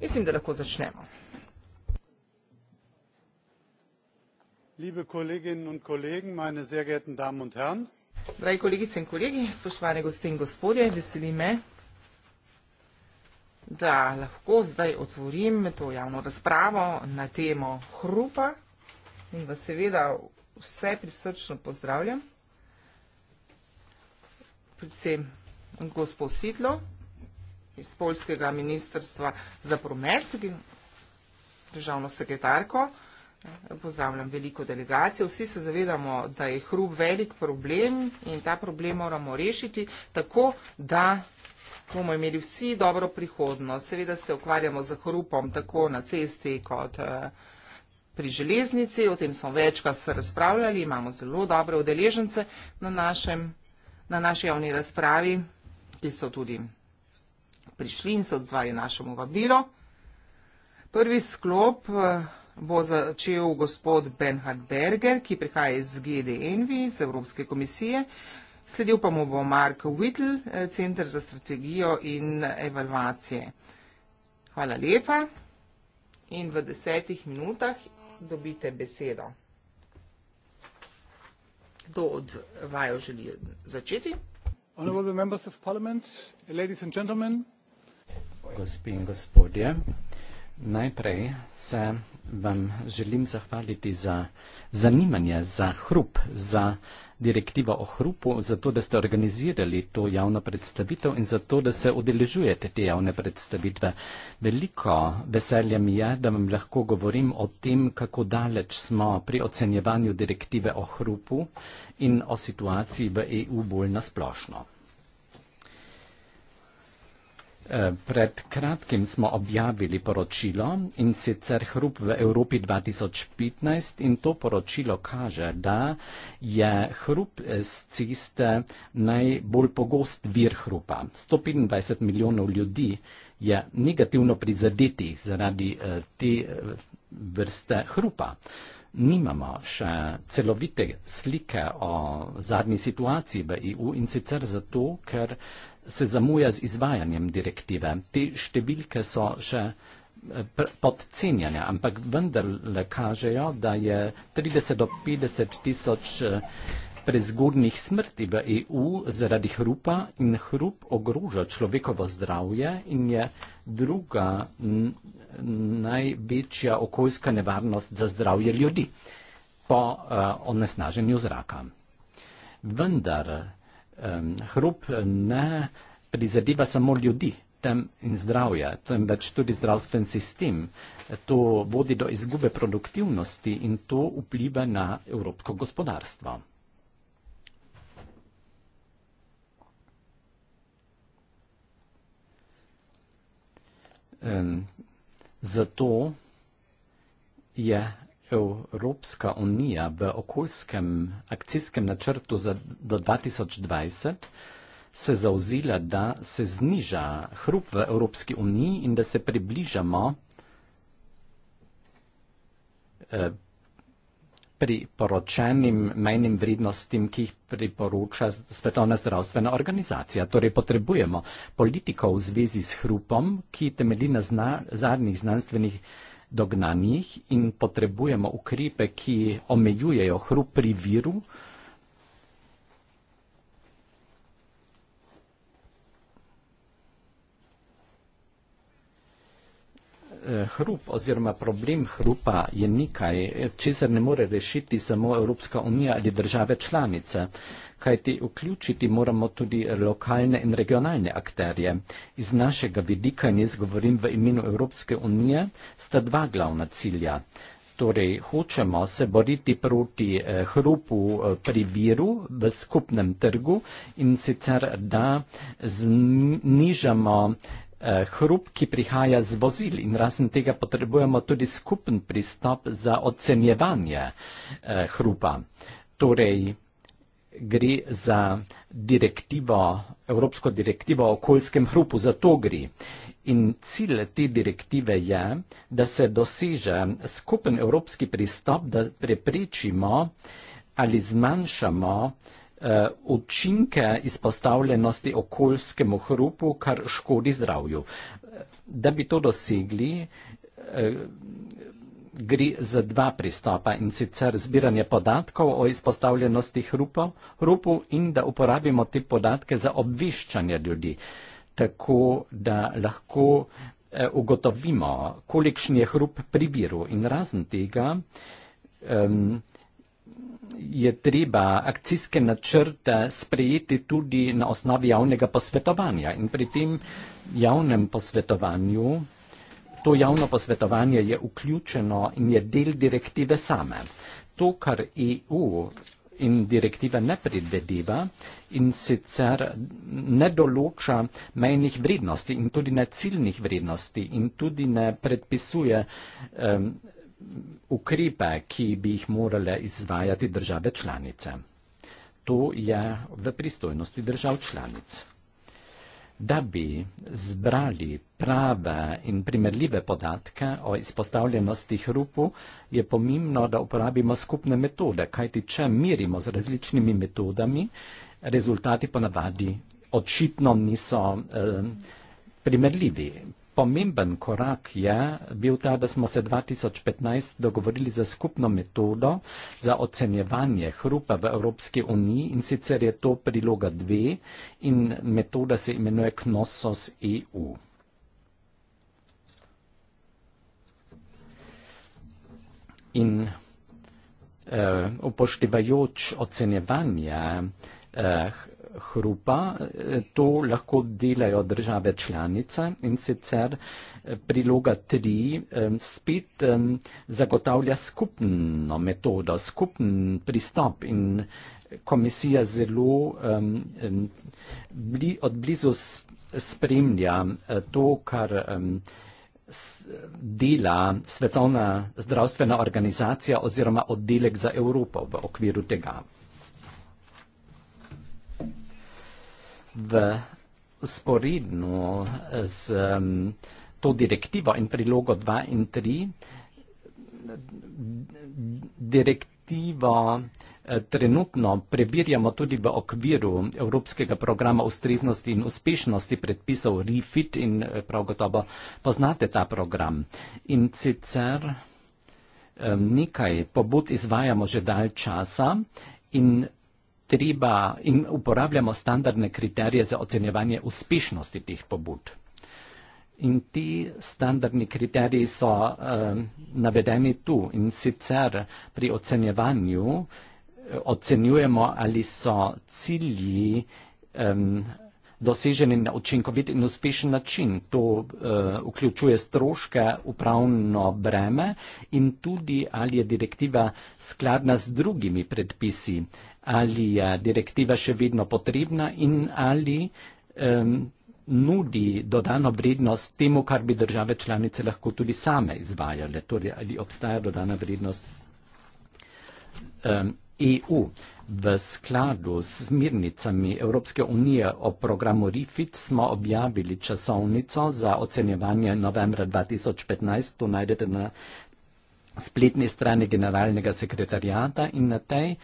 Mislim, da lahko začnemo. Dragi kolegice in kolegi, spoštovane gospe in gospodje, veseli me, da lahko zdaj otvorim to javno razpravo na temo hrupa in vas seveda vse prisrčno pozdravljam, predvsem gospod Sidlo iz polskega ministrstva za promet, državno sekretarko. Pozdravljam veliko delegacijo. Vsi se zavedamo, da je hrub velik problem in ta problem moramo rešiti tako, da bomo imeli vsi dobro prihodnost. Seveda se ukvarjamo z hrupom tako na cesti kot eh, pri železnici. O tem smo večkrat se razpravljali. Imamo zelo dobre udeležence na, našem, na naši javni razpravi, ki so tudi prišli in se odzvali našemu vabilu. Prvi sklop eh, bo začel gospod Benhard Berger, ki prihaja iz GDNV, iz Evropske komisije. Sledil pa mu bo Mark Whittle, eh, Center za strategijo in evalvacije. Hvala lepa in v desetih minutah dobite besedo. Kdo od vaju želi začeti? Honorable members of parliament, ladies and gentlemen, gospi in gospodje. Najprej se vam želim zahvaliti za zanimanje, za hrup, za direktivo o hrupu, zato da ste organizirali to javno predstavitev in zato, da se odeležujete te javne predstavitve. Veliko veselje mi je, da vam lahko govorim o tem, kako daleč smo pri ocenjevanju direktive o hrupu in o situaciji v EU bolj nasplošno. splošno. Eh, pred kratkim smo objavili poročilo in sicer Hrup v Evropi 2015 in to poročilo kaže, da je hrup z eh, ceste najbolj pogost vir hrupa. 125 milijonov ljudi je negativno prizadeti zaradi eh, te vrste hrupa nimamo še celovite slike o zadnji situaciji v EU in sicer zato, ker se zamuja z izvajanjem direktive. Te številke so še eh, podcenjene, ampak vendarle kažejo, da je 30 do 50 tisoč eh, prezgodnih smrti v EU zaradi hrupa in hrup ogroža človekovo zdravje in je druga največja okoljska nevarnost za zdravje ljudi po uh, onesnaženju zraka. Vendar um, hrup ne prizadeva samo ljudi tem in zdravja, temveč tudi zdravstven sistem. To vodi do izgube produktivnosti in to vpliva na evropsko gospodarstvo. Um, zato je Evropska unija v okoljskem akcijskem načrtu za, do 2020 se zauzila, da se zniža hrup v Evropski uniji in da se približamo eh, priporočenim mejnim vrednostim, ki jih priporoča Svetovna zdravstvena organizacija. Torej potrebujemo politiko v zvezi s hrupom, ki temeli na zna, zadnjih znanstvenih dognanjih in potrebujemo ukrepe, ki omejujejo hrup pri viru, uh, Eh, hrup oziroma problem hrupa je nekaj, česar ne more rešiti samo Evropska unija ali države članice, kajti vključiti moramo tudi lokalne in regionalne akterje. Iz našega vidika, in jaz govorim v imenu Evropske unije, sta dva glavna cilja. Torej, hočemo se boriti proti eh, hrupu eh, pri viru v skupnem trgu in sicer, da znižamo zn Eh, hrup, ki prihaja z vozil in razen tega potrebujemo tudi skupen pristop za ocenjevanje eh, hrupa. Torej, gre za direktivo, Evropsko direktivo o okoljskem hrupu, za to gre. In cilj te direktive je, da se doseže skupen evropski pristop, da preprečimo ali zmanjšamo eh, uh, učinke izpostavljenosti okoljskemu hrupu, kar škodi zdravju. Eh, da bi to dosegli, uh, gre za dva pristopa in sicer zbiranje podatkov o izpostavljenosti hrupo, hrupu in da uporabimo te podatke za obveščanje ljudi, tako da lahko ugotovimo, kolikšen je hrup pri viru in razen tega um, je treba akcijske načrte sprejeti tudi na osnovi javnega posvetovanja. In pri tem javnem posvetovanju, to javno posvetovanje je vključeno in je del direktive same. To, kar EU in direktiva ne predvedeva in sicer ne določa mejnih vrednosti in tudi ne ciljnih vrednosti in tudi ne predpisuje. Um, ukrepe, ki bi jih morale izvajati države članice. To je v pristojnosti držav članic. Da bi zbrali prave in primerljive podatke o izpostavljenosti hrupu, je pomembno, da uporabimo skupne metode, kajti če merimo z različnimi metodami, rezultati ponavadi očitno niso eh, primerljivi pomemben korak je bil ta, da smo se 2015 dogovorili za skupno metodo za ocenjevanje hrupa v Evropski uniji in sicer je to priloga 2 in metoda se imenuje Knossos EU. In uh, upoštevajoč ocenjevanje uh, hrupa, to lahko delajo države članice in sicer eh, priloga 3 eh, spet eh, zagotavlja skupno metodo, skupen pristop in komisija zelo odblizu spremlja to, kar dela Svetovna zdravstvena organizacija oziroma oddelek za Evropo v okviru tega. v sporedno z um, to direktivo in prilogo 2 in 3. Direktivo eh, trenutno prebirjamo tudi v okviru Evropskega programa ustreznosti in uspešnosti predpisov REFIT in eh, prav gotovo poznate ta program. In sicer nekaj pobud izvajamo že dalj časa in treba in uporabljamo standardne kriterije za ocenjevanje uspešnosti teh pobud. In ti standardni kriteriji so uh, navedeni tu in sicer pri ocenjevanju eh, ocenjujemo, ali so cilji um, doseženi na učinkovit in uspešen način. To uh, vključuje stroške, upravno breme in tudi, ali je direktiva skladna z drugimi predpisi. Uh, ali je direktiva še vedno potrebna in ali um, nudi dodano vrednost temu, kar bi države članice lahko tudi same izvajale, torej ali obstaja dodana vrednost um, EU. V skladu s smirnicami Evropske unije o programu RIFIT smo objavili časovnico za ocenjevanje novembra 2015, to najdete na spletni strani generalnega sekretarjata in na tej uh,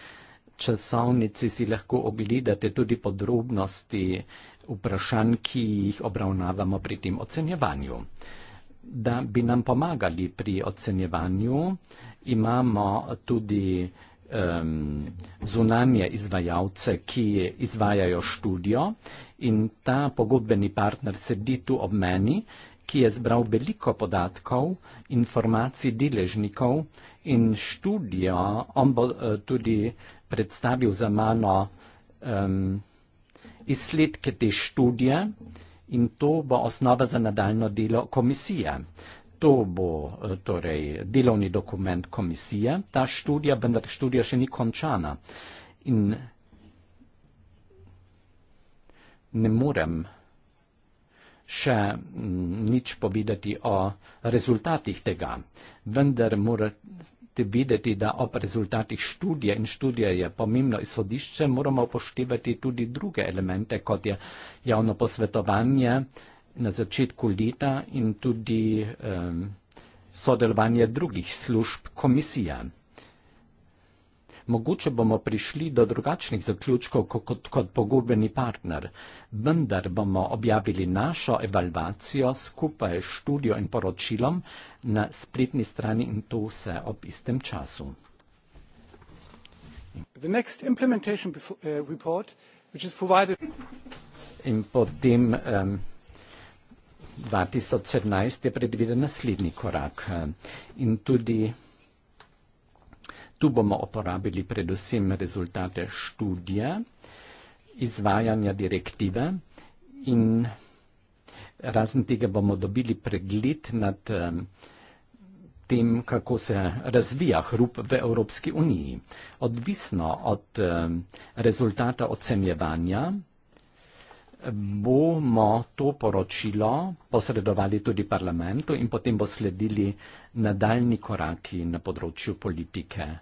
časovnici si lahko ogledate tudi podrobnosti vprašanj, ki jih obravnavamo pri tem ocenjevanju. Da bi nam pomagali pri ocenjevanju, imamo tudi um, zunanje izvajalce, ki izvajajo študijo in ta pogodbeni partner sedi tu ob meni, ki je zbral veliko podatkov, informacij deležnikov, in študijo, on bo uh, tudi predstavil za mano um, izsledke te študije in to bo osnova za nadaljno delo komisije. To bo eh, torej delovni dokument komisije, ta študija, vendar študija še ni končana. In ne morem še nič povedati o rezultatih tega. Vendar morate videti, da ob rezultatih študije in študije je pomembno izhodišče, moramo upoštevati tudi druge elemente, kot je javno posvetovanje na začetku leta in tudi um, sodelovanje drugih služb komisije mogoče bomo prišli do drugačnih zaključkov kot, kot, kot pogubeni partner, vendar bomo objavili našo evalvacijo skupaj s študijo in poročilom na spletni strani in to vse ob istem času. Uh, in potem um, 2017 je predviden naslednji korak. Um, in tudi Tu bomo uporabili predvsem rezultate študije, izvajanja direktive in razen tega bomo dobili pregled nad eh, tem, kako se razvija hrup v Evropski uniji. Odvisno od eh, rezultata ocenjevanja bomo to poročilo posredovali tudi parlamentu in potem bo sledili nadaljni koraki na področju politike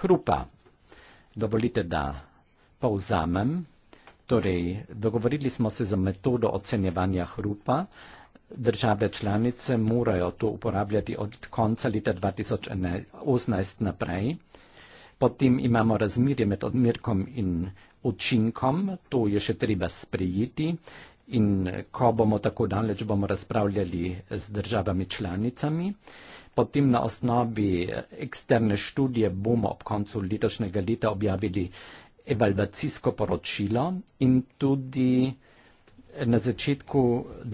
hrupa. Dovolite, da povzamem. Torej, dogovorili smo se za metodo ocenjevanja hrupa. Države članice morajo to uporabljati od konca leta 2018 naprej. Potem imamo razmerje med odmerkom in učinkom, to je še treba sprejeti in ko bomo tako daleč, bomo razpravljali z državami članicami. Potem na osnovi eh, eksterne študije bomo ob koncu letošnjega leta objavili evalvacijsko poročilo in tudi eh, na začetku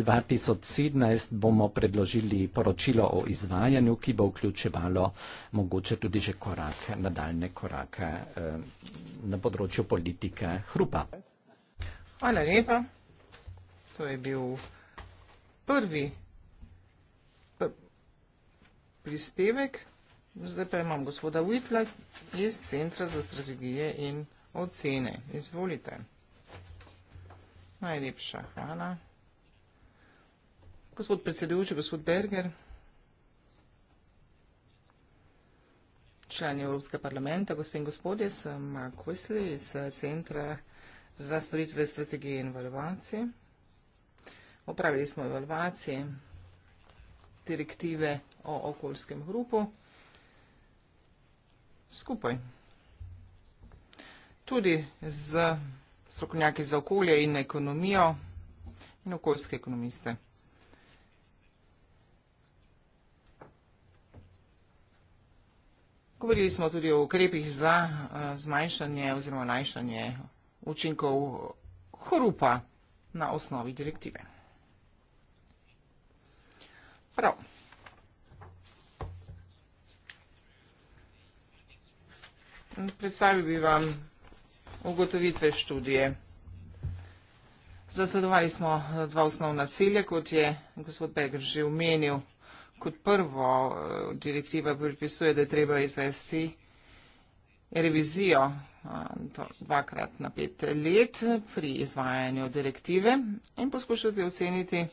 2017 bomo predložili poročilo o izvajanju, ki bo vključevalo mogoče tudi že korake, nadaljne eh, korake na področju politike Hrupa. Hvala lepa. To je bil prvi prispevek. Zdaj pa imam gospoda Whitla iz Centra za strategije in ocene. Izvolite. Najlepša hvala. Gospod predsedujoči, gospod Berger, člani Evropskega parlamenta, gospod in gospodje, sem Mark Wesley iz eh, Centra za storitve strategije in evalvacije. Opravili smo evalvacije direktive o okoljskem hrupu skupaj. Tudi z strokovnjaki za okolje in ekonomijo in okoljske ekonomiste. Govorili smo tudi o ukrepih za eh, zmanjšanje oziroma najšanje učinkov hrupa na osnovi direktive. Prav. Predstavil bi vam ugotovitve študije. Zasledovali smo eh, dva osnovna cilja, kot je gospod Begr že umenil. Kot prvo eh, direktiva pripisuje, da je treba izvesti revizijo eh, dvakrat na pet let pri izvajanju direktive in poskušati oceniti,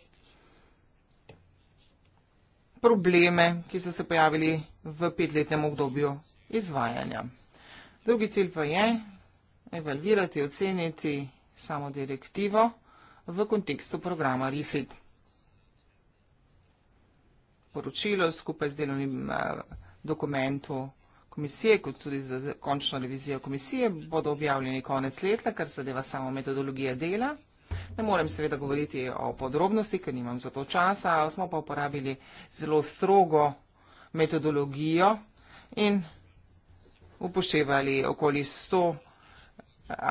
probleme, ki so se pojavili v petletnem obdobju izvajanja. Drugi cilj pa je evalvirati, oceniti samo direktivo v kontekstu programa REFIT. Poročilo skupaj z delovnim eh, dokumentu komisije, kot tudi z končno revizijo komisije, bodo objavljeni konec leta, kar zadeva samo metodologija dela. Ne morem seveda govoriti o podrobnosti, ker nimam za to časa, smo pa uporabili zelo strogo metodologijo in upoštevali okoli 100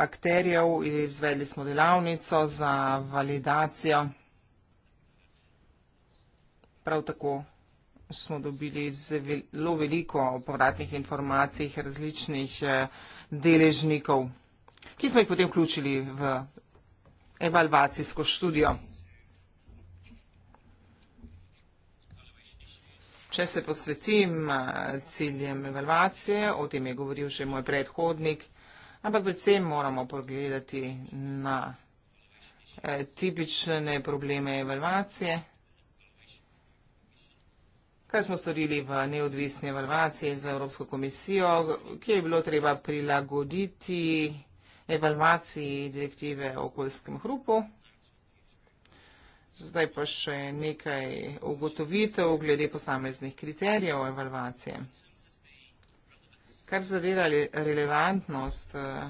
akterjev, izvedli smo delavnico za validacijo. Prav tako smo dobili zelo veliko povratnih informacij različnih eh, deležnikov, ki smo jih potem vključili v evalvacijsko študijo. Če se posvetim eh, ciljem evalvacije, o tem je govoril že moj predhodnik, ampak predvsem moramo pogledati na eh, tipične probleme evalvacije. Kaj smo storili v neodvisni evalvaciji za Evropsko komisijo, ki je bilo treba prilagoditi vsega, evalvaciji direktive o okoljskem hrupu. Zdaj pa še nekaj ugotovitev glede posameznih kriterijev evalvacije. Kar zadeva relevantnost eh,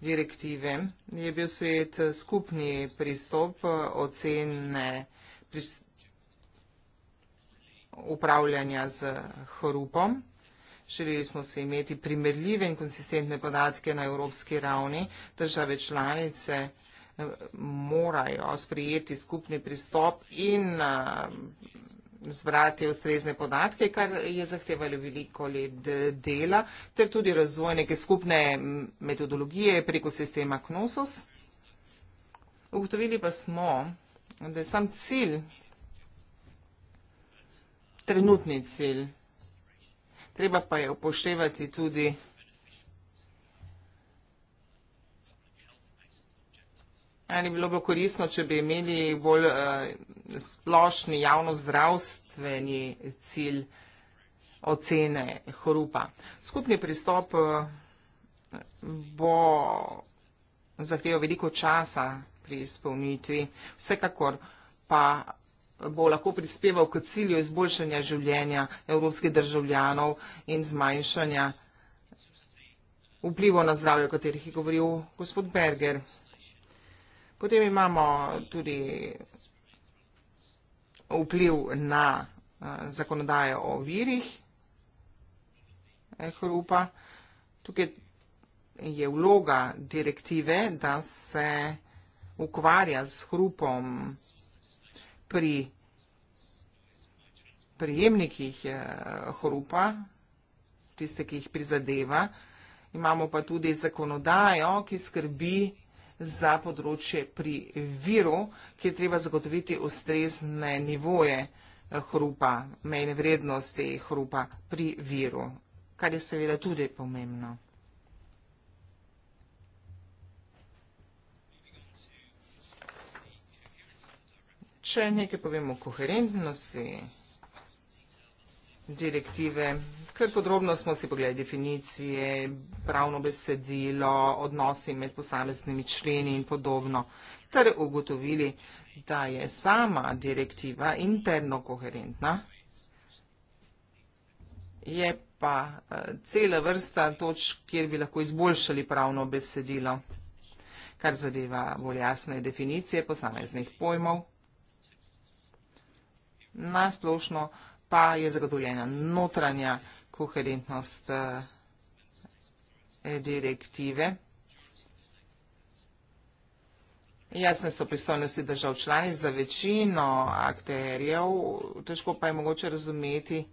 direktive, je bil sprejet eh, skupni pristop eh, ocene pristop upravljanja z hrupom. Želeli smo se imeti primerljive in konsistentne podatke na evropski ravni. Države članice eh, morajo sprijeti skupni pristop in eh, zbrati ustrezne podatke, kar je zahtevalo veliko let eh, dela, ter tudi razvoj neke skupne metodologije preko sistema Knosos. Ugotovili pa smo, da je sam cilj, trenutni cilj, Treba pa je upoštevati tudi ali bilo bi koristno, če bi imeli bolj eh, splošni javnozdravstveni cilj ocene hrupa. Skupni pristop eh, bo zahtevo veliko časa pri izpolnitvi, vsekakor pa vsega bo lahko prispeval k cilju izboljšanja življenja evropskih državljanov in zmanjšanja vplivo na zdravje, o katerih je govoril gospod Berger. Potem imamo tudi vpliv na eh, zakonodajo o virih eh, hrupa. Tukaj je vloga direktive, da se ukvarja z hrupom vsega, pri prijemnikih eh, hrupa, tiste, ki jih prizadeva. Imamo pa tudi zakonodajo, ki skrbi za področje pri viru, ki je treba zagotoviti ustrezne nivoje eh, hrupa, mejne vrednosti hrupa pri viru, kar je seveda tudi pomembno. Če nekaj povem o koherentnosti direktive, ker podrobno smo si pogledali definicije, pravno besedilo, odnosi med posameznimi členi in podobno, ter ugotovili, da je sama direktiva interno koherentna, je pa eh, cela vrsta točk, kjer bi lahko izboljšali pravno besedilo, kar zadeva bolj jasne definicije posameznih pojmov, nasplošno pa je zagotovljena notranja koherentnost eh, direktive. Jasne so pristojnosti držav članic za večino akterjev, težko pa je mogoče razumeti,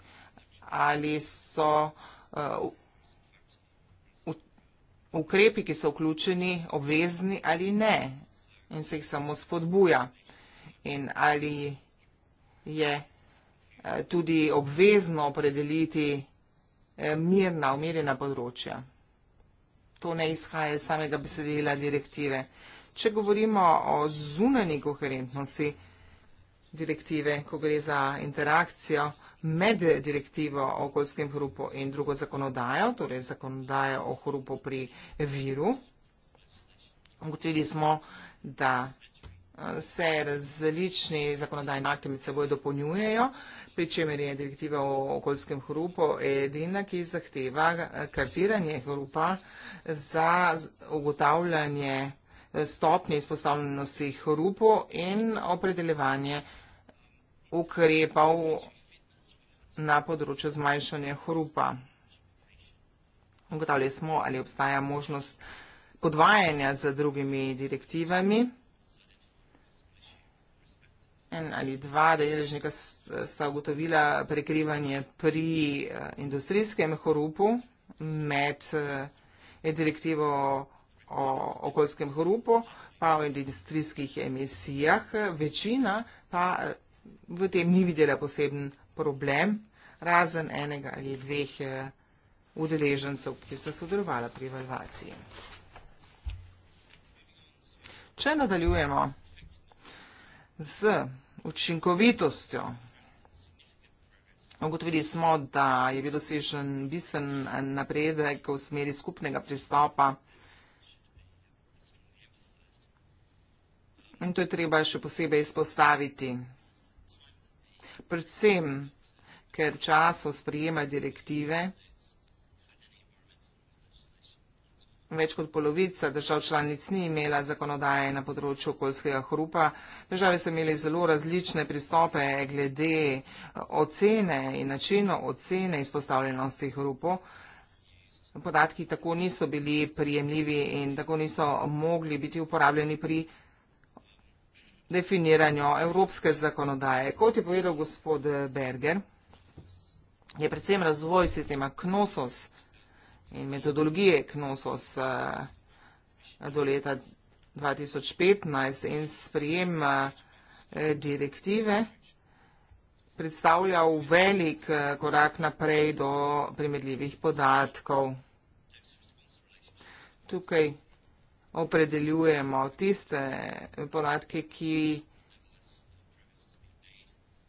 ali so eh, ukrepi, ki so vključeni, obvezni ali ne in se jih samo spodbuja in ali je je eh, tudi obvezno opredeliti eh, mirna, umirjena področja. To ne izhaja iz samega besedila direktive. Če govorimo o zunanji koherentnosti direktive, ko gre za interakcijo med direktivo o okoljskem hrupu in drugo zakonodajo, torej zakonodajo o hrupu pri viru, ugotovili smo, da se različni zakonodajni akti med seboj dopolnjujejo, pri čemer je direktiva o okoljskem hrupu edina, ki zahteva kartiranje hrupa za ugotavljanje stopnje izpostavljenosti hrupu in opredeljevanje ukrepov na področju zmanjšanja hrupa. Ugotavljali smo, ali obstaja možnost podvajanja z drugimi direktivami en ali dva deležnika sta ugotovila prekrivanje pri eh, industrijskem hrupu med eh, direktivo o okoljskem hrupu, pa o industrijskih emisijah. Večina pa eh, v tem ni videla poseben problem, razen enega ali dveh udeležencev, ki sta sodelovala pri evalvaciji. Če nadaljujemo z učinkovitostjo. Ugotovili smo, da je bil dosežen bistven napredek v smeri skupnega pristopa. In to je treba še posebej izpostaviti. Predvsem, ker v času sprijema direktive Več kot polovica držav članic ni imela zakonodaje na področju okoljskega hrupa. Države so imeli zelo različne pristope glede eh, ocene in načino ocene izpostavljenosti hrupo. Podatki tako niso bili prijemljivi in tako niso mogli biti uporabljeni pri definiranju evropske zakonodaje. Kot je povedal gospod Berger, je predvsem razvoj sistema Knosos in metodologije KNOSOS eh, do leta 2015 in sprijem eh, direktive predstavlja velik eh, korak naprej do primerljivih podatkov. Tukaj opredeljujemo tiste podatke, ki jih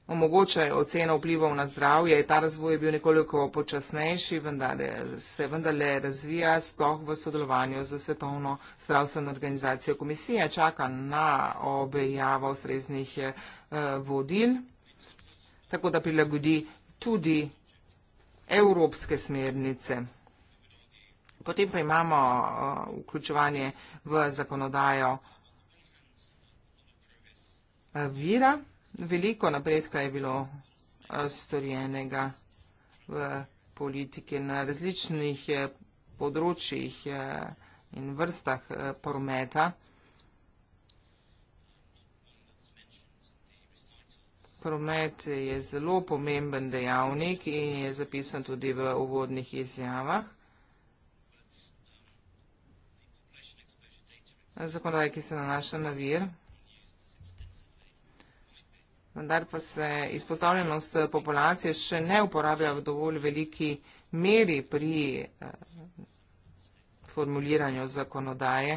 omogočajo oceno vplivov na zdravje. Ta razvoj je bil nekoliko počasnejši, vendar se vendarle razvija sploh v sodelovanju z Svetovno zdravstveno organizacijo. Komisija čaka na objavo ustreznih eh, vodil, tako da prilagodi tudi evropske smernice. Potem pa imamo eh, vključevanje v zakonodajo eh, vira veliko napredka je bilo eh, storjenega v politiki na različnih eh, področjih eh, in vrstah prometa. Promet je zelo pomemben dejavnik in je zapisan tudi v uvodnih izjavah. Zakonodaj, ki se nanaša na vir, vendar pa se izpostavljenost populacije še ne uporablja v dovolj veliki meri pri eh, formuliranju zakonodaje.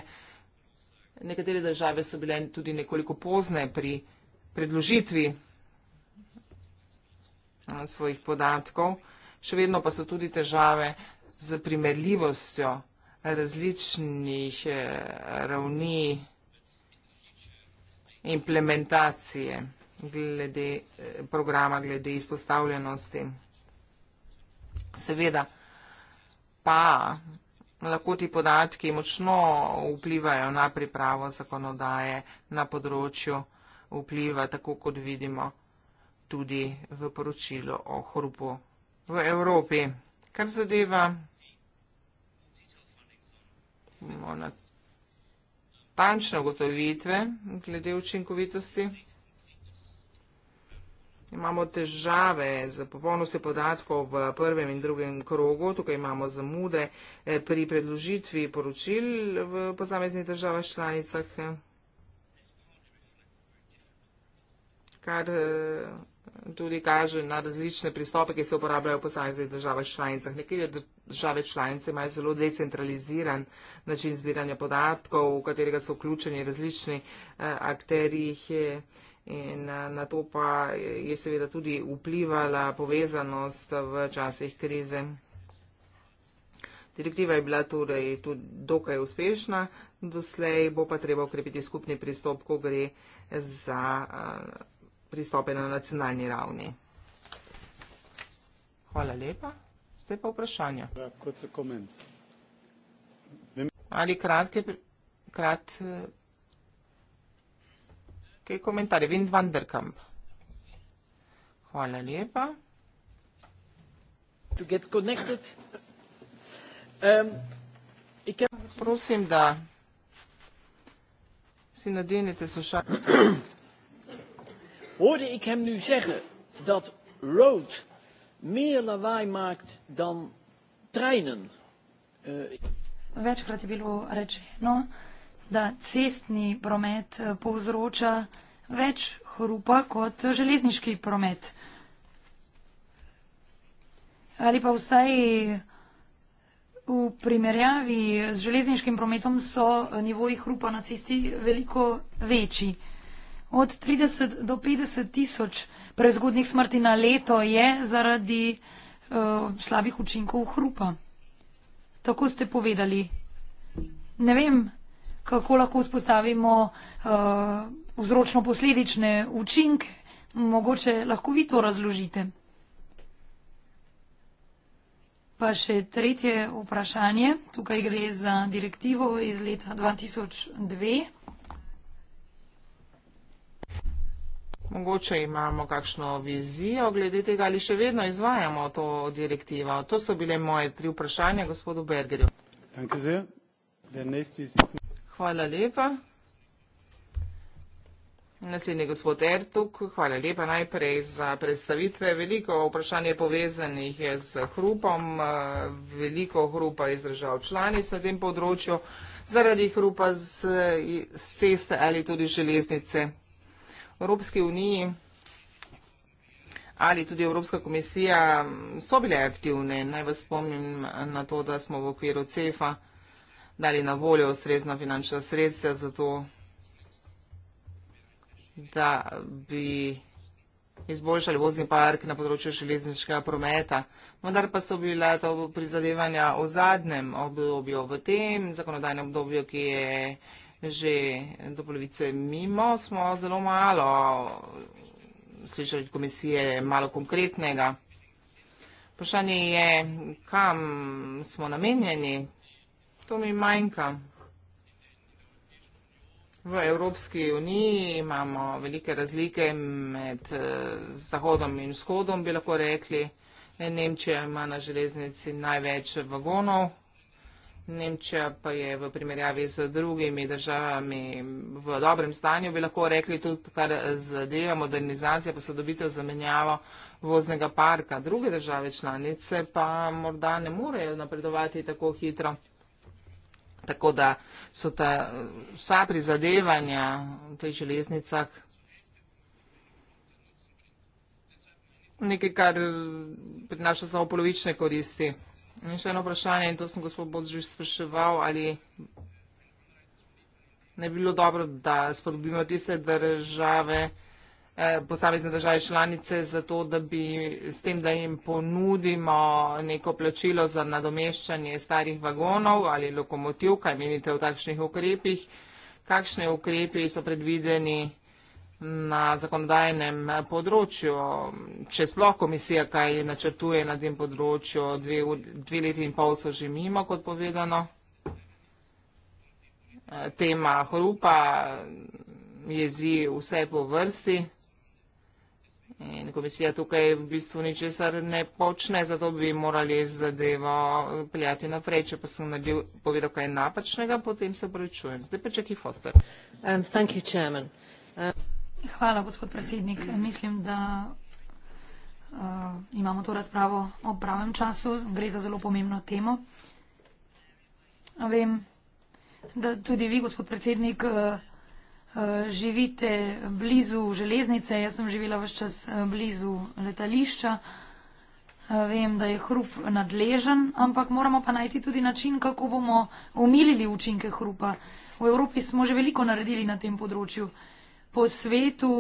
Nekatere države so bile tudi nekoliko pozne pri predložitvi eh, svojih podatkov, še vedno pa so tudi težave z primerljivostjo različnih eh, ravni implementacije glede eh, programa, glede izpostavljenosti. Seveda pa lahko ti podatki močno vplivajo na pripravo zakonodaje na področju vpliva, tako kot vidimo tudi v poročilu o hrupu v Evropi. Kar zadeva tančne ugotovitve glede učinkovitosti. Imamo težave z popolnostjo podatkov v prvem in drugem krogu, tukaj imamo zamude eh, pri predložitvi poročil v posameznih državah članicah, kar eh, tudi kaže na različne pristope, ki se uporabljajo v posameznih državah članicah. Nekaj države članice imajo zelo decentraliziran način zbiranja podatkov, v katerega so vključeni različni eh, akteri, ki je In eh, na to pa je seveda tudi vplivala povezanost v časih krize. Direktiva je bila torej tudi dokaj uspešna, doslej bo pa treba ukrepiti skupni pristop, ko gre za eh, pristope na nacionalni ravni. Hvala lepa. Zdaj pa vprašanje. Ja, Ali kratke, krat, kaj komentarje. Vind van der Kamp. Hvala lepa. To get connected. Um, Prosim, da si nadenete sošak. Hoorde ik hem nu zeggen dat rood meer lawaai maakt dan treinen? Uh, Večkrat je bilo rečeno, da cestni promet eh, povzroča več hrupa kot železniški promet. Ali pa vsaj v primerjavi z železniškim prometom so nivoji hrupa na cesti veliko večji. Od 30 do 50 tisoč prezgodnih smrti na leto je zaradi uh, slabih učinkov hrupa. Tako ste povedali. Ne vem, kako lahko vzpostavimo uh, vzročno-posledične učinke. Mogoče lahko vi to razložite. Pa še tretje vprašanje. Tukaj gre za direktivo iz leta 2002. Mogoče imamo kakšno vizijo glede tega, ali še vedno izvajamo to direktivo. To so bile moje tri vprašanja gospodu Bergerju. Danke sehr. Der nächste ist Hvala lepa. Naslednji gospod Ertuk, hvala lepa najprej za predstavitve. Veliko vprašanj je povezanih z hrupom, veliko hrupa je izdržal članic na tem področju zaradi hrupa z, z ceste ali tudi železnice. Evropski uniji ali tudi Evropska komisija so bile aktivne. Naj vas spomnim na to, da smo v okviru CEFA dali na voljo ustrezna finančna sredstva za to, da bi izboljšali vozni park na področju železniškega prometa. Vendar pa so bila to prizadevanja v zadnjem obdobju, v tem zakonodajnem obdobju, ki je že do polovice mimo, smo zelo malo slišali komisije, malo konkretnega. Vprašanje je, kam smo namenjeni, To mi manjka. V Evropski uniji imamo velike razlike med eh, Zahodom in Vzhodom, bi lahko rekli. Nemčija ima na železnici največ vagonov. Nemčija pa je v primerjavi z drugimi državami v dobrem stanju, bi lahko rekli, tudi kar zadeva modernizacija, pa so dobitev zamenjavo voznega parka. Druge države članice pa morda ne morejo napredovati tako hitro. Tako da so ta vsa prizadevanja v teh železnicah nekaj, kar prinaša samo polovične koristi. In še eno vprašanje, in to sem gospod Bod že spraševal, ali ne bi bilo dobro, da spodobimo tiste države, posamezne države članice za to, da bi s tem, da jim ponudimo neko plačilo za nadomeščanje starih vagonov ali lokomotiv, kaj menite v takšnih ukrepih, kakšne ukrepi so predvideni na zakonodajnem področju, če sploh komisija kaj načrtuje na tem področju, dve, dve leti in pol so že mimo, kot povedano. Tema hrupa jezi vse po vrsti. In komisija tukaj v bistvu ničesar ne počne, zato bi morali zadevo peljati naprej. Če pa sem naredil, povedal kaj napačnega, potem se prečujem. Zdaj pa Jackie Foster. Um, thank you, chairman. Um... Hvala, gospod predsednik. Mislim, da uh, imamo to razpravo ob pravem času. Gre za zelo pomembno temo. Vem, da tudi vi, gospod predsednik, uh, Eh, živite blizu železnice, jaz sem živela vse čas eh, blizu letališča. Eh, vem, da je hrup nadležen, ampak moramo pa najti tudi način, kako bomo omilili učinke hrupa. V Evropi smo že veliko naredili na tem področju. Po svetu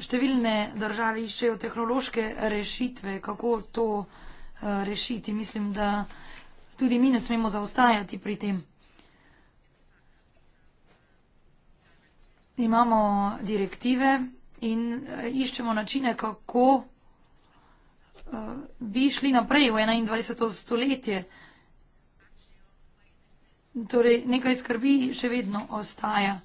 številne države iščejo tehnološke rešitve, kako to rešiti. Mislim, da tudi mi ne smemo zaostajati pri tem. imamo direktive in eh, iščemo načine, kako eh, bi šli naprej v 21. stoletje. Torej, nekaj skrbi še vedno ostaja.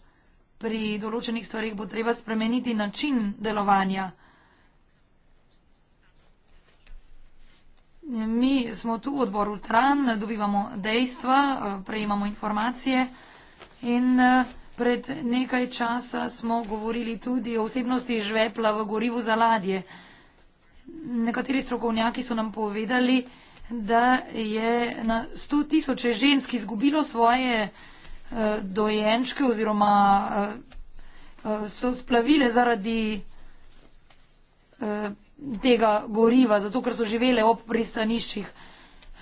Pri določenih stvarih bo treba spremeniti način delovanja. Mi smo tu v odboru TRAN, dobivamo dejstva, eh, prejemamo informacije in uh, Pred nekaj časa smo govorili tudi o osebnosti žvepla v gorivu za ladje. Nekateri strokovnjaki so nam povedali, da je na 100 tisoče žensk izgubilo svoje eh, dojenčke oziroma eh, eh, so splavile zaradi tega goriva, zato ker so živele ob pristaniščih.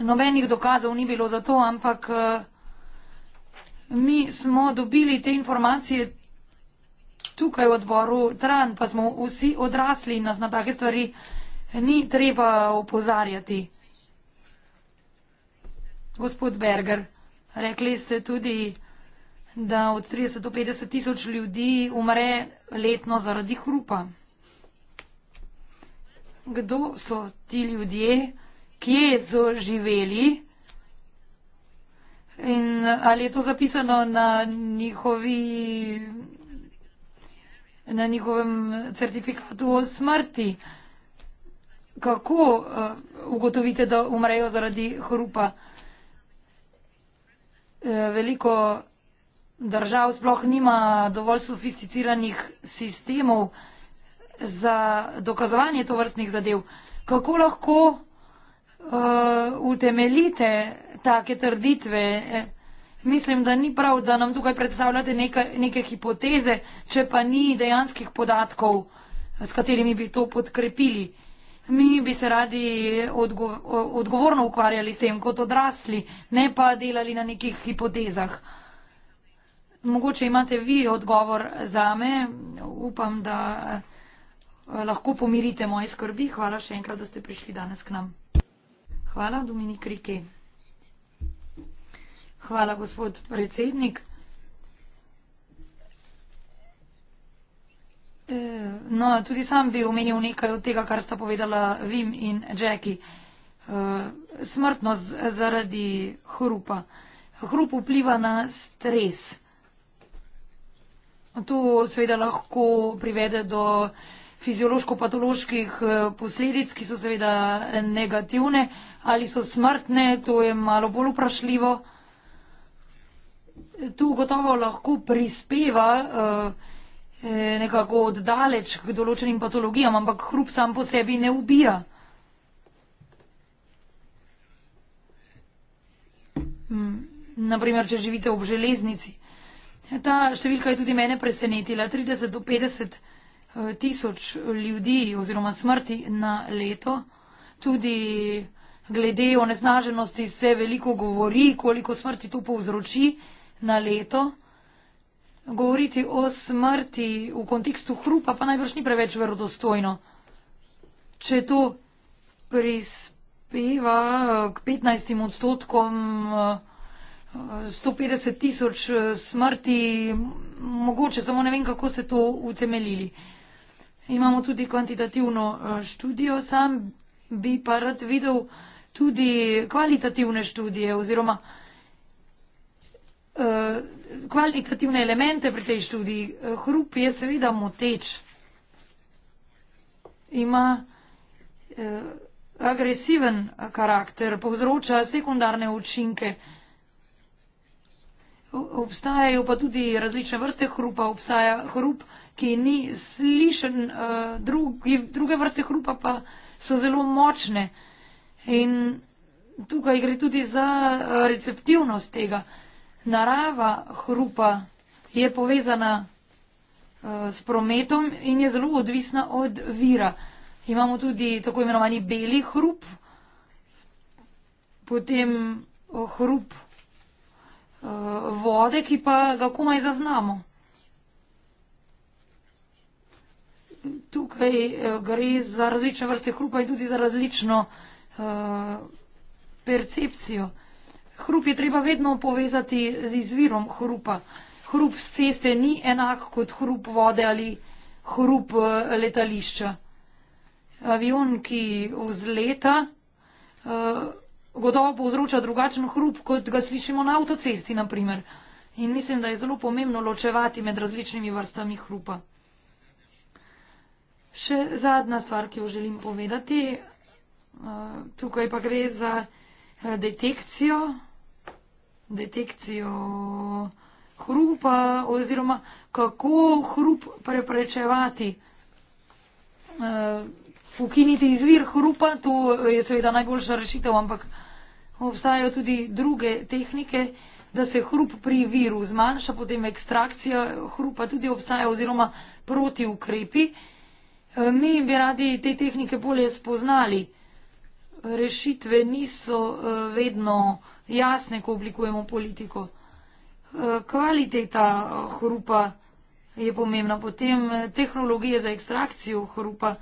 Nobenih dokazov ni bilo za to, ampak Mi smo dobili te informacije tukaj v odboru Tran, pa smo vsi odrasli in nas na take stvari ni treba opozarjati. Gospod Berger, rekli ste tudi, da od 30 do 50 tisoč ljudi umre letno zaradi hrupa. Kdo so ti ljudje, kje so živeli? In ali je to zapisano na njihovi na njihovem certifikatu o smrti. Kako uh, ugotovite, da umrejo zaradi hrupa? E, veliko držav sploh nima dovolj sofisticiranih sistemov za dokazovanje tovrstnih zadev. Kako lahko uh, utemeljite take trditve. E, mislim, da ni prav, da nam tukaj predstavljate neke, neke hipoteze, če pa ni dejanskih podatkov, s katerimi bi to podkrepili. Mi bi se radi odgo odgovorno ukvarjali s tem kot odrasli, ne pa delali na nekih hipotezah. Mogoče imate vi odgovor za me. Upam, da e, lahko pomirite moje skrbi. Hvala še enkrat, da ste prišli danes k nam. Hvala, Dominik Rike. Hvala, gospod predsednik. E, no, tudi sam bi omenil nekaj od tega, kar sta povedala Vim in Jackie. E, smrtnost zaradi hrupa. Hrup vpliva na stres. To seveda lahko privede do fiziološko-patoloških e, posledic, ki so seveda negativne ali so smrtne, to je malo bolj vprašljivo tu gotovo lahko prispeva eh, nekako oddaleč k določenim patologijam, ampak hrup sam po sebi ne ubija. Mm, Naprimer, če živite ob železnici. Ta številka je tudi mene presenetila. 30 do 50 eh, tisoč ljudi oziroma smrti na leto. Tudi glede onesnaženosti se veliko govori, koliko smrti to povzroči na leto. Govoriti o smrti v kontekstu hrupa pa najbrž ni preveč verodostojno. Če to prispeva eh, k 15 odstotkom 150 eh, tisoč eh, smrti, mogoče samo ne vem, kako ste to utemeljili. Imamo tudi kvantitativno študijo, sam bi pa rad videl tudi kvalitativne študije oziroma Eh, kvalitativne elemente pri tej študiji. Eh, hrup je seveda moteč. Ima eh, agresiven karakter, povzroča sekundarne učinke. Obstajajo pa tudi različne vrste hrupa. Obstaja hrup, ki ni slišen, drugi, druge vrste hrupa pa so zelo močne. In tukaj gre tudi za receptivnost tega narava hrupa je povezana eh, s prometom in je zelo odvisna od vira. Imamo tudi tako imenovani beli hrup, potem eh, hrup eh, vode, ki pa ga komaj zaznamo. Tukaj gre za različne vrste hrupa in tudi za različno percepcijo. Hrup je treba vedno povezati z izvirom hrupa. Hrup z ceste ni enak kot hrup vode ali hrup eh, letališča. Avion, ki vzleta, eh, gotovo povzroča drugačen hrup, kot ga slišimo na avtocesti, naprimer. In mislim, da je zelo pomembno ločevati med različnimi vrstami hrupa. Še zadnja stvar, ki jo želim povedati. Eh, tukaj pa gre za detekcijo detekcijo hrupa oziroma kako hrup preprečevati. Eh, ukiniti izvir hrupa, to je seveda najboljša rešitev, ampak obstajajo tudi druge tehnike, da se hrup pri viru zmanjša, potem ekstrakcija hrupa tudi obstaja oziroma protiukrepi. Eh, mi bi radi te tehnike bolje spoznali rešitve niso eh, vedno jasne, ko oblikujemo politiko. Eh, kvaliteta eh, hrupa je pomembna, potem tehnologije za ekstrakcijo hrupa,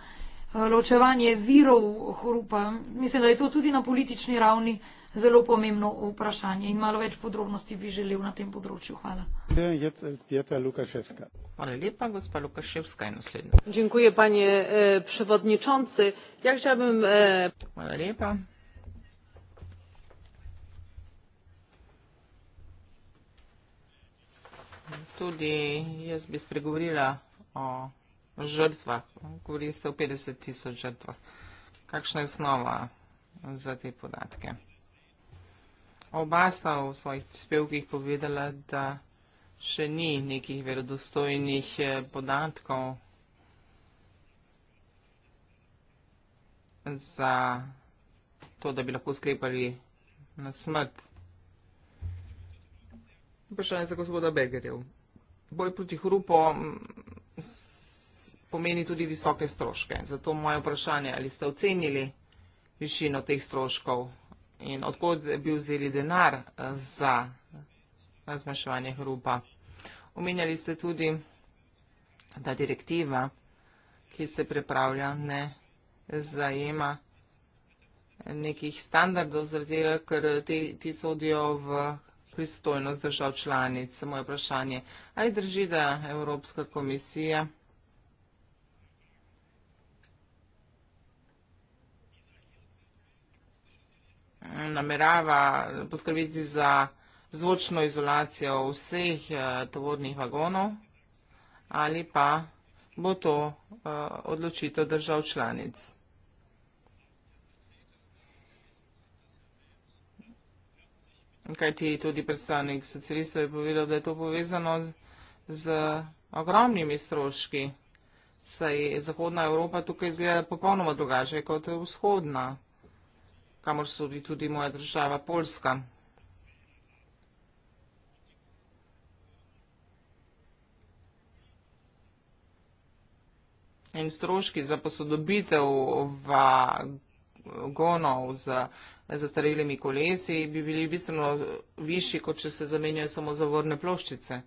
ločevanje virov hrupa. Mislim, da je to tudi na politični ravni zelo pomembno vprašanje in malo več podrobnosti bi želel na tem področju. Hvala. Hvala lepa, gospa Lukaševska je naslednja. Dziękuję, panie e, przewodniczący. Ja chciałbym... E... Hvala lepa. Tudi jaz bi spregovorila o žrtvah. Govorili ste o 50 tisoč žrtvah. Kakšna je osnova za te podatke? oba sta v svojih prispevkih povedala, da še ni nekih verodostojnih eh, podatkov za to, da bi lahko sklepali na smrt. Vprašanje za gospoda Begerjev. Boj proti hrupu mm, pomeni tudi visoke stroške. Zato moje vprašanje, ali ste ocenili višino teh stroškov in odkud bi vzeli denar eh, za zmanjševanje hrupa. Omenjali ste tudi, da direktiva, ki se prepravlja, ne zajema nekih standardov zaradi tega, ker ti, ti sodijo v pristojnost držav članic. Samo je vprašanje, ali drži, da Evropska komisija namerava poskrbeti za zvočno izolacijo vseh eh, tovornih vagonov ali pa bo to eh, odločitev držav članic. Kajti tudi predstavnik socialistov je povedal, da je to povezano z ogromnimi stroški. Saj Zahodna Evropa tukaj izgleda popolnoma drugače kot vzhodna Evropa kamor sodi tudi moja država Poljska. In stroški za posodobitev vagonov z zastarelimi kolesi bi bili bistveno višji, kot če se zamenjajo samo zavorne ploščice.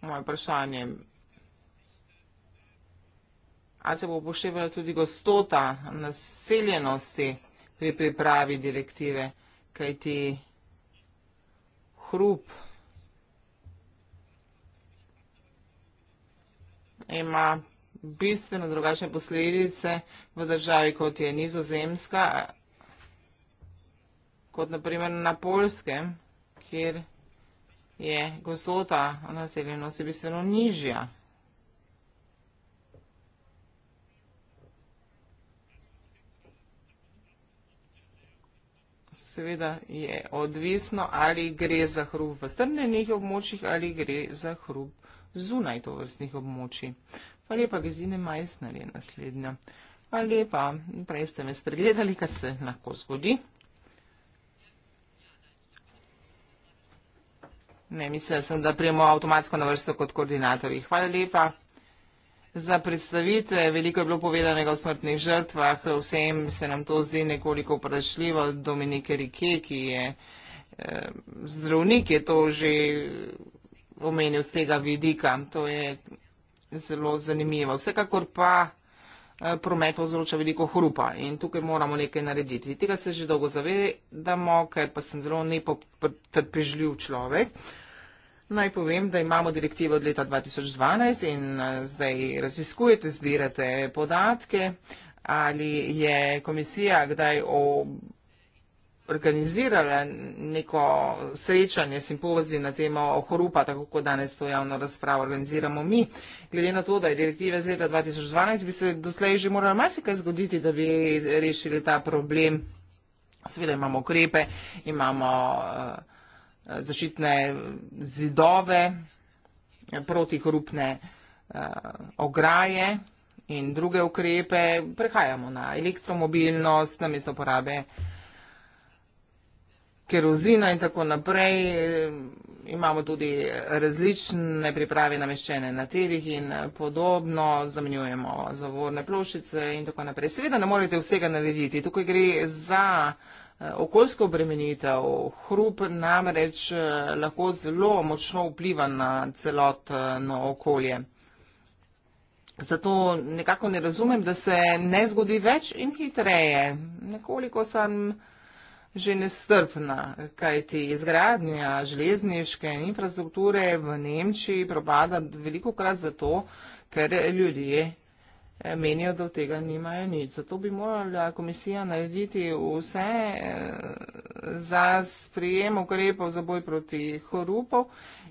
Moje vprašanje je, a se bo upoštevala tudi gostota naseljenosti pri pripravi direktive, kajti hrup ima bistveno drugačne posledice v državi, kot je nizozemska, kot naprimer na Poljskem, kjer je gostota naseljenosti bistveno nižja. seveda je odvisno, ali gre za hrup v strnenih območjih ali gre za hrup zunaj to vrstnih območij. Pa lepa, Gezine Majsner je naslednja. Pa lepa, prej ste me spregledali, kar se lahko zgodi. Ne, mislila sem, da prijemo avtomatsko na vrsto kot koordinatorji. Hvala lepa za predstavitve. Veliko je bilo povedanega o smrtnih žrtvah, vsem se nam to zdi nekoliko vprašljivo. Dominike Rike, ki je eh, zdravnik, je to že omenil z tega vidika. To je zelo zanimivo. Vsekakor pa eh, promet povzroča veliko hrupa in tukaj moramo nekaj narediti. Tega se že dolgo zavedamo, ker pa sem zelo nepotrpežljiv človek. Naj povem, da imamo direktivo od leta 2012 in eh, zdaj raziskujete, zbirate podatke, ali je komisija kdaj o organizirala neko srečanje, simpozij na temo hrupa, tako kot danes to javno razpravo organiziramo mi. Glede na to, da je direktive z leta 2012, bi se doslej že moralo marsikaj zgoditi, da bi rešili ta problem. Seveda imamo ukrepe, imamo uh, zaščitne zidove, protihrupne eh, ograje in druge ukrepe. Prehajamo na elektromobilnost, na mesto porabe kerozina in tako naprej. Imamo tudi različne priprave nameščene na telih in podobno, zamenjujemo zavorne plošice in tako naprej. Seveda ne morete vsega narediti, tukaj gre za Eh, okoljsko obremenitev, hrup namreč eh, lahko zelo močno vpliva na celotno eh, okolje. Zato nekako ne razumem, da se ne zgodi več in hitreje. Nekoliko sem že nestrpna, kajti izgradnja železniške infrastrukture v Nemčiji propada veliko krat zato, ker ljudje Eh, menijo, da od tega nimajo nič. Zato bi morala komisija narediti vse eh, za sprejem ukrepov za boj proti horupov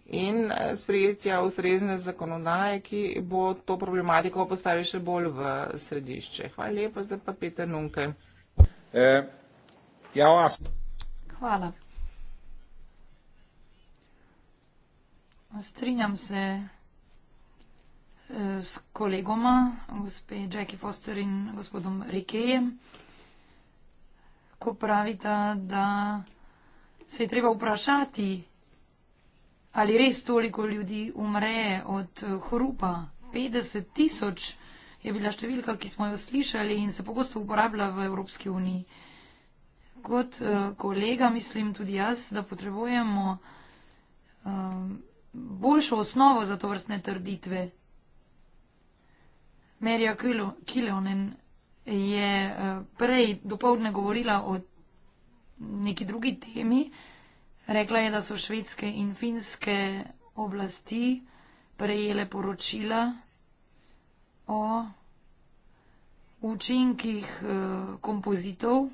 in eh, sprejetja ustrezne zakonodaje, ki bo to problematiko postavil še bolj v središče. Hvala lepa, zdaj pa Peter Nunke. Eh, ja, vas. Hvala. Strinjam se s kolegoma, gospe Jackie Foster in gospodom Rikejem, ko pravita, da se je treba vprašati, ali res toliko ljudi umre od hrupa. 50 tisoč je bila številka, ki smo jo slišali in se pogosto uporablja v Evropski uniji. Kot uh, kolega mislim tudi jaz, da potrebujemo uh, boljšo osnovo za to vrstne trditve. Merija Kilonen je eh, prej dopoledne govorila o neki drugi temi. Rekla je, da so švedske in finske oblasti prejele poročila o učinkih eh, kompozitov,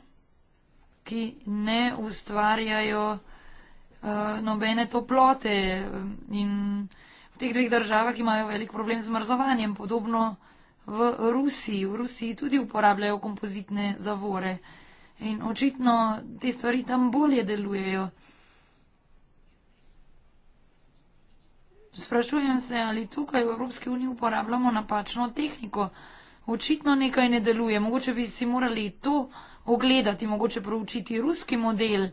ki ne ustvarjajo eh, nobene toplote in v teh dveh državah imajo velik problem z mrzovanjem. Podobno v Rusiji. V Rusiji tudi uporabljajo kompozitne zavore in očitno te stvari tam bolje delujejo. Sprašujem se, ali tukaj v Evropski uniji uporabljamo napačno tehniko. Očitno nekaj ne deluje. Mogoče bi si morali to ogledati, mogoče proučiti ruski model,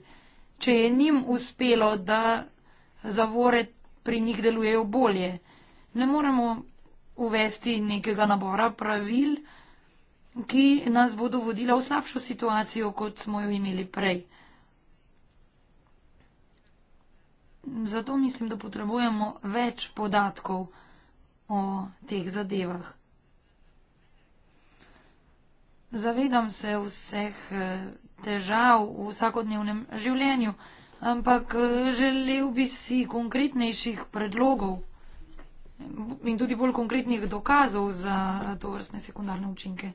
če je njim uspelo, da zavore pri njih delujejo bolje. Ne moremo uvesti nekega nabora pravil, ki nas bodo vodila v slabšo situacijo, kot smo jo imeli prej. Zato mislim, da potrebujemo več podatkov o teh zadevah. Zavedam se vseh eh, težav v vsakodnevnem življenju, ampak eh, želel bi si konkretnejših predlogov in tudi bolj konkretnih dokazov za to vrstne sekundarne učinke.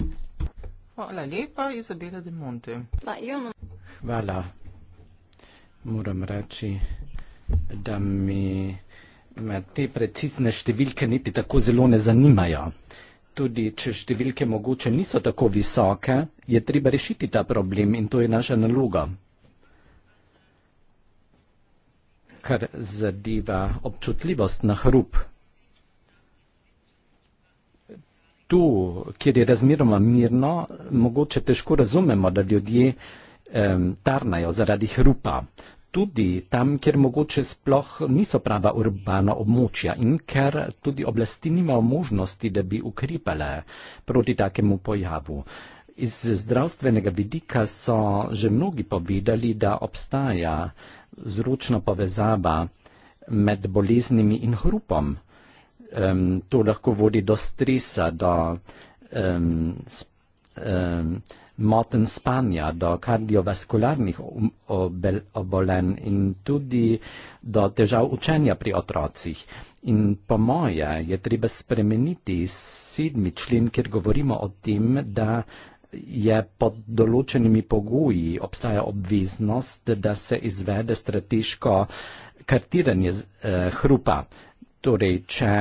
Hvala lepa, Izabela de Monte. Hvala. Moram reči, da mi te precizne številke niti tako zelo ne zanimajo. Tudi če številke mogoče niso tako visoke, je treba rešiti ta problem in to je naša naloga. Kar zadeva občutljivost na hrup, tu, kjer je razmeroma mirno, mogoče težko razumemo, da ljudje um, tarnajo zaradi hrupa. Tudi tam, kjer mogoče sploh niso prava urbana območja in ker tudi oblasti nima možnosti, da bi ukrepale proti takemu pojavu. Iz zdravstvenega vidika so že mnogi povedali, da obstaja zručna povezava med boleznimi in hrupom um, to lahko vodi do stresa, do um, um, moten spanja, do kardiovaskularnih um-, obolenj in tudi do težav učenja pri otrocih. In po moje je treba spremeniti sedmi člen, kjer govorimo o tem, da je pod določenimi pogoji obstaja obveznost, da se izvede strateško kartiranje eh, hrupa torej če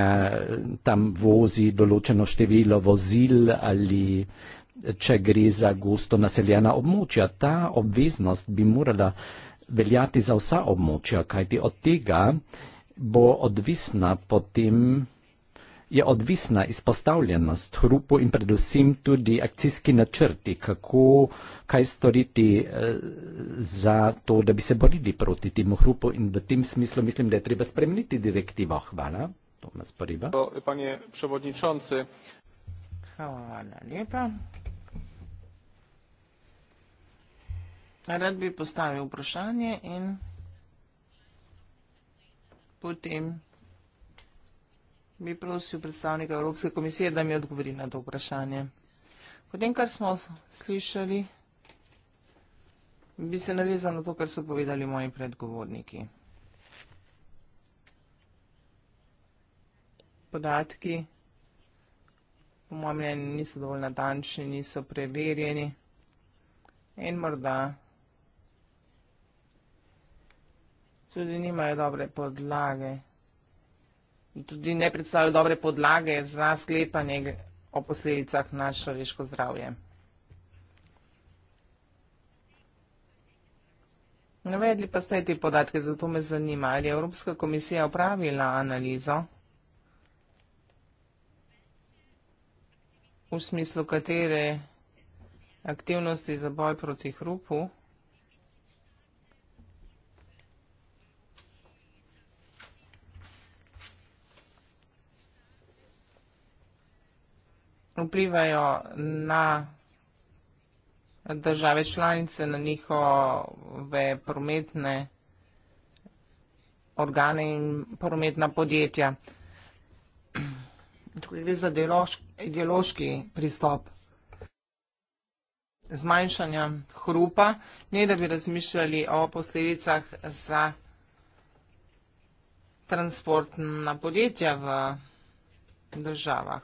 tam vozi določeno število vozil ali če gre za gosto naseljena območja. Ta obveznost bi morala veljati za vsa območja, kajti od tega bo odvisna potem je odvisna izpostavljenost hrupu in predvsem tudi akcijski načrti, kako kaj storiti eh, za to, da bi se borili proti temu hrupu in v tem smislu mislim, da je treba spremeniti direktivo. Hvala. Tomas Poriba. Panie Przewodniczący. Hvala lepa. Rad bi postavil vprašanje in potem bi prosil predstavnika Evropske komisije, da mi odgovori na to vprašanje. Potem, kar smo slišali, bi se navezal na to, kar so povedali moji predgovorniki. Podatki, po mojem mnenju, niso dovolj natančni, niso preverjeni in morda tudi nimajo dobre podlage tudi ne predstavlja dobre podlage za sklepanje o posledicah na človeško zdravje. Navedli pa ste te podatke, zato me zanima, ali je Evropska komisija opravila analizo v smislu katere aktivnosti za boj proti hrupu. vplivajo na države članice, na njihove prometne organe in prometna podjetja. Tukaj gre za ideološki pristop zmanjšanja hrupa, ne da bi razmišljali o posledicah za transportna podjetja v državah.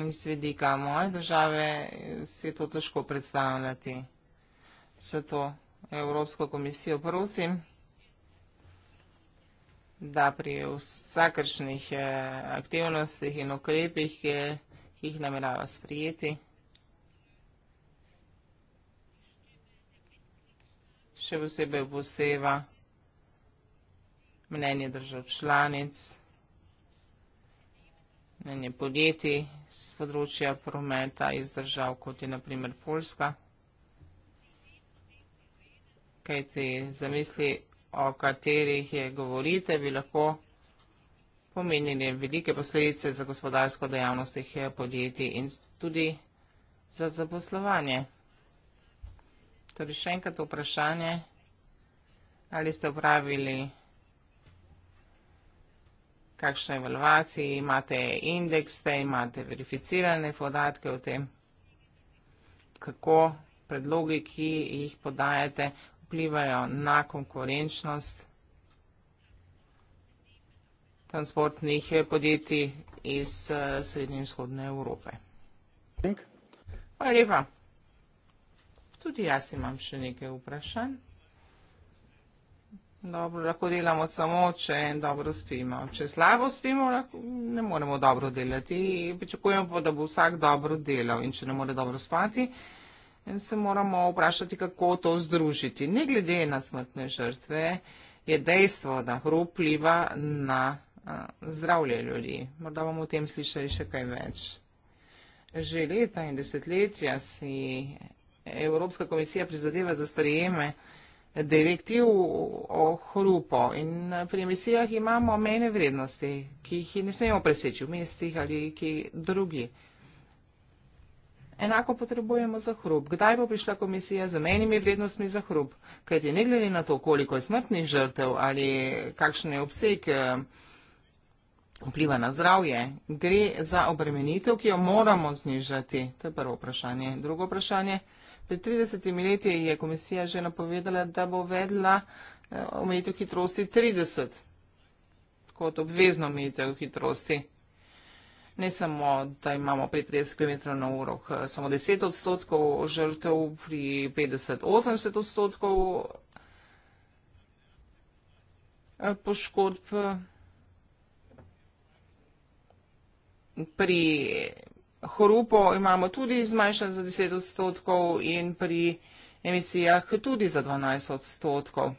Iz vidika moje države si to težko predstavljati. Zato Evropsko komisijo prosim, da pri vsakršnih eh, aktivnostih in okrepih, ki jih namerava sprijeti, še posebej posteva mnenje držav članic, mnenje podjetij z področja prometa iz držav, kot je naprimer Poljska. Kaj te zamisli, o katerih je govorite, bi lahko pomenili velike posledice za gospodarsko dejavnost teh eh, podjetij in tudi za zaposlovanje. Torej, še enkrat vprašanje, ali ste upravili vprašanje, kakšna je evaluacija, imate indeks, te imate verificirane podatke o tem, kako predlogi, ki jih podajate, vplivajo na konkurenčnost transportnih podjetij iz eh, Srednje in Vzhodne Evrope. Hvala lepa. Tudi jaz imam še nekaj vprašanj. Dobro, lahko delamo samo, če dobro spimo. Če slabo spimo, lahko, ne moremo dobro delati. Pričakujemo pa, da bo vsak dobro delal in če ne more dobro spati, se moramo vprašati, kako to združiti. Ne glede na smrtne žrtve, je dejstvo, da hrup pliva na a, zdravlje ljudi. Morda bomo o tem slišali še kaj več. Že leta in desetletja si Evropska komisija prizadeva za sprejeme direktiv o hrupu in eh, pri emisijah imamo mejne vrednosti, ki jih ne smemo preseči v mestih ali ki drugi. Enako potrebujemo za hrup. Kdaj bo prišla komisija z menimi vrednostmi za hrup? Kaj ti ne glede na to, koliko je smrtnih žrtev ali kakšen je obseg eh, vpliva na zdravje, gre za obremenitev, ki jo moramo znižati. To je prvo vprašanje. Drugo vprašanje je, Pred 30 leti je komisija že napovedala, da bo vedla eh, omejitev hitrosti 30 kot obvezno omejitev hitrosti. Ne samo, da imamo pri 30 km na uro eh, samo 10 odstotkov žrtev, pri 50-80 odstotkov eh, poškodb, pri hrupo imamo tudi zmanjšan za 10 odstotkov in pri emisijah tudi za 12 odstotkov.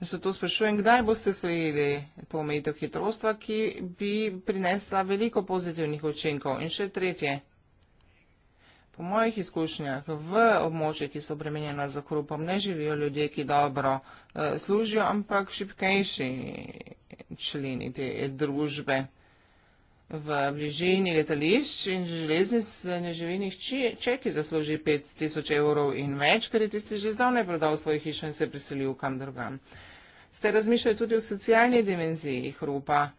Zato sprašujem, kdaj boste sprejeli to omejitev hitrostva, ki bi prinesla veliko pozitivnih učinkov. In še tretje, po mojih izkušnjah v območje, ki so obremenjena za korupom, ne živijo ljudje, ki dobro eh, služijo, ampak šipkejši členi te družbe v bližini letališč in železnic neživinih čeki zasluži 5000 evrov in več, ker je tisti že zdavne prodal svoj hiš in se priselil kam drugam. Ste razmišljali tudi o socialni dimenziji hrupa,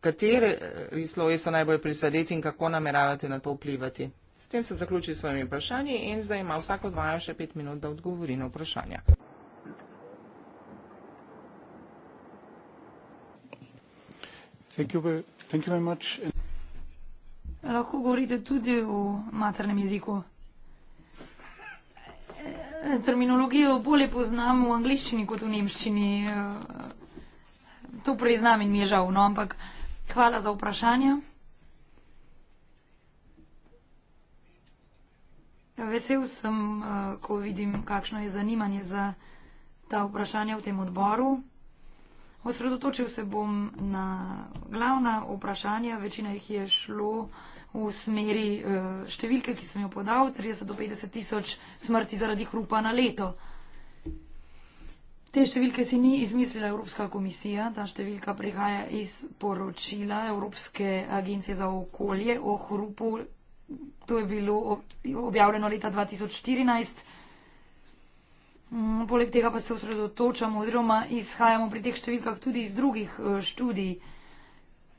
katere visloje eh, so najbolj prisadeti in kako nameravate na to vplivati? S tem se zaključi s svojimi vprašanji in zdaj ima vsako dvajo še pet minut, da odgovori na vprašanja. Thank you, Thank you very much. Lahko govorite tudi v maternem jeziku. Terminologijo bolje poznam v angliščini kot v nemščini. To priznam in mi je žal, no, ampak hvala za vprašanje. Vesel sem, eh, ko vidim, kakšno je zanimanje za ta vprašanja v tem odboru. Osredotočil se bom na glavna vprašanja, večina jih je šlo v smeri eh, številke, ki sem jo podal, 30 do 50 tisoč smrti zaradi hrupa na leto. Te številke si ni izmislila Evropska komisija, ta številka prihaja iz poročila Evropske agencije za okolje o hrupu. To je bilo objavljeno leta 2014. Mm, poleg tega pa se osredotočamo oziroma izhajamo pri teh številkah tudi iz drugih eh, študij.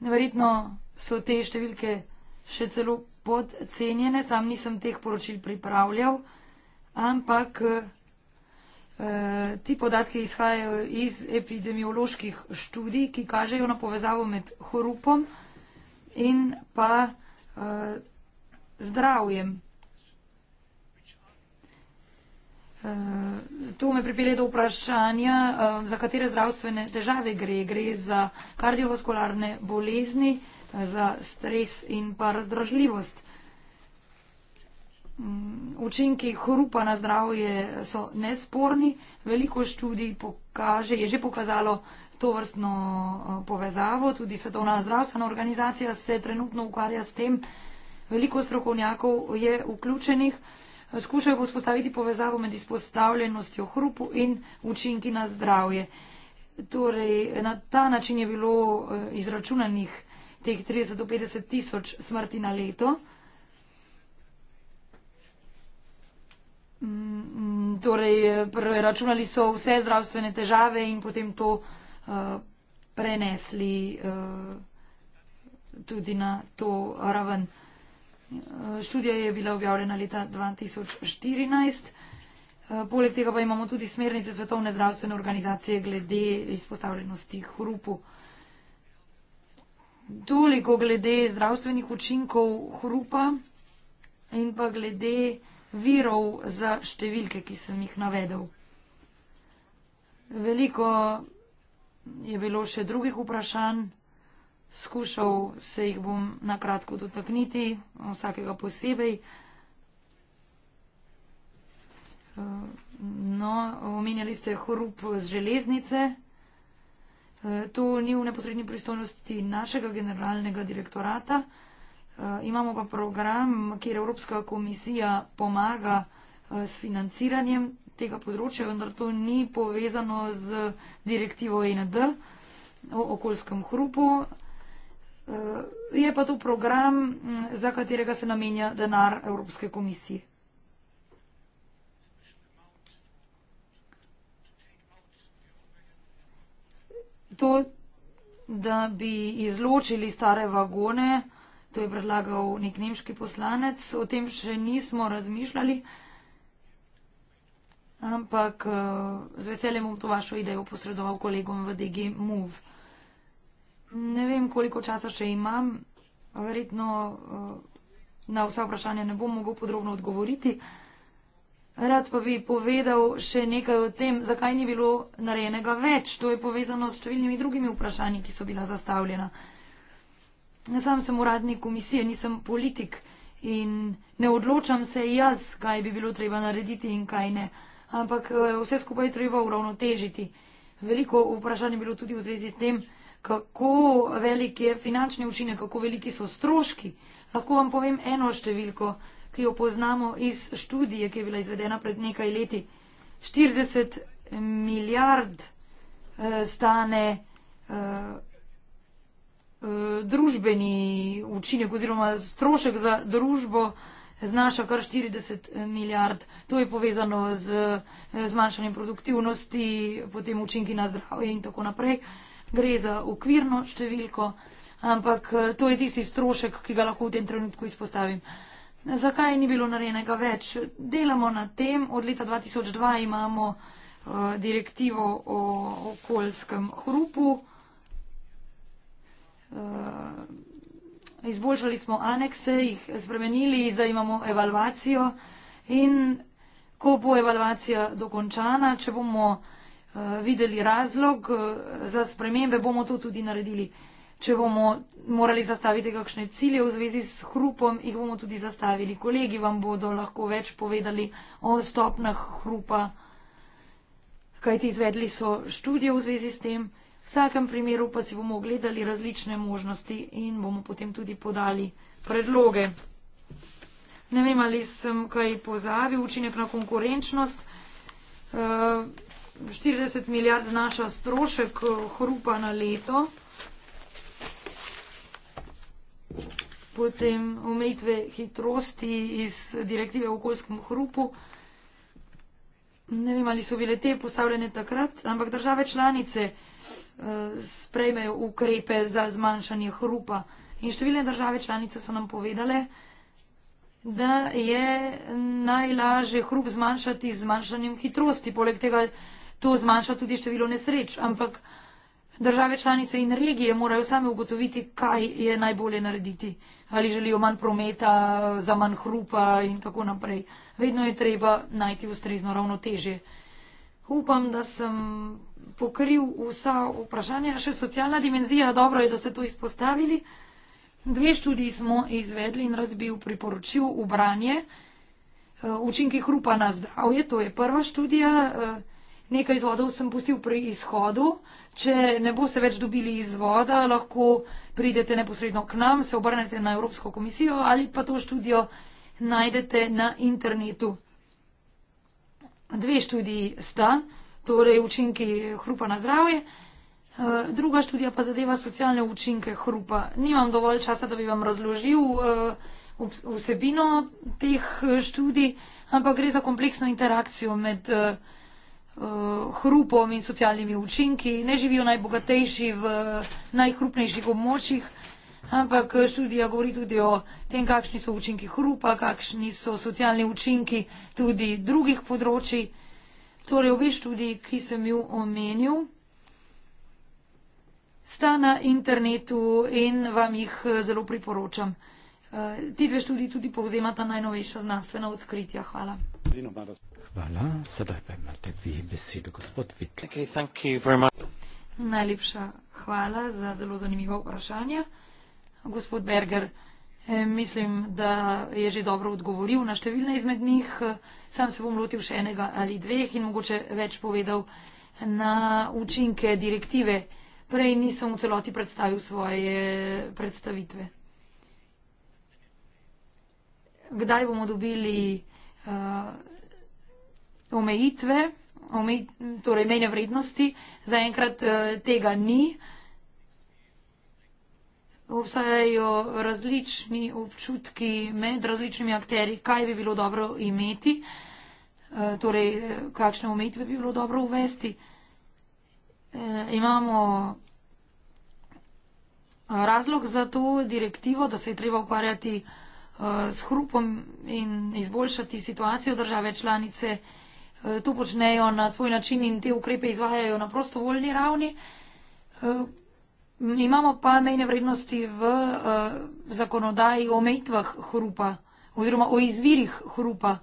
Neverjetno so te številke še celo podcenjene, sam nisem teh poročil pripravljal, ampak eh, ti podatki izhajajo iz epidemioloških študij, ki kažejo na povezavo med hrupom in pa eh, zdravjem. To me pripelje do vprašanja, eh, za katere zdravstvene težave gre. Gre za kardiovaskularne bolezni, eh, za stres in pa razdražljivost. Mm, učinki hrupa na zdravje so nesporni. Veliko študij pokaže, je že pokazalo to vrstno eh, povezavo. Tudi Svetovna zdravstvena organizacija se trenutno ukvarja s tem. Veliko strokovnjakov je vključenih skušajo vzpostaviti povezavo med izpostavljenostjo hrupu in učinki na zdravje. Torej, na ta način je bilo eh, izračunanih teh 30 do 50 tisoč smrti na leto. Mm, torej, eh, preračunali so vse zdravstvene težave in potem to uh, prenesli uh, tudi na to raven. Študija je bila objavljena leta 2014. Poleg tega pa imamo tudi smernice Svetovne zdravstvene organizacije glede izpostavljenosti hrupu. Toliko glede zdravstvenih učinkov hrupa in pa glede virov za številke, ki sem jih navedel. Veliko je bilo še drugih vprašanj skušal se jih bom na kratko dotakniti, vsakega posebej. Eh, no, omenjali ste horup z železnice. Eh, to ni v neposrednji pristojnosti našega generalnega direktorata. Eh, imamo pa program, kjer Evropska komisija pomaga s financiranjem tega področja, vendar to ni povezano z direktivo END o okoljskem hrupu, Eh, je pa to program, mm, za katerega se namenja denar Evropske komisije. To, da bi izločili stare vagone, to je predlagal nek nemški poslanec, o tem še nismo razmišljali, ampak eh, z veseljem bom to vašo idejo posredoval kolegom v DG Move. Ne vem, koliko časa še imam. Verjetno eh, na vsa vprašanja ne bom mogel podrobno odgovoriti. Rad pa bi povedal še nekaj o tem, zakaj ni bilo narejenega več. To je povezano s številnimi drugimi vprašanji, ki so bila zastavljena. Sam sem uradnik komisije, nisem politik in ne odločam se jaz, kaj bi bilo treba narediti in kaj ne. Ampak eh, vse skupaj je treba uravnotežiti. Veliko vprašanj je bilo tudi v zvezi s tem, kako velik je finančni učinek, kako veliki so stroški. Lahko vam povem eno številko, ki jo poznamo iz študije, ki je bila izvedena pred nekaj leti. 40 milijard eh, stane eh, eh, družbeni učinek oziroma strošek za družbo znaša kar 40 milijard. To je povezano z zmanjšanjem produktivnosti, potem učinki na zdravje in tako naprej gre za okvirno številko, ampak eh, to je tisti strošek, ki ga lahko v tem trenutku izpostavim. Zakaj ni bilo narejenega več? Delamo na tem, od leta 2002 imamo eh, direktivo o okoljskem hrupu. Eh, izboljšali smo anekse, jih spremenili, zdaj imamo evalvacijo in ko bo evalvacija dokončana, če bomo Eh, videli razlog eh, za spremembe, bomo to tudi naredili. Če bomo morali zastaviti kakšne cilje v zvezi s hrupom, jih bomo tudi zastavili. Kolegi vam bodo lahko več povedali o stopnah hrupa, kajti izvedli so študijo v zvezi s tem. V vsakem primeru pa si bomo ogledali različne možnosti in bomo potem tudi podali predloge. Ne vem, ali sem kaj pozabil, učinek na konkurenčnost. Uh, 40 milijard znaša strošek eh, hrupa na leto. Potem omejitve hitrosti iz direktive o okoljskem hrupu. Ne vem, ali so bile te postavljene takrat, ampak države članice uh, sprejmejo ukrepe za zmanjšanje hrupa. In številne države članice so nam povedale, da je najlažje hrup zmanjšati z zmanjšanjem hitrosti. Poleg tega to zmanjša tudi število nesreč, ampak države članice in regije morajo same ugotoviti, kaj je najbolje narediti. Ali želijo manj prometa, za manj hrupa in tako naprej. Vedno je treba najti ustrezno ravnotežje. Upam, da sem pokril vsa vprašanja. Še socialna dimenzija, dobro je, da ste to izpostavili. Dve študiji smo izvedli in rad bi v priporočil ubranje eh, učinki hrupa na zdravje. To je prva študija. Eh, Nekaj izvodov sem pustil pri izhodu. Če ne boste več dobili izvoda, lahko pridete neposredno k nam, se obrnete na Evropsko komisijo ali pa to študijo najdete na internetu. Dve študiji sta, torej učinki hrupa na zdravje. Eh, druga študija pa zadeva socialne učinke hrupa. Nimam dovolj časa, da bi vam razložil eh, vsebino teh eh, študij, ampak gre za kompleksno interakcijo med uh, hrupom in socialnimi učinki. Ne živijo najbogatejši v najhrupnejših območjih, ampak eh, študija govori tudi o tem, kakšni so učinki hrupa, kakšni so socialni učinki tudi drugih področji. Torej, obe študiji, ki sem ju omenil, sta na internetu in vam jih eh, zelo priporočam. Ti dve študiji tudi povzemata najnovejša znanstvena odkritja. Hvala. Hvala. Sedaj pa imate vi besedo, gospod Vitle. Najlepša hvala za zelo zanimivo vprašanje. Gospod Berger, eh, mislim, da je že dobro odgovoril na številne izmed njih. Sam se bom lotil še enega ali dveh in mogoče več povedal na učinke direktive. Prej nisem v celoti predstavil svoje eh, predstavitve. Kdaj bomo dobili uh, omejitve, omej, torej menja vrednosti. Zaenkrat uh, tega ni. Obstajajo različni občutki med različnimi akteri, kaj bi bilo dobro imeti, eh, torej kakšne umetve bi bilo dobro uvesti. E, imamo razlog za to direktivo, da se je treba ukvarjati uh, Eh, s hrupom in izboljšati situacijo države članice. Eh, to počnejo na svoj način in te ukrepe izvajajo na prostovoljni ravni. Eh, imamo pa mejne vrednosti v zakonodaji o omejitvah hrupa oziroma o izvirih hrupa.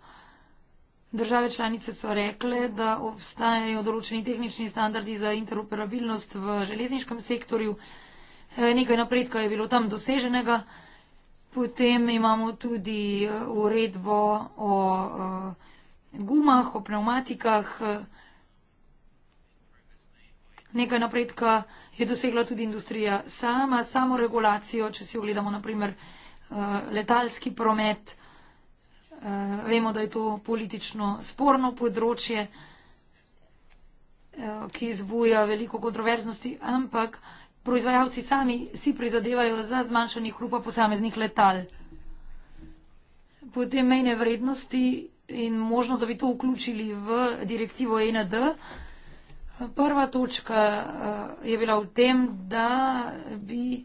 Države članice so rekle, da obstajajo določeni tehnični standardi za interoperabilnost v železniškem sektorju. Nekaj napredka je bilo tam doseženega. Potem imamo tudi eh, uredbo o eh, gumah, o pneumatikah. Nekaj napredka je dosegla tudi industrija sama, samo regulacijo, če si ogledamo naprimer eh, letalski promet. Vemo, da je to politično sporno področje, ki izbuja veliko kontroverznosti, ampak Proizvajalci sami si prizadevajo za zmanjšanje hrupa posameznih letal. Potem mejne vrednosti in možnost, da bi to vključili v direktivo e ND. Prva točka eh, je bila v tem, da bi eh,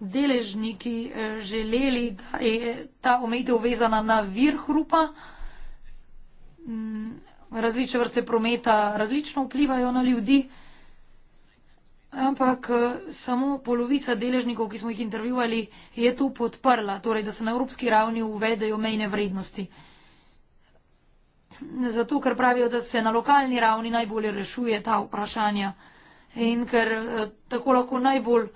deležniki eh, želeli, da je ta omejitev vezana na vir hrupa. Mm, različne vrste prometa različno vplivajo na ljudi. Ampak eh, samo polovica deležnikov, ki smo jih intervjuvali, je to podprla, torej da se na evropski ravni uvedejo mejne vrednosti. Zato, ker pravijo, da se na lokalni ravni najbolje rešuje ta vprašanja in ker eh, tako lahko najbolj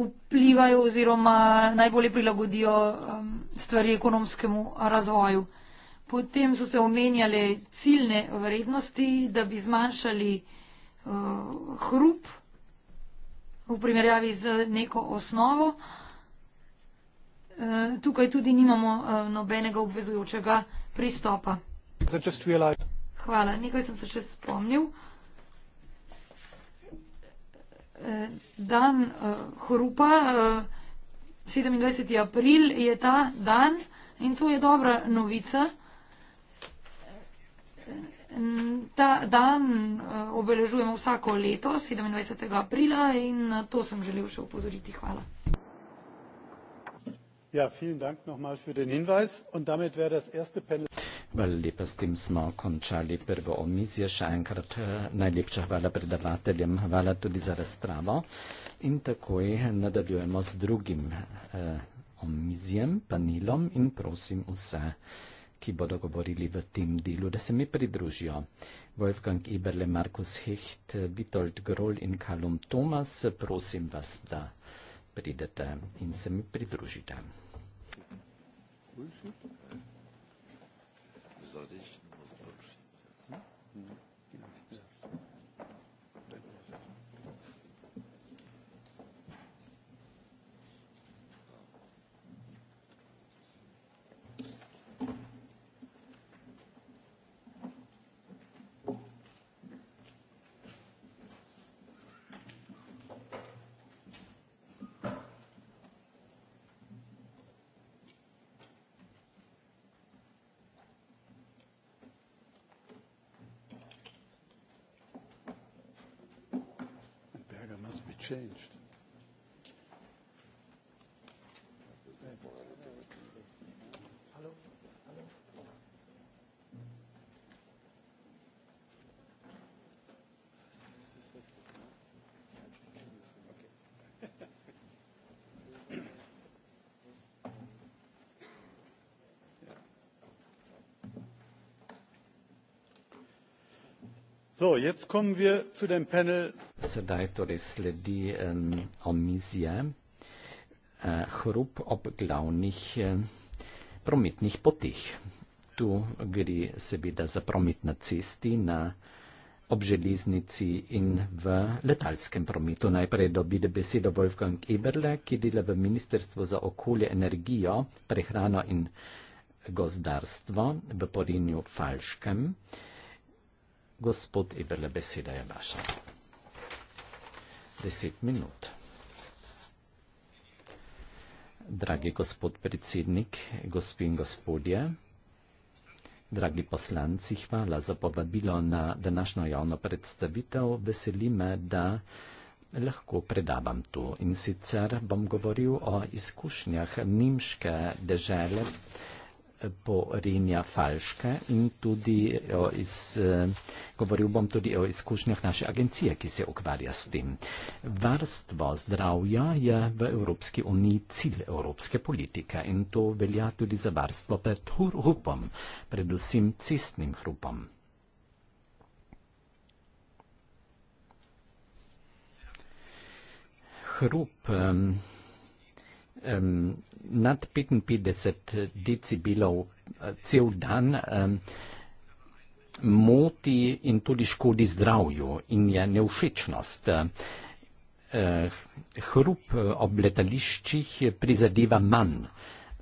vplivajo oziroma najbolje prilagodijo stvari ekonomskemu razvoju. Potem so se omenjale ciljne vrednosti, da bi zmanjšali uh, hrup v primerjavi z neko osnovo. E, tukaj tudi nimamo e, nobenega obvezujočega pristopa. Hvala, nekaj sem se še spomnil. E, dan Hrupa, 27. april je ta dan in to je dobra novica. Ta dan eh, obeležujemo vsako leto, 27. aprila, in na to sem želel še upozoriti. Hvala. Ja, vielen Dank nochmal für den Hinweis. Und damit wäre das erste Panel. Hvala lepa, s tem smo končali prvo omizje. Še enkrat eh, najlepša hvala predavateljem, hvala tudi za razpravo. In takoj nadaljujemo z drugim eh, omizjem, panelom in prosim vse ki bodo govorili v tem delu, da se mi pridružijo. Wolfgang Eberle, Markus Hecht, Vitold Grohl in Kalum Thomas, prosim vas, da pridete in se mi pridružite. Prosim. changed. Sedaj torej sledi um, omizje uh, hrup ob glavnih uh, prometnih potih. Tu gre seveda za promet na cesti, na obželiznici in v letalskem prometu. Najprej dobide besedo Wolfgang Eberle, ki dela v Ministrstvu za okolje, energijo, prehrano in gozdarstvo v Porinju Falškem. Uh, Gospod Iberle, beseda je vaša. Deset minut. Dragi gospod predsednik, gospi in gospodje, dragi poslanci, hvala za povabilo na današnjo javno predstavitev. Veseli me, da lahko predavam tu. In sicer bom govoril o izkušnjah nemške dežele bo Rinja Falške in tudi o iz, eh, govoril bom tudi o izkušnjah naše agencije, ki se ukvarja s tem. Varstvo zdravja je v Evropski uniji cilj evropske politike in to velja tudi za varstvo pred hrupom, predvsem cestnim hrupom. Hrup. Um, um, nad 55 decibelov eh, cel dan um, moti in tudi škodi zdravju in je neušečnost. Uh, eh, hrup eh, ob letališčih prizadeva manj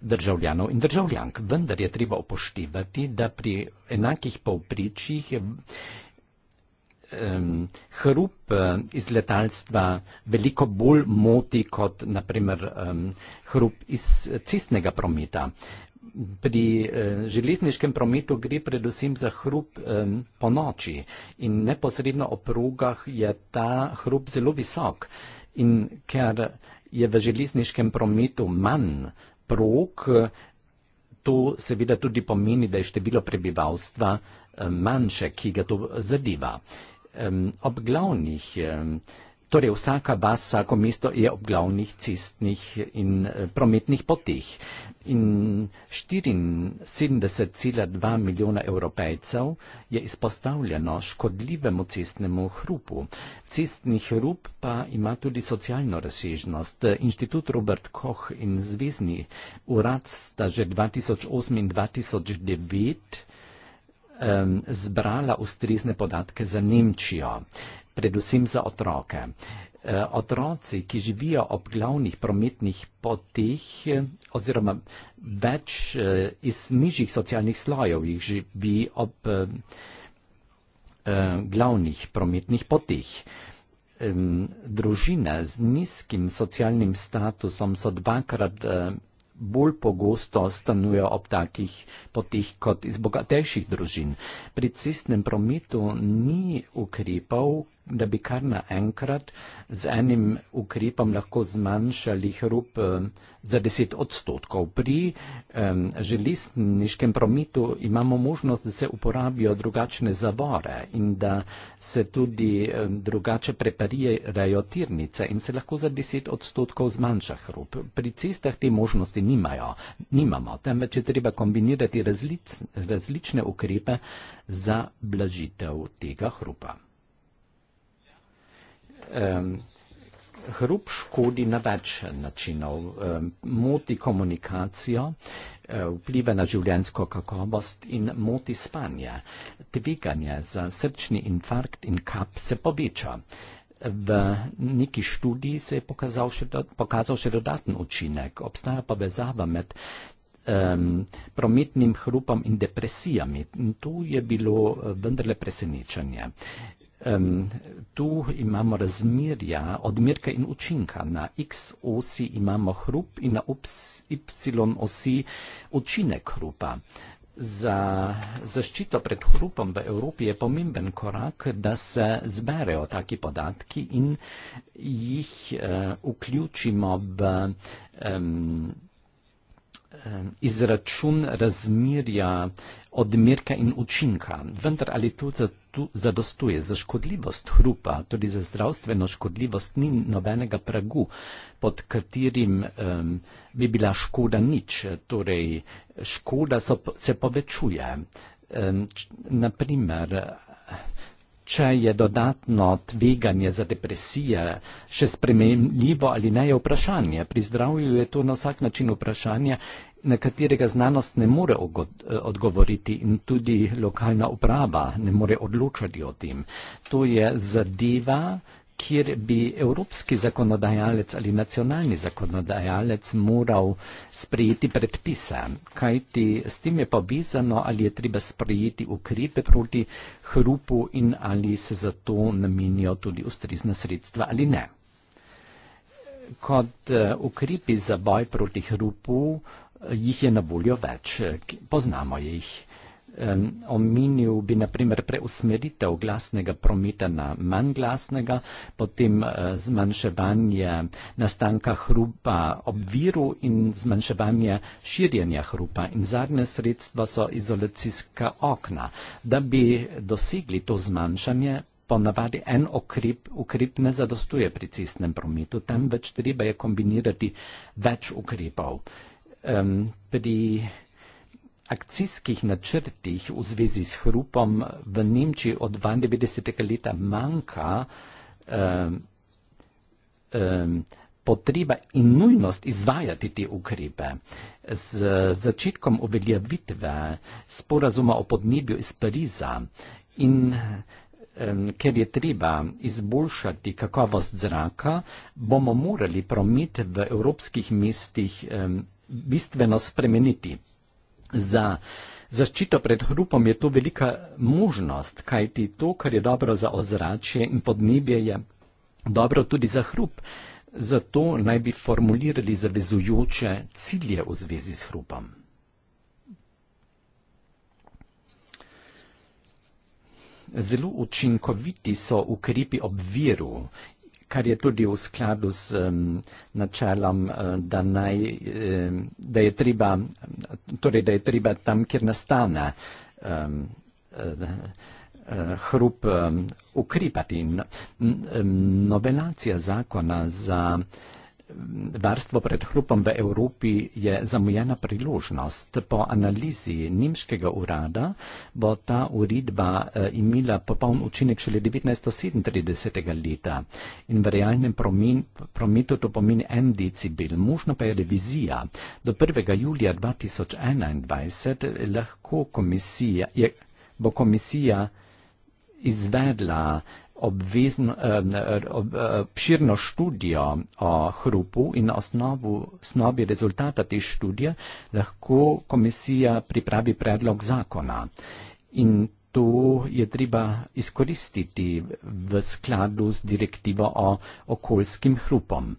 državljanov in državljank, vendar je treba upoštevati, da pri enakih povpričjih um, hrup iz letalstva veliko bolj moti kot naprimer um, hrup iz cistnega prometa. Pri eh, železniškem prometu gre predvsem za hrup eh, po noči in neposredno o prugah je ta hrup zelo visok. In ker je v železniškem prometu manj prug, to seveda tudi pomeni, da je število prebivalstva eh, manjše, ki ga to zadeva. Eh, um, obglavnih, um, torej vsaka bas, vsako mesto je obglavnih cestnih in uh, prometnih poteh. In 74,2 milijona evropejcev je izpostavljeno škodljivemu cestnemu hrupu. Cestni hrup pa ima tudi socialno razsežnost. Inštitut Robert Koch in Zvezni urad sta že 2008 in 2009 um, zbrala ustrezne podatke za Nemčijo, predvsem za otroke. E, otroci, ki živijo ob glavnih prometnih poteh oziroma več e, iz nižjih socialnih slojev, jih živi ob e, glavnih prometnih poteh. Družine z nizkim socialnim statusom so dvakrat bolj pogosto stanujejo ob takih potih kot iz bogatejših družin. Pri cestnem prometu ni ukrepov, da bi kar naenkrat z enim ukrepom lahko zmanjšali hrup eh, za 10 odstotkov. Pri um, želistniškem prometu imamo možnost, da se uporabijo drugačne zavore in da se tudi um, drugače preparirajo tirnice in se lahko za 10 odstotkov zmanjša hrup. Pri cestah te možnosti nimajo, nimamo, temveč je treba kombinirati različ, različne ukrepe za blažitev tega hrupa um, hrup škodi na več načinov. Um, moti komunikacijo, eh, vpliva na življensko kakovost in moti spanje. Tveganje za srčni infarkt in kap se poveča. V neki študiji se je pokazal še do, pokazal še dodaten učinek. Obstaja povezava med um, prometnim hrupom in depresijami. In to je bilo eh, vendarle presenečenje um, tu imamo razmerja odmerka in učinka. Na x osi imamo hrup in na ups, y osi učinek hrupa. Za zaščito pred hrupom v Evropi je pomemben korak, da se zberejo taki podatki in jih uh, vključimo v um, izračun razmerja odmerka in učinka. Vendar ali to zadostuje za škodljivost hrupa, tudi za zdravstveno škodljivost, ni nobenega pragu, pod katerim um, bi bila škoda nič. Torej, škoda so, se povečuje. Um, č, naprimer, če je dodatno tveganje za depresije še spremenljivo ali ne, je vprašanje. Pri zdravju je to na vsak način vprašanje, na katerega znanost ne more odgovoriti in tudi lokalna uprava ne more odločati o tem. To je zadeva, kjer bi evropski zakonodajalec ali nacionalni zakonodajalec moral sprejeti predpise. Kaj ti s tem je povezano, ali je treba sprejeti ukrepe proti hrupu in ali se za to namenijo tudi ustrezna sredstva ali ne. Kot eh, ukrepi za boj proti hrupu eh, jih je na voljo več, poznamo jih. Um, omenil bi naprimer preusmeritev glasnega prometa na manj glasnega, potem uh, zmanjševanje nastanka hrupa ob viru in zmanjševanje širjenja hrupa. In zadnje sredstvo so izolacijska okna. Da bi dosegli to zmanjšanje, ponavadi en okrep, ukrep ne zadostuje pri cestnem prometu, temveč treba je kombinirati več ukrepov. Um, akcijskih načrtih v zvezi s hrupom v Nemčiji od 92. leta manjka eh, eh, potreba in nujnost izvajati te ukrepe. Z začetkom uveljavitve sporazuma o podnebju iz Pariza in eh, ker je treba izboljšati kakovost zraka, bomo morali promet v evropskih mestih eh, bistveno spremeniti. Za zaščito pred hrupom je to velika možnost, kajti to, kar je dobro za ozračje in podnebje, je dobro tudi za hrup. Zato naj bi formulirali zavezujoče cilje v zvezi s hrupom. Zelo učinkoviti so ukrepi ob viru kar je tudi v skladu s um, načelom, uh, da, naj, uh, da, je treba, torej, da je treba tam, kjer nastane um, uh, uh, hrup, um, ukripati. Novelacija zakona za uh, varstvo pred hrupom v Evropi je zamujena priložnost. Po analizi nemškega urada bo ta uredba eh, imela popoln učinek šele 1937. leta in v realnem prometu to pomeni en decibel, možno pa je revizija. Do 1. julija 2021 eh, lahko komisija, je, bo komisija izvedla obvezen, eh, eh, eh, obširno študijo o hrupu in na osnovi rezultata te študije lahko komisija pripravi predlog zakona. In to je treba izkoristiti v skladu z direktivo o okoljskim hrupom.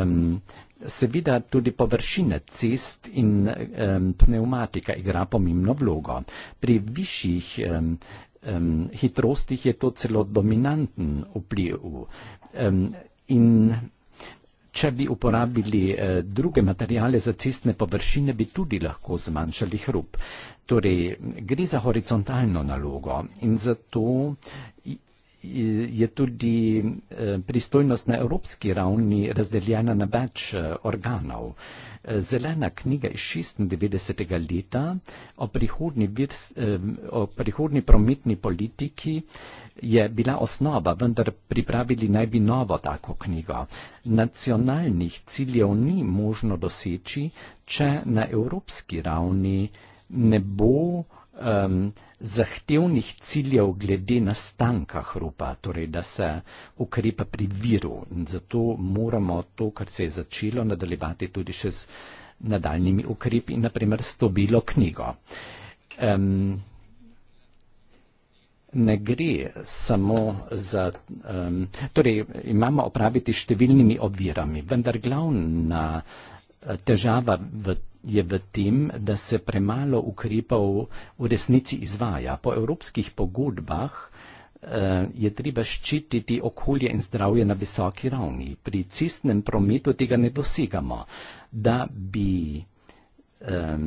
Um, Seveda tudi površine cest in um, pneumatika igra pomembno vlogo. Pri višjih um, um, hitrostih je to celo dominanten vpliv. Um, in če bi uporabili uh, druge materijale za cestne površine, bi tudi lahko zmanjšali hrup. Torej, gre za horizontalno nalogo in zato je tudi eh, pristojnost na evropski ravni razdeljena na več eh, organov. Eh, zelena knjiga iz 96. leta o prihodni, vir, o prihodni prometni politiki je bila osnova, vendar pripravili naj bi novo tako knjigo. Nacionalnih ciljev ni možno doseči, če na evropski ravni ne bo um, zahtevnih ciljev glede nastanka hrupa, torej da se ukrepa pri viru. In zato moramo to, kar se je začelo, nadaljevati tudi še z nadaljnimi ukrepi, naprimer s to bilo knjigo. Um, Ne gre samo za. Um, torej, imamo opraviti s številnimi ovirami, vendar glavna eh, težava v je v tem, da se premalo ukrepov v resnici izvaja. Po evropskih pogodbah eh, je treba ščititi okolje in zdravje na visoki ravni. Pri cestnem prometu tega ne dosegamo. Da bi um,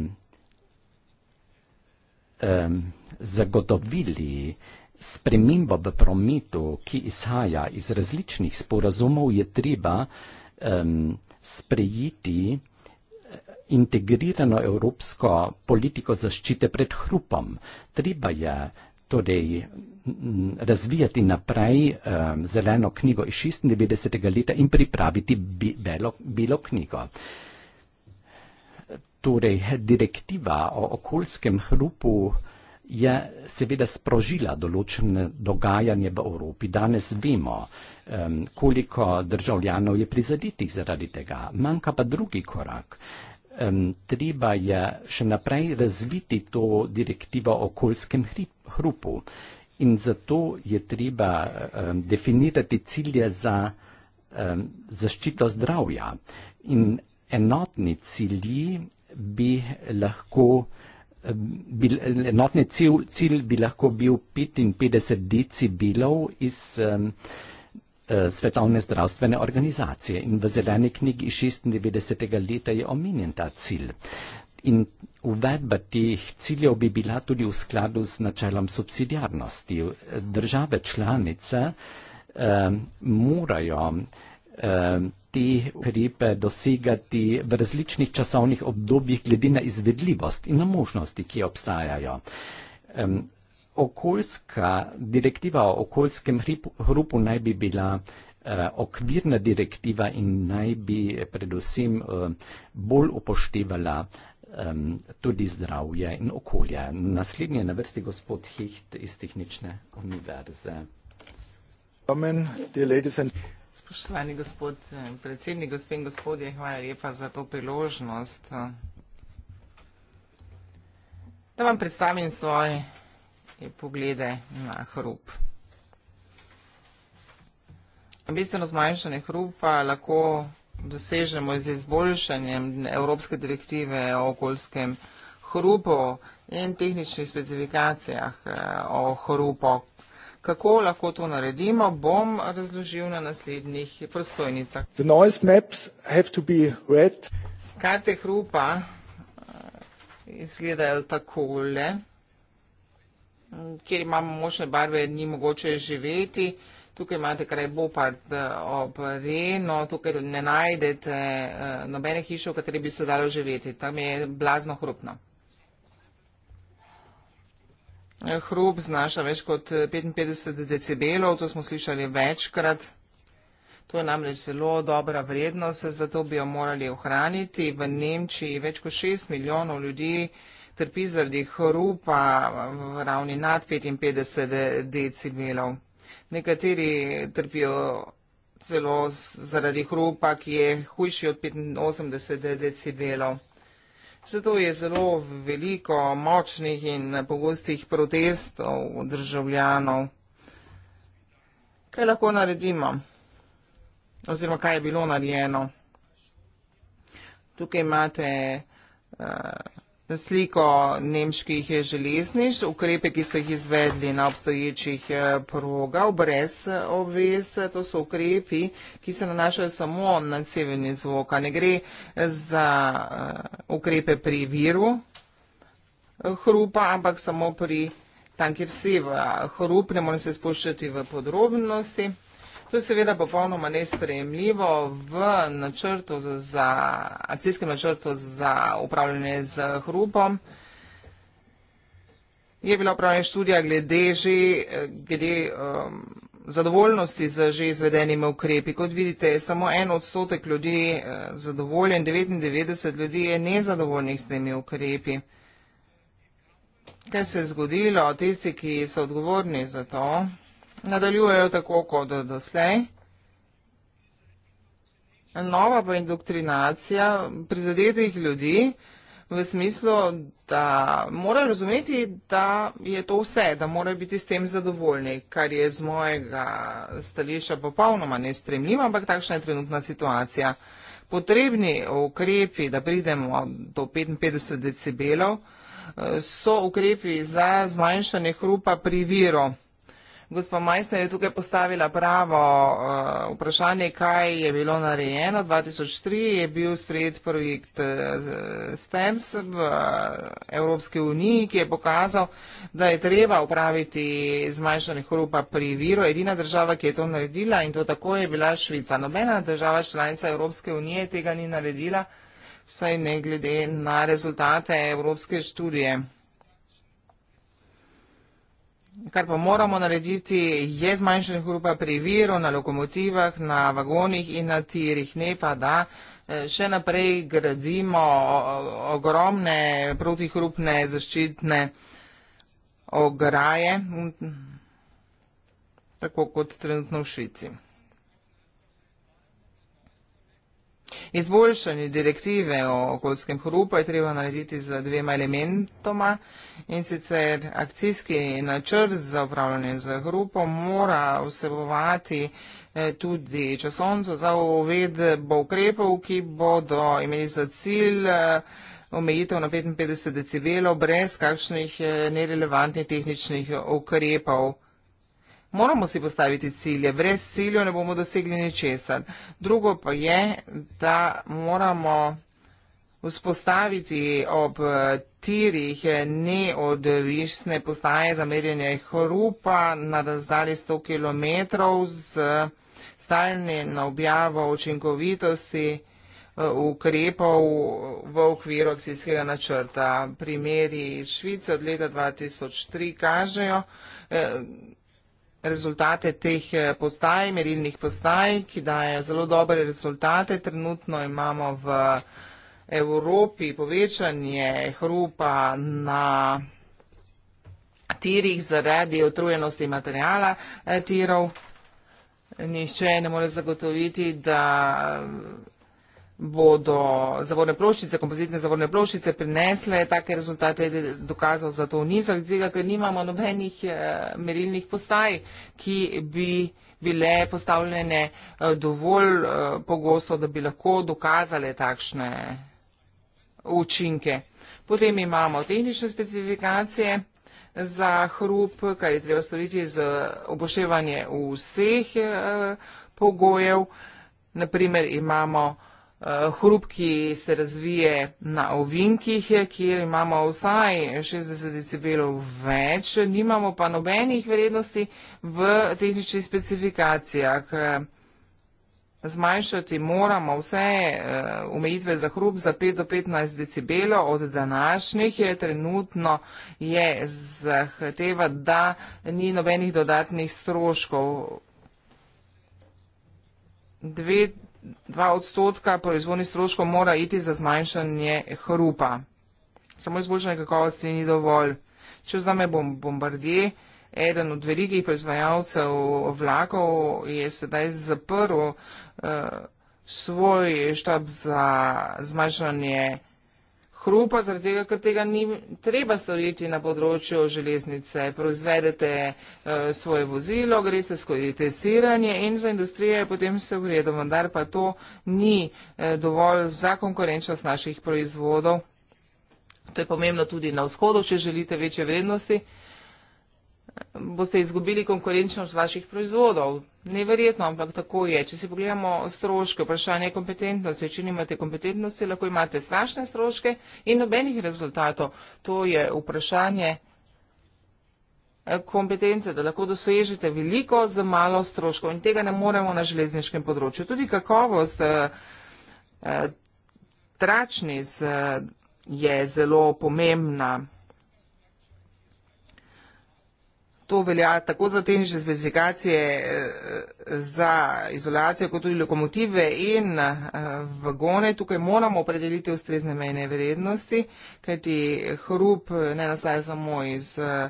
um, zagotovili spremembo v prometu, ki izhaja iz različnih sporazumov, je treba um, sprejeti integrirano evropsko politiko zaščite pred hrupom. Treba je torej razvijati naprej um, zeleno knjigo iz 96. leta in pripraviti bi, belo, belo knjigo. Torej, direktiva o okoljskem hrupu je seveda sprožila določene dogajanje v Evropi. Danes vemo, um, koliko državljanov je prizaditih zaradi tega. Manjka pa drugi korak um, treba je še naprej razviti to direktivo o okoljskem hrupu. In zato je treba um, definirati cilje za um, zaščito zdravja. In enotni cilji bi lahko, bil, enotni cilj, cilj bi lahko bil 55 decibelov iz um, Eh, Svetovne zdravstvene organizacije in v zeleni knjigi iz 96. leta je omenjen ta cilj. In uvedba teh ciljev bi bila tudi v skladu z načelom subsidiarnosti. Države članice eh, morajo eh, te ukrepe dosegati v različnih časovnih obdobjih glede na izvedljivost in na možnosti, ki obstajajo. Eh, okoljska direktiva o okoljskem hrupu naj bi bila eh, okvirna direktiva in naj bi predvsem eh, bolj upoštevala tudi zdravje in okolje. Naslednji je na vrsti gospod Hecht iz Tehnične univerze. Spoštovani gospod eh, predsednik, gospod in gospodje, hvala lepa za to priložnost. Da vam predstavim svoj in poglede na hrup. Bistveno zmanjšanje hrupa lahko dosežemo z izboljšanjem Evropske direktive o okoljskem hrupu in tehničnih specifikacijah eh, o hrupu. Kako lahko to naredimo, bom razložil na naslednjih prosojnicah. Karte hrupa eh, izgledajo takole kjer imamo močne barve, ni mogoče živeti. Tukaj imate kraj Bopard eh, ob Reno, tukaj ne najdete eh, nobene hiše, v kateri bi se dalo živeti. Tam je blazno hrupno. Eh, hrup znaša več kot 55 decibelov, to smo slišali večkrat. To je namreč zelo dobra vrednost, zato bi jo morali ohraniti. V Nemčiji več kot 6 milijonov ljudi trpi zaradi hrupa v ravni nad 55 decibelov. Nekateri trpijo celo zaradi hrupa, ki je hujši od 85 decibelov. Zato je zelo veliko močnih in pogostih protestov državljanov. Kaj lahko naredimo? Oziroma, kaj je bilo narejeno? Tukaj imate uh, Na sliko nemških železniš, ukrepe, ki so jih izvedli na obstoječih eh, progah, brez eh, obvez, to so ukrepi, ki se nanašajo samo na severni zvok, ne gre eh, za ukrepe pri viru hrupa, ampak samo pri tam, kjer seva hrup, ne morem se spuščati v podrobnosti. To seveda bo polnoma nespremljivo v načrtu za, akcijskem načrtu za upravljanje z hrupom. Je bila upravljena študija glede že, glede um, zadovoljnosti z že izvedenimi ukrepi. Kot vidite, je samo en odstotek ljudi eh, zadovoljen, 99 ljudi je nezadovoljnih s temi ukrepi. Kaj se je zgodilo? Tisti, ki so odgovorni za to, nadaljujejo tako kot doslej. Nova pa indoktrinacija prizadetih ljudi v smislu, da morajo razumeti, da je to vse, da morajo biti s tem zadovoljni, kar je z mojega stališča popolnoma nespremljivo, ampak takšna je trenutna situacija. Potrebni ukrepi, da pridemo do 55 decibelov, so ukrepi za zmanjšanje hrupa pri viru. Gospa Majsna je tukaj postavila pravo eh, vprašanje, kaj je bilo narejeno. 2003 je bil sprejet projekt eh, STEMS v eh, Evropski uniji, ki je pokazal, da je treba upraviti zmanjšanje hrupa pri viru. Edina država, ki je to naredila in to tako je bila Švica. Nobena država članica Evropske unije tega ni naredila, vsaj ne glede na rezultate Evropske študije. Kar pa moramo narediti, je zmanjšanje hrupa pri viru, na lokomotivah, na vagonih in na tirih. Ne pa, da eh, še naprej gradimo ogromne protihrupne zaščitne ograje, tako kot trenutno v Švici. Izboljšanje direktive o okoljskem hrupu je treba narediti z dvema elementoma in sicer akcijski načrt za upravljanje z hrupom mora vsebovati eh, tudi časovnico za uvedbo ukrepov, ki bodo imeli za cilj eh, omejitev na 55 decibelov brez kakšnih eh, nerelevantnih tehničnih ukrepov moramo si postaviti cilje, brez ciljev ne bomo dosegli ničesar. Drugo pa je, da moramo vzpostaviti ob tirih neodvisne postaje za merjenje hrupa na razdalji 100 km z stalne na objavo učinkovitosti eh, ukrepov v okviru akcijskega načrta. Primeri Švice od leta 2003 kažejo, eh, rezultate teh eh, postaj, merilnih postaj, ki dajo zelo dobre rezultate. Trenutno imamo v Evropi povečanje hrupa na tirih zaradi otrujenosti materijala eh, tirov. Nihče ne more zagotoviti, da bodo zavorne ploščice, kompozitne zavorne ploščice prinesle take rezultate, dokazal za to niso, tega, ker nimamo nobenih eh, merilnih postaj, ki bi bile postavljene eh, dovolj eh, pogosto, da bi lahko dokazale takšne učinke. Potem imamo tehnične specifikacije za hrup, kar je treba storiti z oboševanje vseh pogojev. Naprimer imamo Eh, hrup, ki se razvije na ovinkih, eh, kjer imamo vsaj 60 decibelov več, nimamo pa nobenih vrednosti v tehničnih specifikacijah. Eh, zmanjšati moramo vse omejitve za hrup za 5 do 15 decibelov od današnjih. Je, trenutno je zahteva, da ni nobenih dodatnih stroškov. 2 dva odstotka proizvodnih stroškov mora iti za zmanjšanje hrupa. Samo izboljšanje kakovosti ni dovolj. Če vzame bom bombardje, eden od velikih proizvajalcev vlakov je sedaj zaprl uh, svoj štab za zmanjšanje hrupa hrupa, zaradi tega, ker tega ni treba storiti na področju železnice. Proizvedete uh, svoje vozilo, greste skozi testiranje in za industrijo je potem vse v redu, vendar pa to ni uh, dovolj za konkurenčnost naših proizvodov. To je pomembno tudi na vzhodu, če želite večje vrednosti. Uh, boste izgubili konkurenčnost vaših proizvodov. Neverjetno, ampak tako je. Če si pogledamo stroške, vprašanje kompetentnosti, če nimate kompetentnosti, lahko imate strašne stroške in nobenih rezultatov. To je vprašanje eh, kompetence, da lahko dosežete veliko z malo stroškov in tega ne moremo na železniškem področju. Tudi kakovost eh, eh, tračnic je zelo pomembna. To velja tako za tehnične specifikacije, eh, za izolacijo, kot tudi lokomotive in eh, vagone. Tukaj moramo opredeliti ustrezne mejne vrednosti, kajti hrup ne nastaja samo iz eh,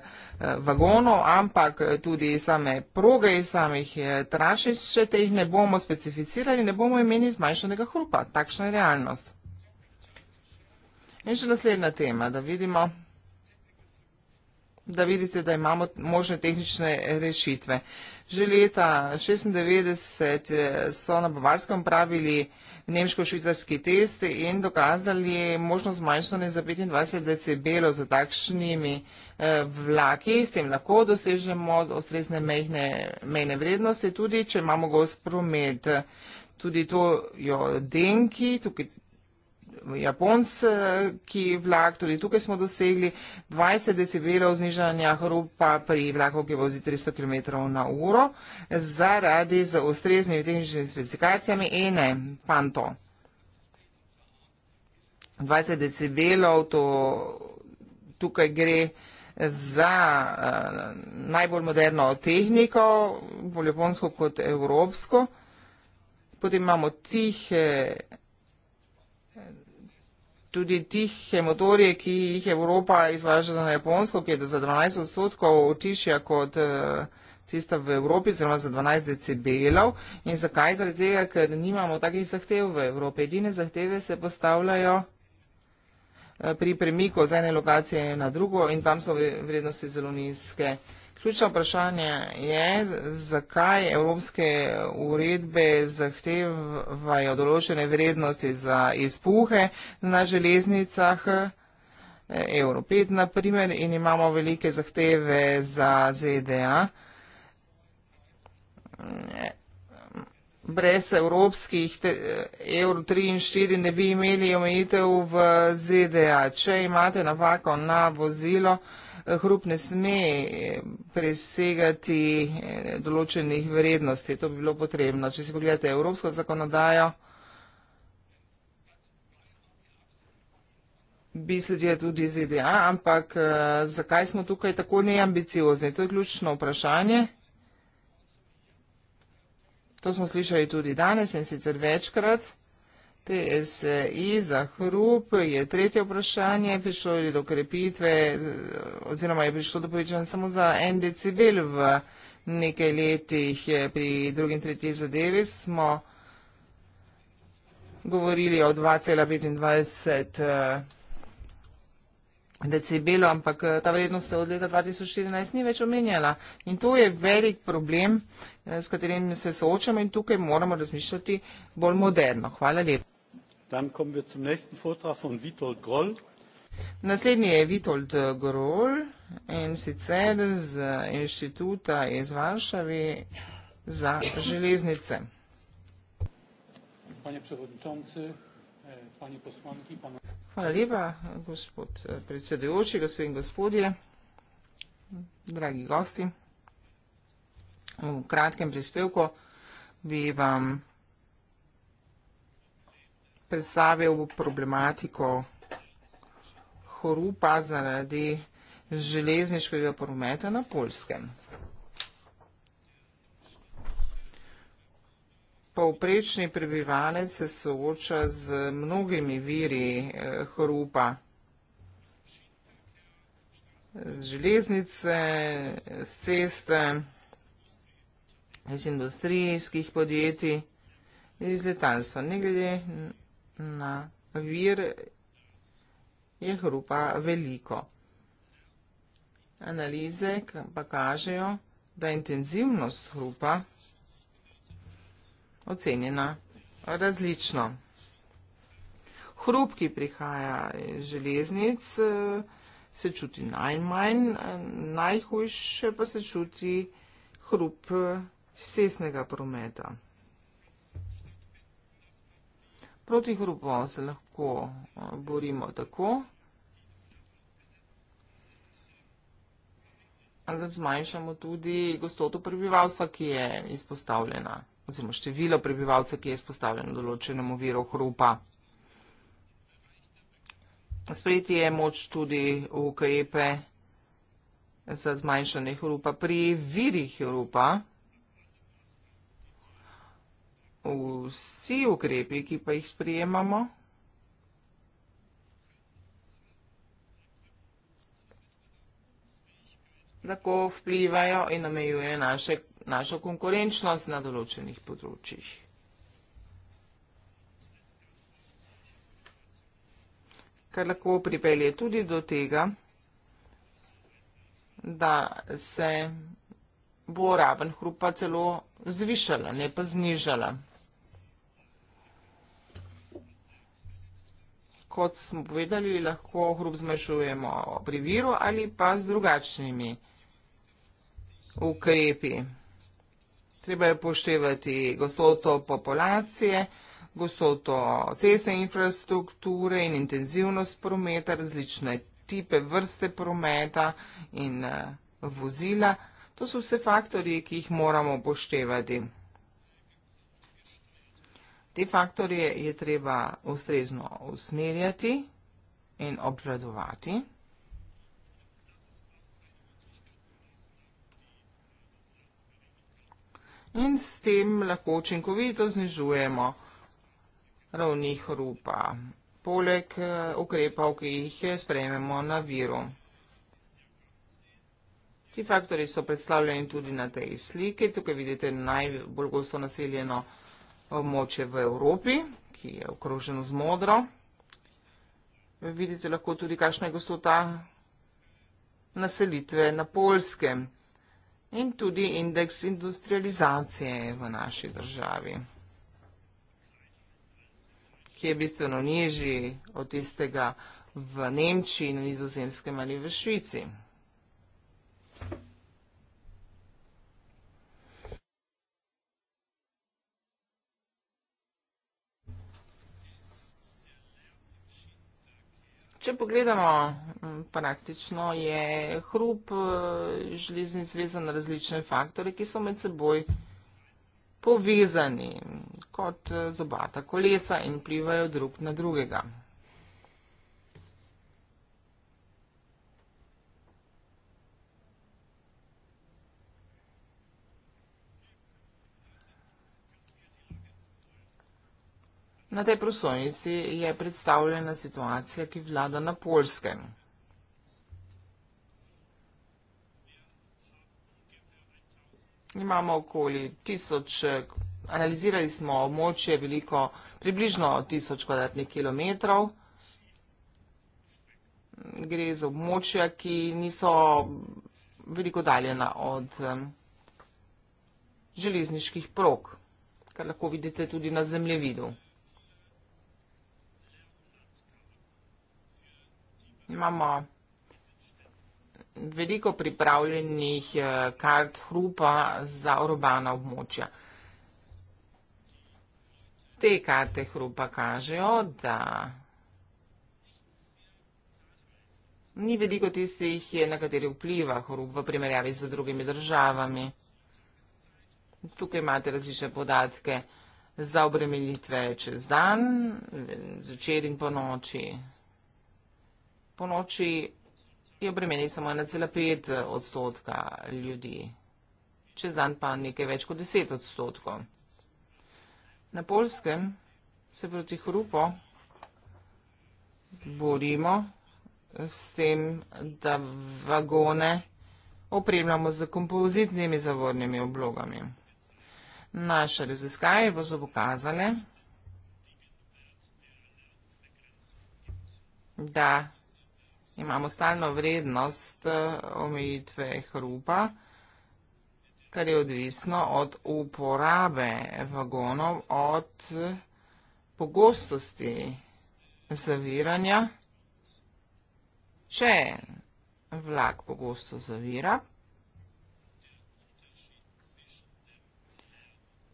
vagonov, ampak tudi same proge, samih trašic, če teh ne bomo specificirali, ne bomo imeli zmanjšanega hrupa. Takšna je realnost. In še naslednja tema, da vidimo da vidite, da imamo možne tehnične rešitve. Že leta 1996 eh, so na Bavarskem pravili nemško-švicarski test in dokazali možnost zmanjšanja za 25 decibelov za takšnimi eh, vlaki. S tem lahko dosežemo ostresne mejne, mejne vrednosti, tudi če imamo gost promet. Tudi to jo denki, tukaj japonski eh, vlak, tudi tukaj smo dosegli 20 decibelov znižanja hrupa pri vlaku, ki vozi 300 km na uro, zaradi z ustreznimi tehničnimi specifikacijami ENE, PANTO. 20 decibelov, to tukaj gre za uh, najbolj moderno tehniko, bolj japonsko kot evropsko. Potem imamo tihe uh, tudi tihe motorje, ki jih Evropa izvaža na Japonsko, ki je za 12 odstotkov tišja kot tista eh, v Evropi, oziroma za 12 decibelov. In zakaj? Zaradi tega, ker nimamo takih zahtev v Evropi. Edine zahteve se postavljajo eh, pri premiku z ene lokacije na drugo in tam so vrednosti zelo nizke. Ključno vprašanje je, zakaj evropske uredbe zahtevajo določene vrednosti za izpuhe na železnicah. Eh, Euro 5, na primer, in imamo velike zahteve za ZDA brez evropskih te, evro 3 in 4 ne bi imeli omejitev v ZDA. Če imate napako na vozilo, eh, hrup ne sme eh, presegati eh, določenih vrednosti. To bi bilo potrebno. Če si pogledate evropsko zakonodajo, bi sledila tudi ZDA, ampak zakaj smo tukaj tako neambiciozni? To je ključno vprašanje. To smo slišali tudi danes in sicer večkrat. TSI za hrup je tretje vprašanje, prišlo je do krepitve oziroma je prišlo do povečanja samo za en decibel v nekaj letih pri drugi in tretji zadevi. Smo govorili o 2,25 eh, decibelu, ampak eh, ta vrednost se od leta 2014 ni več omenjala in to je velik problem, Eh, s katerim se soočamo in tukaj moramo razmišljati bolj moderno. Hvala lepa. Naslednji je Vitold eh, Grol in sicer z eh, inštituta iz Varšavi za železnice. E, Hvala lepa, gospod predsedujoči, gospod in gospodje, dragi gosti v kratkem prispevku bi vam predstavil problematiko horupa zaradi železniškega prometa na Poljskem. Povprečni prebivalec se sooča z mnogimi viri horupa. Eh, z železnice, z ceste, z železnice, iz industrijskih podjetij, iz letalstva. Ne glede na vir, je hrupa veliko. Analize pa kažejo, da je intenzivnost hrupa ocenjena različno. Hrup, ki prihaja iz železnic, se čuti najmanj, najhujše pa se čuti hrup cestnega prometa. Proti hrupo se lahko eh, borimo tako, da zmanjšamo tudi gostoto prebivalstva, ki je izpostavljena, oziroma število prebivalce, ki je izpostavljeno določenemu viru hrupa. Sprejeti je moč tudi v KEP-e za zmanjšanje hrupa pri virih hrupa vsi ukrepi, ki pa jih sprijemamo, lahko vplivajo in omejujejo naše, našo konkurenčnost na določenih področjih. Kar lahko pripelje tudi do tega, da se bo raven hrupa celo zvišala, ne pa znižala. kot smo povedali, lahko hrup zmešujemo pri viru ali pa z drugačnimi ukrepi. Treba je poštevati gostoto populacije, gostoto cestne infrastrukture in intenzivnost prometa, različne tipe vrste prometa in eh, vozila. To so vse faktori, ki jih moramo poštevati te faktorje je treba ustrezno usmerjati in obvladovati. In s tem lahko učinkovito znižujemo ravni hrupa, poleg eh, ukrepov, ki jih eh, sprejmemo na viru. Ti faktori so predstavljeni tudi na tej sliki, tukaj vidite najbolj gosto naseljeno hrupa območje v Evropi, ki je okroženo z modro. Vidite lahko tudi, kakšna je gostota naselitve na Polskem in tudi indeks industrializacije v naši državi, ki je bistveno nižji od tistega v Nemčiji, na Nizozemskem ali v Švici. Če pogledamo praktično, je hrup e, žliznic vezan na različne faktore, ki so med seboj povezani kot e, zobata kolesa in plivajo drug na drugega. Na tej prosojnici je predstavljena situacija, ki vlada na Poljskem. Imamo okoli tisoč, analizirali smo območje veliko, približno tisoč kvadratnih kilometrov. Gre za območja, ki niso veliko daljena od um, železniških prog, kar lahko vidite tudi na zemljevidu. imamo veliko pripravljenih eh, kart hrupa za urbana območja. Te karte hrupa kažejo, da ni veliko tistih, eh, na kateri vpliva hrup v primerjavi z drugimi državami. Tukaj imate različne podatke za obremenitve čez dan, začer in po noči, po noči je obremeni samo 1,5 eh, odstotka ljudi, čez dan pa nekaj več kot 10 odstotkov. Na Polskem se proti hrupo borimo s tem, da vagone opremljamo z kompozitnimi zavornimi oblogami. Naše raziskaje bo so pokazale, da imamo stalno vrednost eh, omejitve hrupa, kar je odvisno od uporabe vagonov, od eh, pogostosti zaviranja. Če vlak pogosto zavira,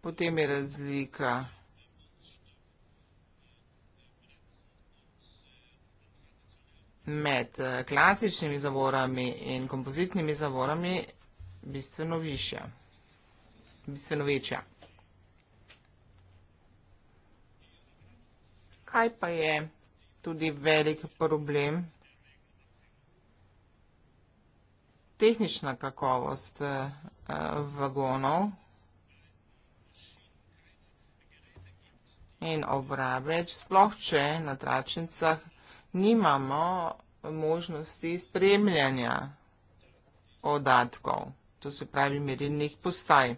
potem je razlika vrednosti, med eh, klasičnimi zavorami in kompozitnimi zavorami bistveno višja, bistveno večja. Kaj pa je tudi velik problem? Tehnična kakovost eh, vagonov in obrabeč, sploh če na tračnicah nimamo možnosti spremljanja podatkov, to se pravi merilnih postaj.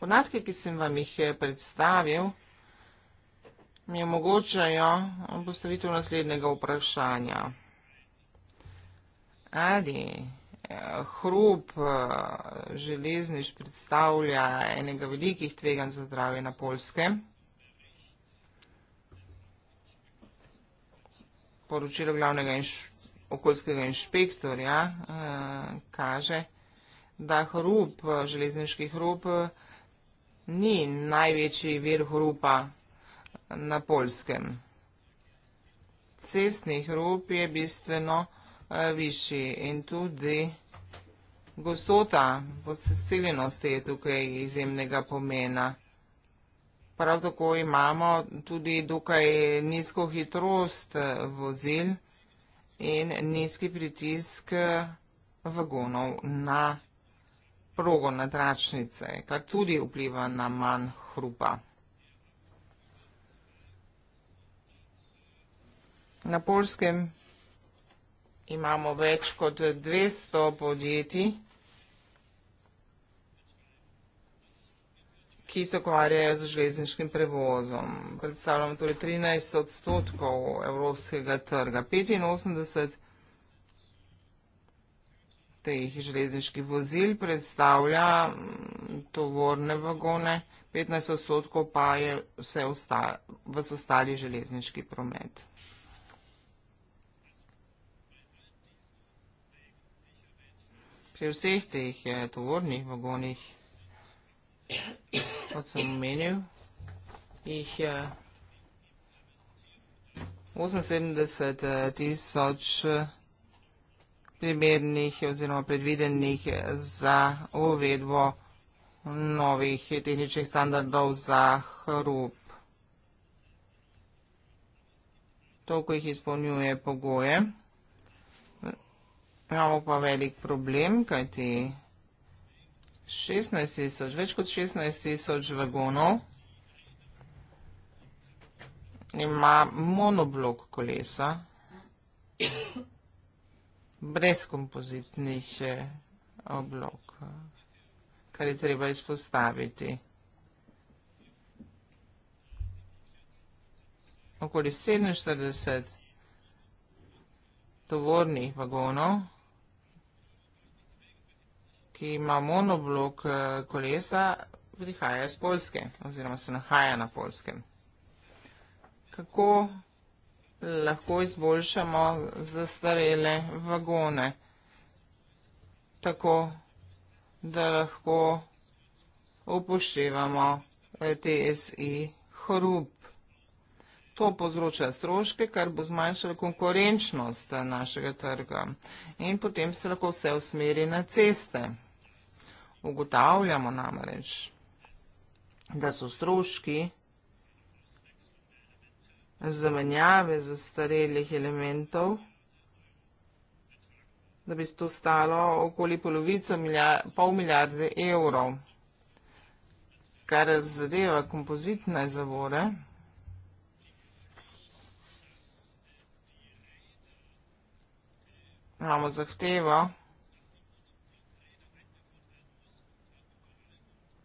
Podatke, ki sem vam jih eh, predstavil, mi omogočajo postavitev naslednjega vprašanja. Ali eh, hrup eh, železniš predstavlja enega velikih tvegan za zdravje na Polskem? poročilo glavnega inš, okoljskega inšpektorja uh, kaže, da hrup, železniški hrup, ni največji vir hrupa na polskem. Cestni hrup je bistveno uh, višji in tudi gostota, posesiljenost je tukaj izjemnega pomena. Prav tako imamo tudi dokaj nizko hitrost eh, vozil in nizki pritisk eh, vagonov na progo na tračnice, kar tudi vpliva na manj hrupa. Na Polskem imamo več kot 200 podjetij, ki se ukvarjajo z železniškim prevozom. Predstavljamo torej 13 odstotkov evropskega trga, 85 teh železniških vozil predstavlja mm, tovorne vagone, 15 odstotkov pa je vse ostali, ostali železniški promet. Pri vseh teh eh, tovornih vagonih kot sem omenil, jih je 78 eh, tisoč primernih oziroma predvidenih eh, za uvedbo novih tehničnih standardov za hrup. Toliko jih izpolnjuje pogoje. Imamo pa velik problem, kajti 16 tisoč, več kot 16 tisoč vagonov ima monoblok kolesa, brez kompozitnih eh, oblok, kar je treba izpostaviti. Okoli 47 tovornih vagonov ki ima monoblok eh, kolesa, prihaja iz Polske oziroma se nahaja na Polskem. Kako lahko izboljšamo zastarele vagone, tako da lahko upoštevamo TSI hrub. To povzroča stroške, kar bo zmanjšalo konkurenčnost našega trga. In potem se lahko vse usmeri na ceste ugotavljamo namreč, da so stroški zamenjave zastarelih elementov, da bi se to stalo okoli polovico, pol milijarde evrov, kar zadeva kompozitne zavore, imamo zahtevo,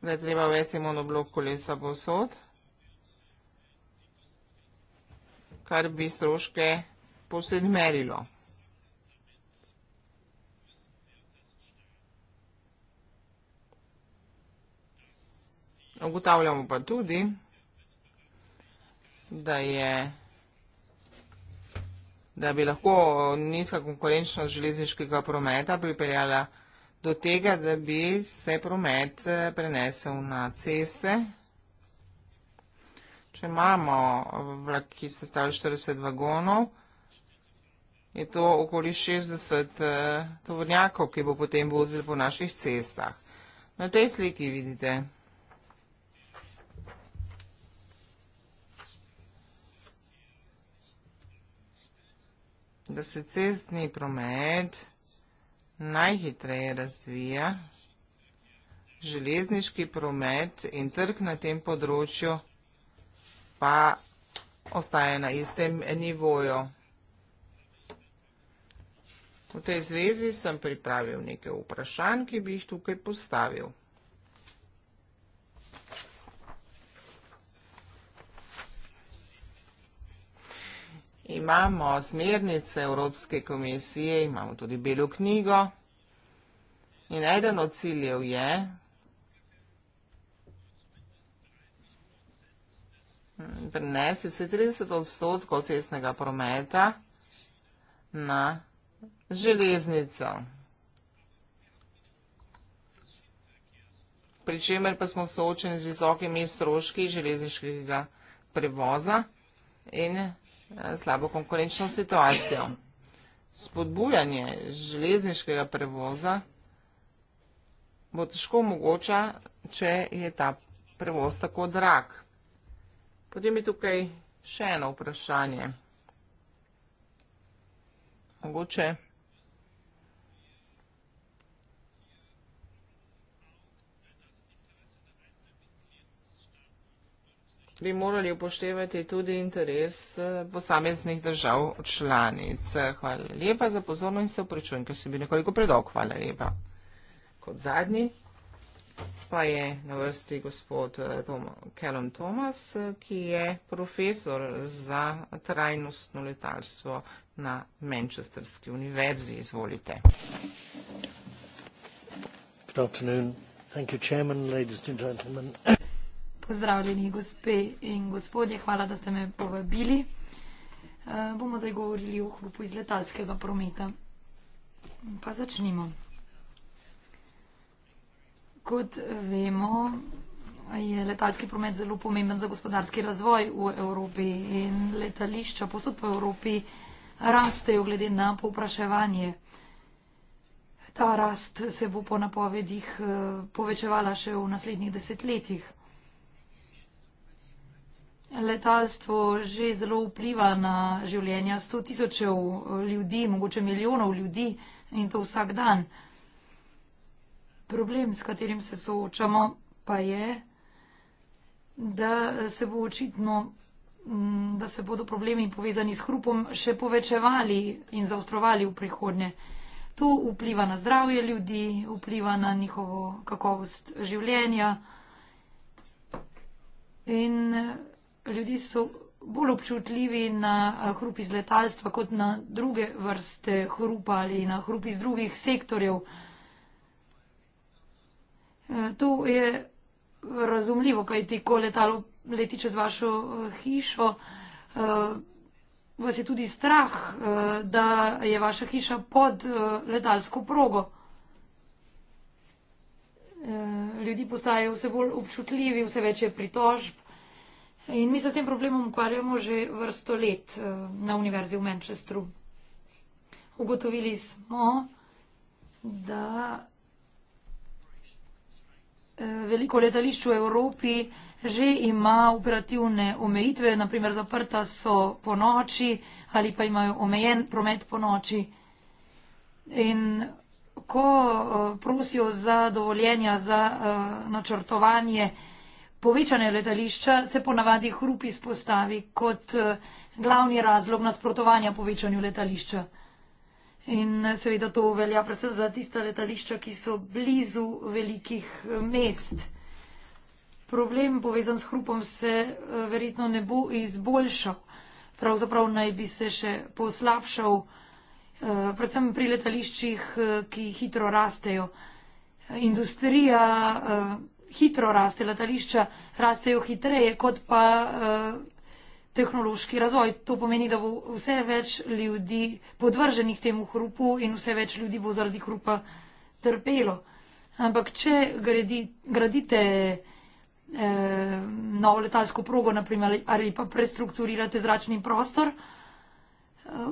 da je treba vesti monoblok kolesa posod, kar bi stroške posled merilo. Ogotavljamo pa tudi, da je da bi lahko nizka konkurenčnost železniškega prometa pripeljala vsega, do tega, da bi se promet eh, prenesel na ceste. Če imamo eh, vlak, ki se stavlja 40 vagonov, je to okoli 60 eh, tovornjakov, ki bo potem vozil po naših cestah. Na tej sliki vidite. da se cestni promet najhitreje razvija železniški promet in trg na tem področju pa ostaje na istem nivoju. V tej zvezi sem pripravil nekaj vprašanj, ki bi jih tukaj postavil. imamo smernice Evropske komisije, imamo tudi belo knjigo in eden od ciljev je prenesti vse 30 odstotkov cestnega prometa na železnico. Pričemer pa smo soočeni z visokimi stroški železniškega prevoza in Eh, slabo konkurenčno situacijo. Spodbujanje železniškega prevoza bo težko mogoče, če je ta prevoz tako drag. Potem je tukaj še eno vprašanje. Mogoče. bi morali upoštevati tudi interes eh, posameznih držav članic. Hvala lepa za pozornost in se oprečujem, ker sem bil nekoliko predolg. Hvala lepa. Kot zadnji pa je na vrsti gospod Kellen eh, Thomas, eh, ki je profesor za trajnostno letalstvo na Manchesterski univerzi. Izvolite. Good afternoon. Thank you, Chairman, ladies and gentlemen. Pozdravljeni, gospe in gospodje, hvala, da ste me povabili. E, bomo zdaj govorili o hrupu iz letalskega prometa. Pa začnimo. Kot vemo, je letalski promet zelo pomemben za gospodarski razvoj v Evropi in letališča posod po Evropi rastejo glede na povpraševanje. Ta rast se bo po napovedih eh, povečevala še v naslednjih desetletjih. Letalstvo že zelo vpliva na življenja sto tisočev ljudi, mogoče milijonov ljudi in to vsak dan. Problem, s katerim se soočamo, pa je, da se bo očitno, mm, da se bodo problemi povezani s hrupom še povečevali in zaostrovali v prihodnje. To vpliva na zdravje ljudi, vpliva na njihovo kakovost življenja. In ljudi so bolj občutljivi na eh, hrup iz letalstva kot na druge vrste hrupa ali na hrup iz drugih sektorjev. Eh, to je razumljivo, kajti ko letalo leti čez vašo eh, hišo, vas je tudi strah, da je vaša hiša pod letalsko progo. Ljudi postajajo vse bolj občutljivi, vse več je pritožb, In mi se s tem problemom ukvarjamo že vrsto let eh, na Univerzi v Manchesteru. Ugotovili smo, da eh, veliko letališč v Evropi že ima operativne omejitve, naprimer zaprta so po noči ali pa imajo omejen promet po noči. In ko eh, prosijo za dovoljenja za načrtovanje, Povečanje letališča se ponavadi hrup izpostavi kot eh, glavni razlog nasprotovanja povečanju letališča. In eh, seveda to velja predvsem za tista letališča, ki so blizu velikih eh, mest. Problem povezan s hrupom se verjetno ne bo izboljšal. Pravzaprav naj bi se še poslabšal, predvsem pri letališčih, ki hitro rastejo. Industrija hitro raste, letališča rastejo hitreje kot pa eh, tehnološki razvoj. To pomeni, da bo vse več ljudi podvrženih temu hrupu in vse več ljudi bo zaradi hrupa trpelo. Ampak če gradi, gradite eh, novo letalsko progo, naprimer, ali pa prestrukturirate zračni prostor, eh,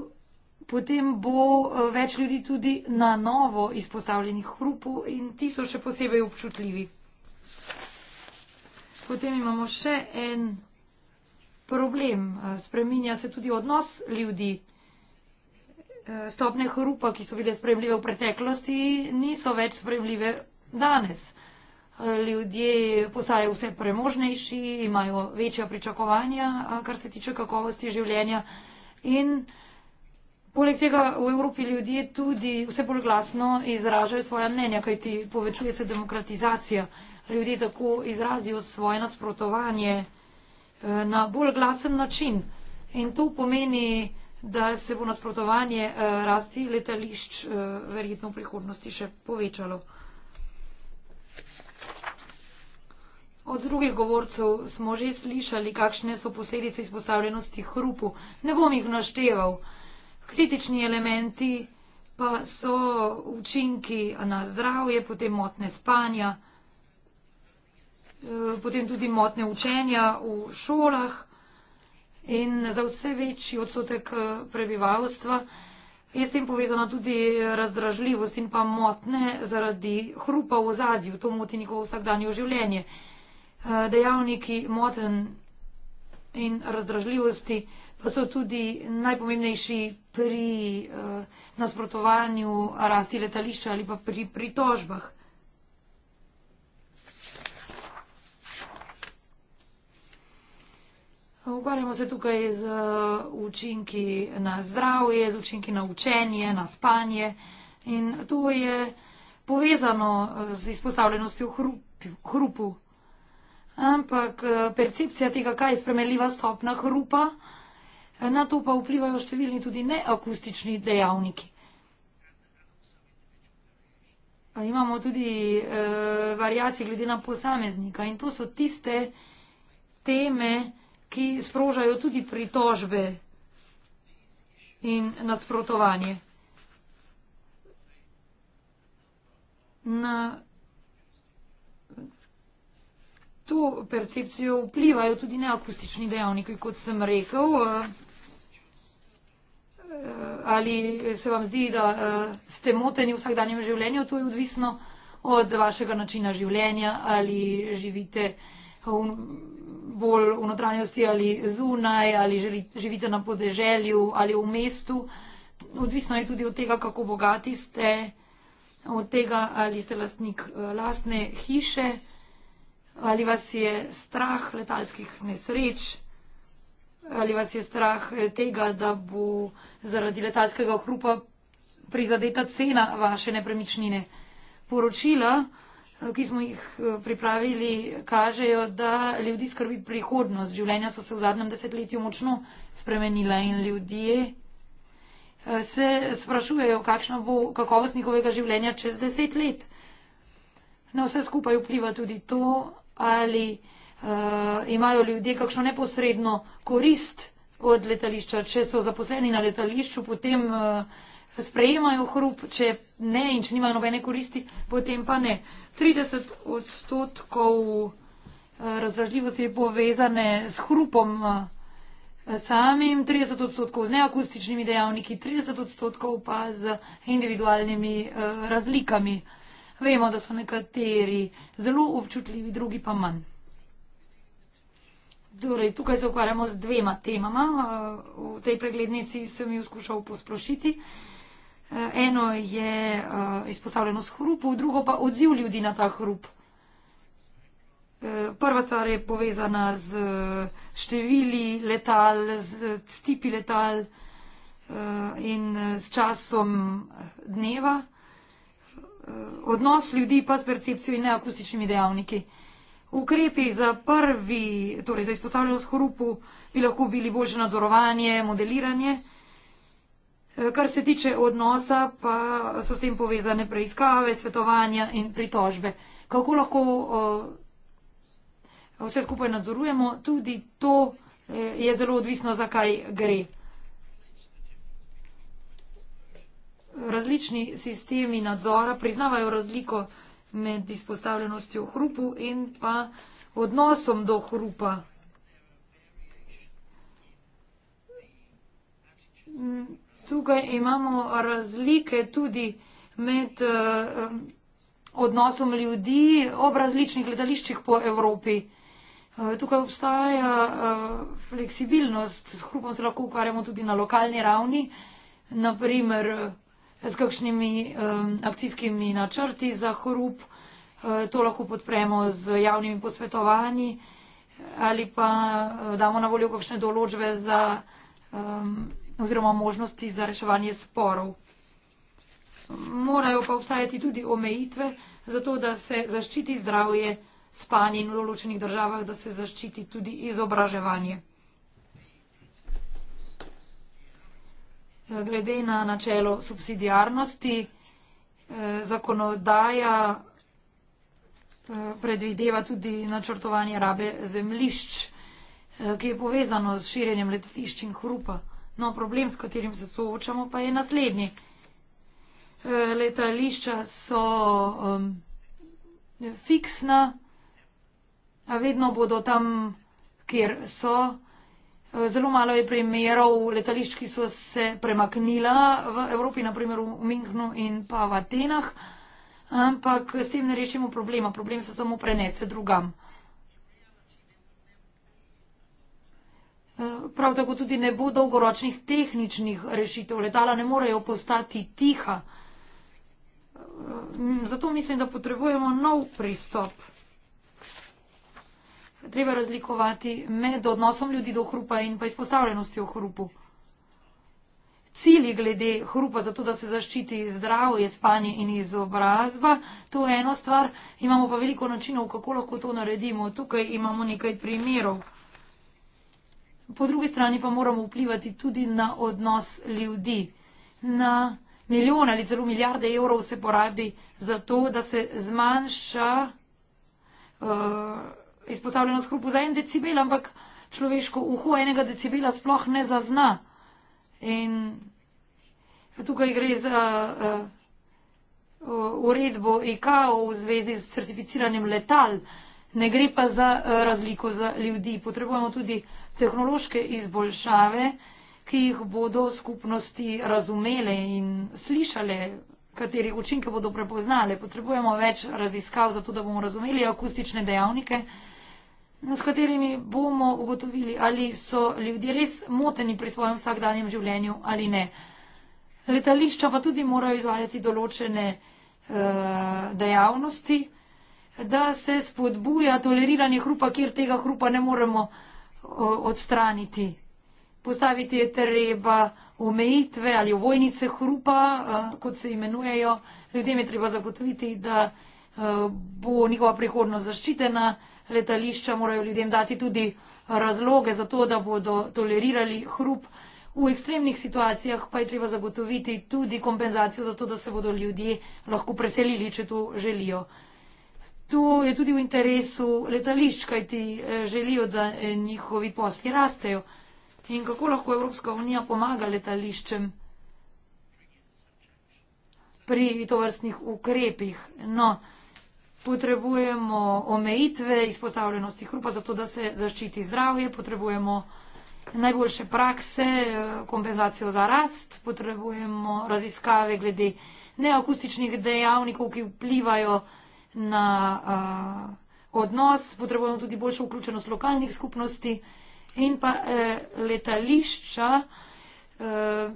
potem bo eh, več ljudi tudi na novo izpostavljenih hrupu in ti so še posebej občutljivi. Potem imamo še en problem. Eh, spreminja se tudi odnos ljudi. Eh, stopne hrupa, ki so bile spremljive v preteklosti, niso več spremljive danes. Eh, ljudje postajajo vse premožnejši, imajo večja pričakovanja, kar se tiče kakovosti življenja. In poleg tega v Evropi ljudje tudi vse bolj glasno izražajo svoja mnenja, kajti povečuje se demokratizacija ljudje tako izrazijo svoje nasprotovanje eh, na bolj glasen način. In to pomeni, da se bo nasprotovanje eh, rasti letališč eh, verjetno v prihodnosti še povečalo. Od drugih govorcev smo že slišali, kakšne so posledice izpostavljenosti hrupu. Ne bom jih našteval. Kritični elementi pa so učinki na zdravje, potem motne spanja. Eh, potem tudi motne učenja v šolah in za vse večji odsotek eh, prebivalstva je s tem povezana tudi razdražljivost in pa motne zaradi hrupa v ozadju. To moti njihovo vsakdanje življenje. Eh, dejavniki moten in razdražljivosti pa so tudi najpomembnejši pri nasprotovanju rasti letališča ali pa pri pritožbah. Ukvarjamo se tukaj z uh, učinki na zdravje, z učinki na učenje, na spanje. In to je povezano uh, z izpostavljenostjo hrupu. Ampak uh, percepcija tega, kaj je spremenljiva stopna hrupa, na to pa vplivajo številni tudi neakustični dejavniki. Imamo tudi variacije glede na posameznika in to so tiste teme, ki sprožajo tudi pritožbe in nasprotovanje. Na to percepcijo vplivajo tudi neakustični dejavniki, kot sem rekel. Ali se vam zdi, da ste moteni v vsakdanjem življenju, to je odvisno od vašega načina življenja, ali živite bolj v notranjosti ali zunaj, ali želi, živite na podeželju ali v mestu. Odvisno je tudi od tega, kako bogati ste, od tega, ali ste lastnik eh, lastne hiše, ali vas je strah letalskih nesreč, ali vas je strah eh, tega, da bo zaradi letalskega hrupa prizadeta cena vaše nepremičnine. Poročila. Eh, ki smo jih eh, pripravili, kažejo, da ljudi skrbi prihodnost. Življenja so se v zadnjem desetletju močno spremenila in ljudje eh, se sprašujejo, kakšna bo kakovost njihovega življenja čez deset let. Na vse skupaj vpliva tudi to, ali uh, imajo ljudje kakšno neposredno korist od letališča. Če so zaposleni na letališču, potem uh, sprejemajo hrup, če ne in če nimajo nobene koristi, potem pa ne. 30 odstotkov eh, razražljivosti je povezane s hrupom eh, samim, 30 odstotkov z neakustičnimi dejavniki, 30 odstotkov pa z individualnimi eh, razlikami. Vemo, da so nekateri zelo občutljivi, drugi pa manj. Torej, tukaj se ukvarjamo z dvema temama. V tej preglednici sem jo skušal posprošiti. Eh, eno je eh, izpostavljenost hrupu, drugo pa odziv ljudi na ta hrup. Eh, prva stvar je povezana z števili letal, z tipi letal in s časom dneva. Odnos ljudi pa s percepcijo in neakustičnimi dejavniki. Ukrepi za prvi, torej za izpostavljenost hrupu, bi lahko bili boljše nadzorovanje, modeliranje. Eh, kar se tiče odnosa, pa so s tem povezane preiskave, svetovanja in pritožbe. Kako lahko eh, vse skupaj nadzorujemo, tudi to eh, je zelo odvisno, zakaj gre. Različni sistemi nadzora priznavajo razliko med izpostavljenostjo hrupu in pa odnosom do hrupa. Mm tukaj imamo razlike tudi med eh, eh, odnosom ljudi ob različnih letališčih po Evropi. Eh, tukaj obstaja fleksibilnost, s hrupom se lahko ukvarjamo tudi na lokalni ravni, naprimer s kakšnimi akcijskimi načrti za hrup, to lahko podpremo z javnimi posvetovanji ali pa damo na voljo kakšne določbe za oziroma možnosti za reševanje sporov. Morajo pa obstajati tudi omejitve, zato da se zaščiti zdravje, spanje in v določenih državah, da se zaščiti tudi izobraževanje. Glede na načelo subsidijarnosti, eh, zakonodaja eh, predvideva tudi načrtovanje rabe zemlišč, eh, ki je povezano z širjenjem letališč in hrupa. No, problem, s katerim se soočamo, pa je naslednji. E, Letališča so um, fiksna, a vedno bodo tam, kjer so. E, zelo malo je primerov letališč, ki so se premaknila v Evropi, naprimer v Minhnu in pa v Atenah, ampak s tem ne rešimo problema. Problem se samo prenese drugam. Uh, prav tako tudi ne bo dolgoročnih tehničnih rešitev. Letala ne morejo postati tiha. Mm, zato mislim, da potrebujemo nov pristop. Treba razlikovati med odnosom ljudi do hrupa in pa izpostavljenostjo hrupu. Cili glede hrupa, zato da se zaščiti zdravje, spanje in izobrazba, to je ena stvar. Imamo pa veliko načinov, kako lahko to naredimo. Tukaj imamo nekaj primerov po drugi strani pa moramo vplivati tudi na odnos ljudi. Na milijon ali celo milijarde evrov se porabi za to, da se zmanjša uh, izpostavljenost hrupu za en decibel, ampak človeško uho enega decibela sploh ne zazna. In tukaj gre za uh, uredbo IKO v zvezi s certificiranjem letal. Ne gre pa za eh, razliko za ljudi. Potrebujemo tudi tehnološke izboljšave, ki jih bodo skupnosti razumele in slišale, katerih učinke bodo prepoznale. Potrebujemo več raziskav, zato da bomo razumeli akustične dejavnike, s katerimi bomo ugotovili, ali so ljudje res moteni pri svojem vsakdanjem življenju ali ne. Letališča pa tudi morajo izvajati določene eh, dejavnosti, da se spodbuja toleriranje hrupa, kjer tega hrupa ne moremo odstraniti. Postaviti je treba omejitve ali vojnice hrupa, kot se imenujejo. Ljudem je treba zagotoviti, da bo njihova prihodnost zaščitena. Letališča morajo ljudem dati tudi razloge za to, da bodo tolerirali hrup. V ekstremnih situacijah pa je treba zagotoviti tudi kompenzacijo za to, da se bodo ljudje lahko preselili, če to želijo. To je tudi v interesu letališč, kaj ti eh, želijo, da eh, njihovi posli rastejo. In kako lahko Evropska unija pomaga letališčem pri tovrstnih ukrepih? No, potrebujemo omejitve izpostavljenosti hrupa, zato da se zaščiti zdravje, potrebujemo najboljše prakse, eh, kompenzacijo za rast, potrebujemo raziskave glede neakustičnih dejavnikov, ki vplivajo na na uh, odnos, potrebujemo tudi boljšo vključenost lokalnih skupnosti in pa uh, letališča, uh,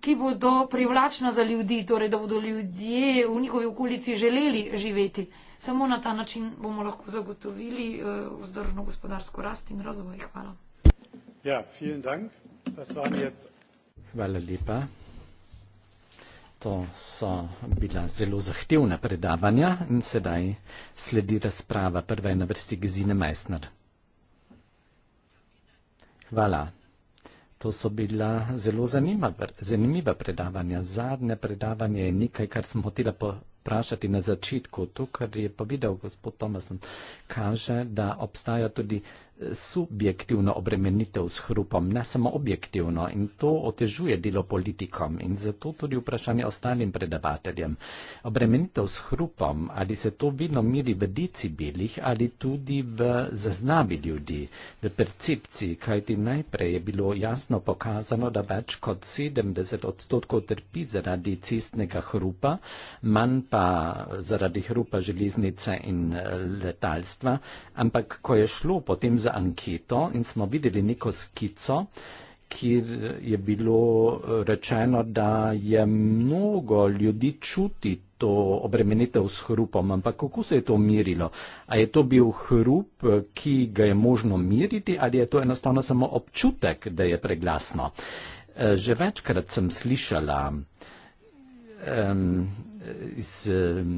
ki bodo privlačna za ljudi, torej da bodo ljudje v njihovi okolici želeli živeti. Samo na ta način bomo lahko zagotovili uh, vzdržno gospodarsko rast in razvoj. Hvala. Ja, vielen Dank. Das waren jetzt. Hvala lepa. To so bila zelo zahtevna predavanja in sedaj sledi razprava. Prva je na vrsti Gezine Meissner. Hvala. To so bila zelo zanimiva predavanja. Zadnje predavanje je nekaj, kar sem hotela poprašati na začetku. To, kar je povedal gospod Tomasen, kaže, da obstaja tudi subjektivno obremenitev s hrupom, ne samo objektivno in to otežuje delo politikom in zato tudi vprašanje ostalim predavateljem. Obremenitev s hrupom, ali se to vidno miri v decibelih ali tudi v zaznavi ljudi, v percepciji, kajti najprej je bilo jasno pokazano, da več kot 70 odstotkov trpi zaradi cestnega hrupa, manj pa zaradi hrupa železnice in letalstva, ampak ko je šlo potem za anketo in smo videli neko skico, kjer je bilo eh, rečeno, da je mnogo ljudi čuti to obremenitev s hrupom, ampak kako se je to mirilo? A je to bil hrup, ki ga je možno miriti ali je to enostavno samo občutek, da je preglasno? Eh, že večkrat sem slišala um, iz. Um,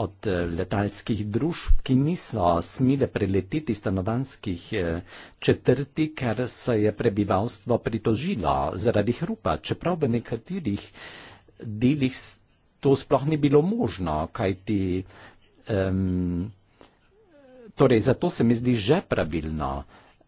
od eh, letalskih družb, ki niso smile preleteti stanovanskih eh, četrti, ker se je prebivalstvo pritožilo zaradi hrupa, čeprav v nekaterih delih to sploh ni bilo možno, kajti um, torej zato se mi zdi že pravilno,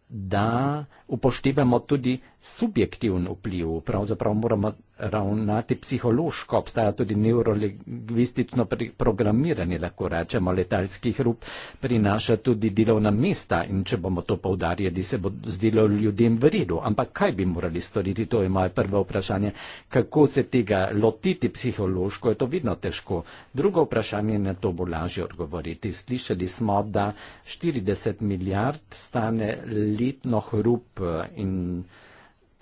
da upoštevamo tudi subjektivni vpliv, pravzaprav moramo ravnati psihološko, obstaja tudi neurolingvistično programiranje, lahko rečemo, letalskih rup prinaša tudi delovna mesta in če bomo to povdarjali, se bo zdelo ljudem v redu. Ampak kaj bi morali storiti, to je moje prvo vprašanje, kako se tega lotiti psihološko, je to vedno težko. Drugo vprašanje, na to bo lažje odgovoriti. Slišali smo, da 40 milijard stane letno hrup eh, in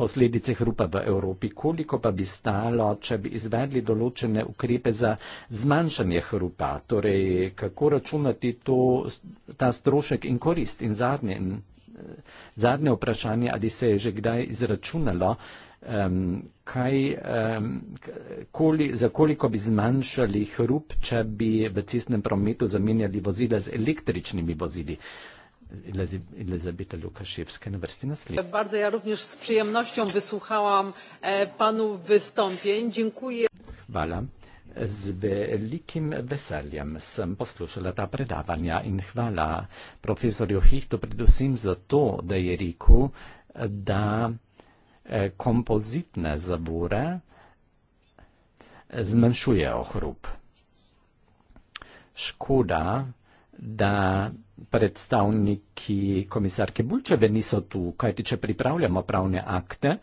posledice hrupa v Evropi, koliko pa bi stalo, če bi izvedli določene ukrepe za zmanjšanje hrupa, torej kako računati to, ta strošek in korist. In zadnje, eh, zadnje vprašanje, ali se je že kdaj izračunalo, um, kaj, um, koli, za koliko bi zmanjšali hrup, če bi v cestnem prometu zamenjali vozila z električnimi vozili. Uh, Elizabeta Lukaszewska na wersji naslednie. Bardzo ja również z przyjemnością wysłuchałam e, panu wystąpień. Dziękuję. Vala. Z velikim veseljem sem poslušala ta predavanja in hvala profesorju Hichtu predvsem za to, da je rekel, da e, kompozitne zabore zmanjšujejo hrup. Škoda, da predstavniki komisarke Bulčeve niso tu, kajti če pripravljamo pravne akte,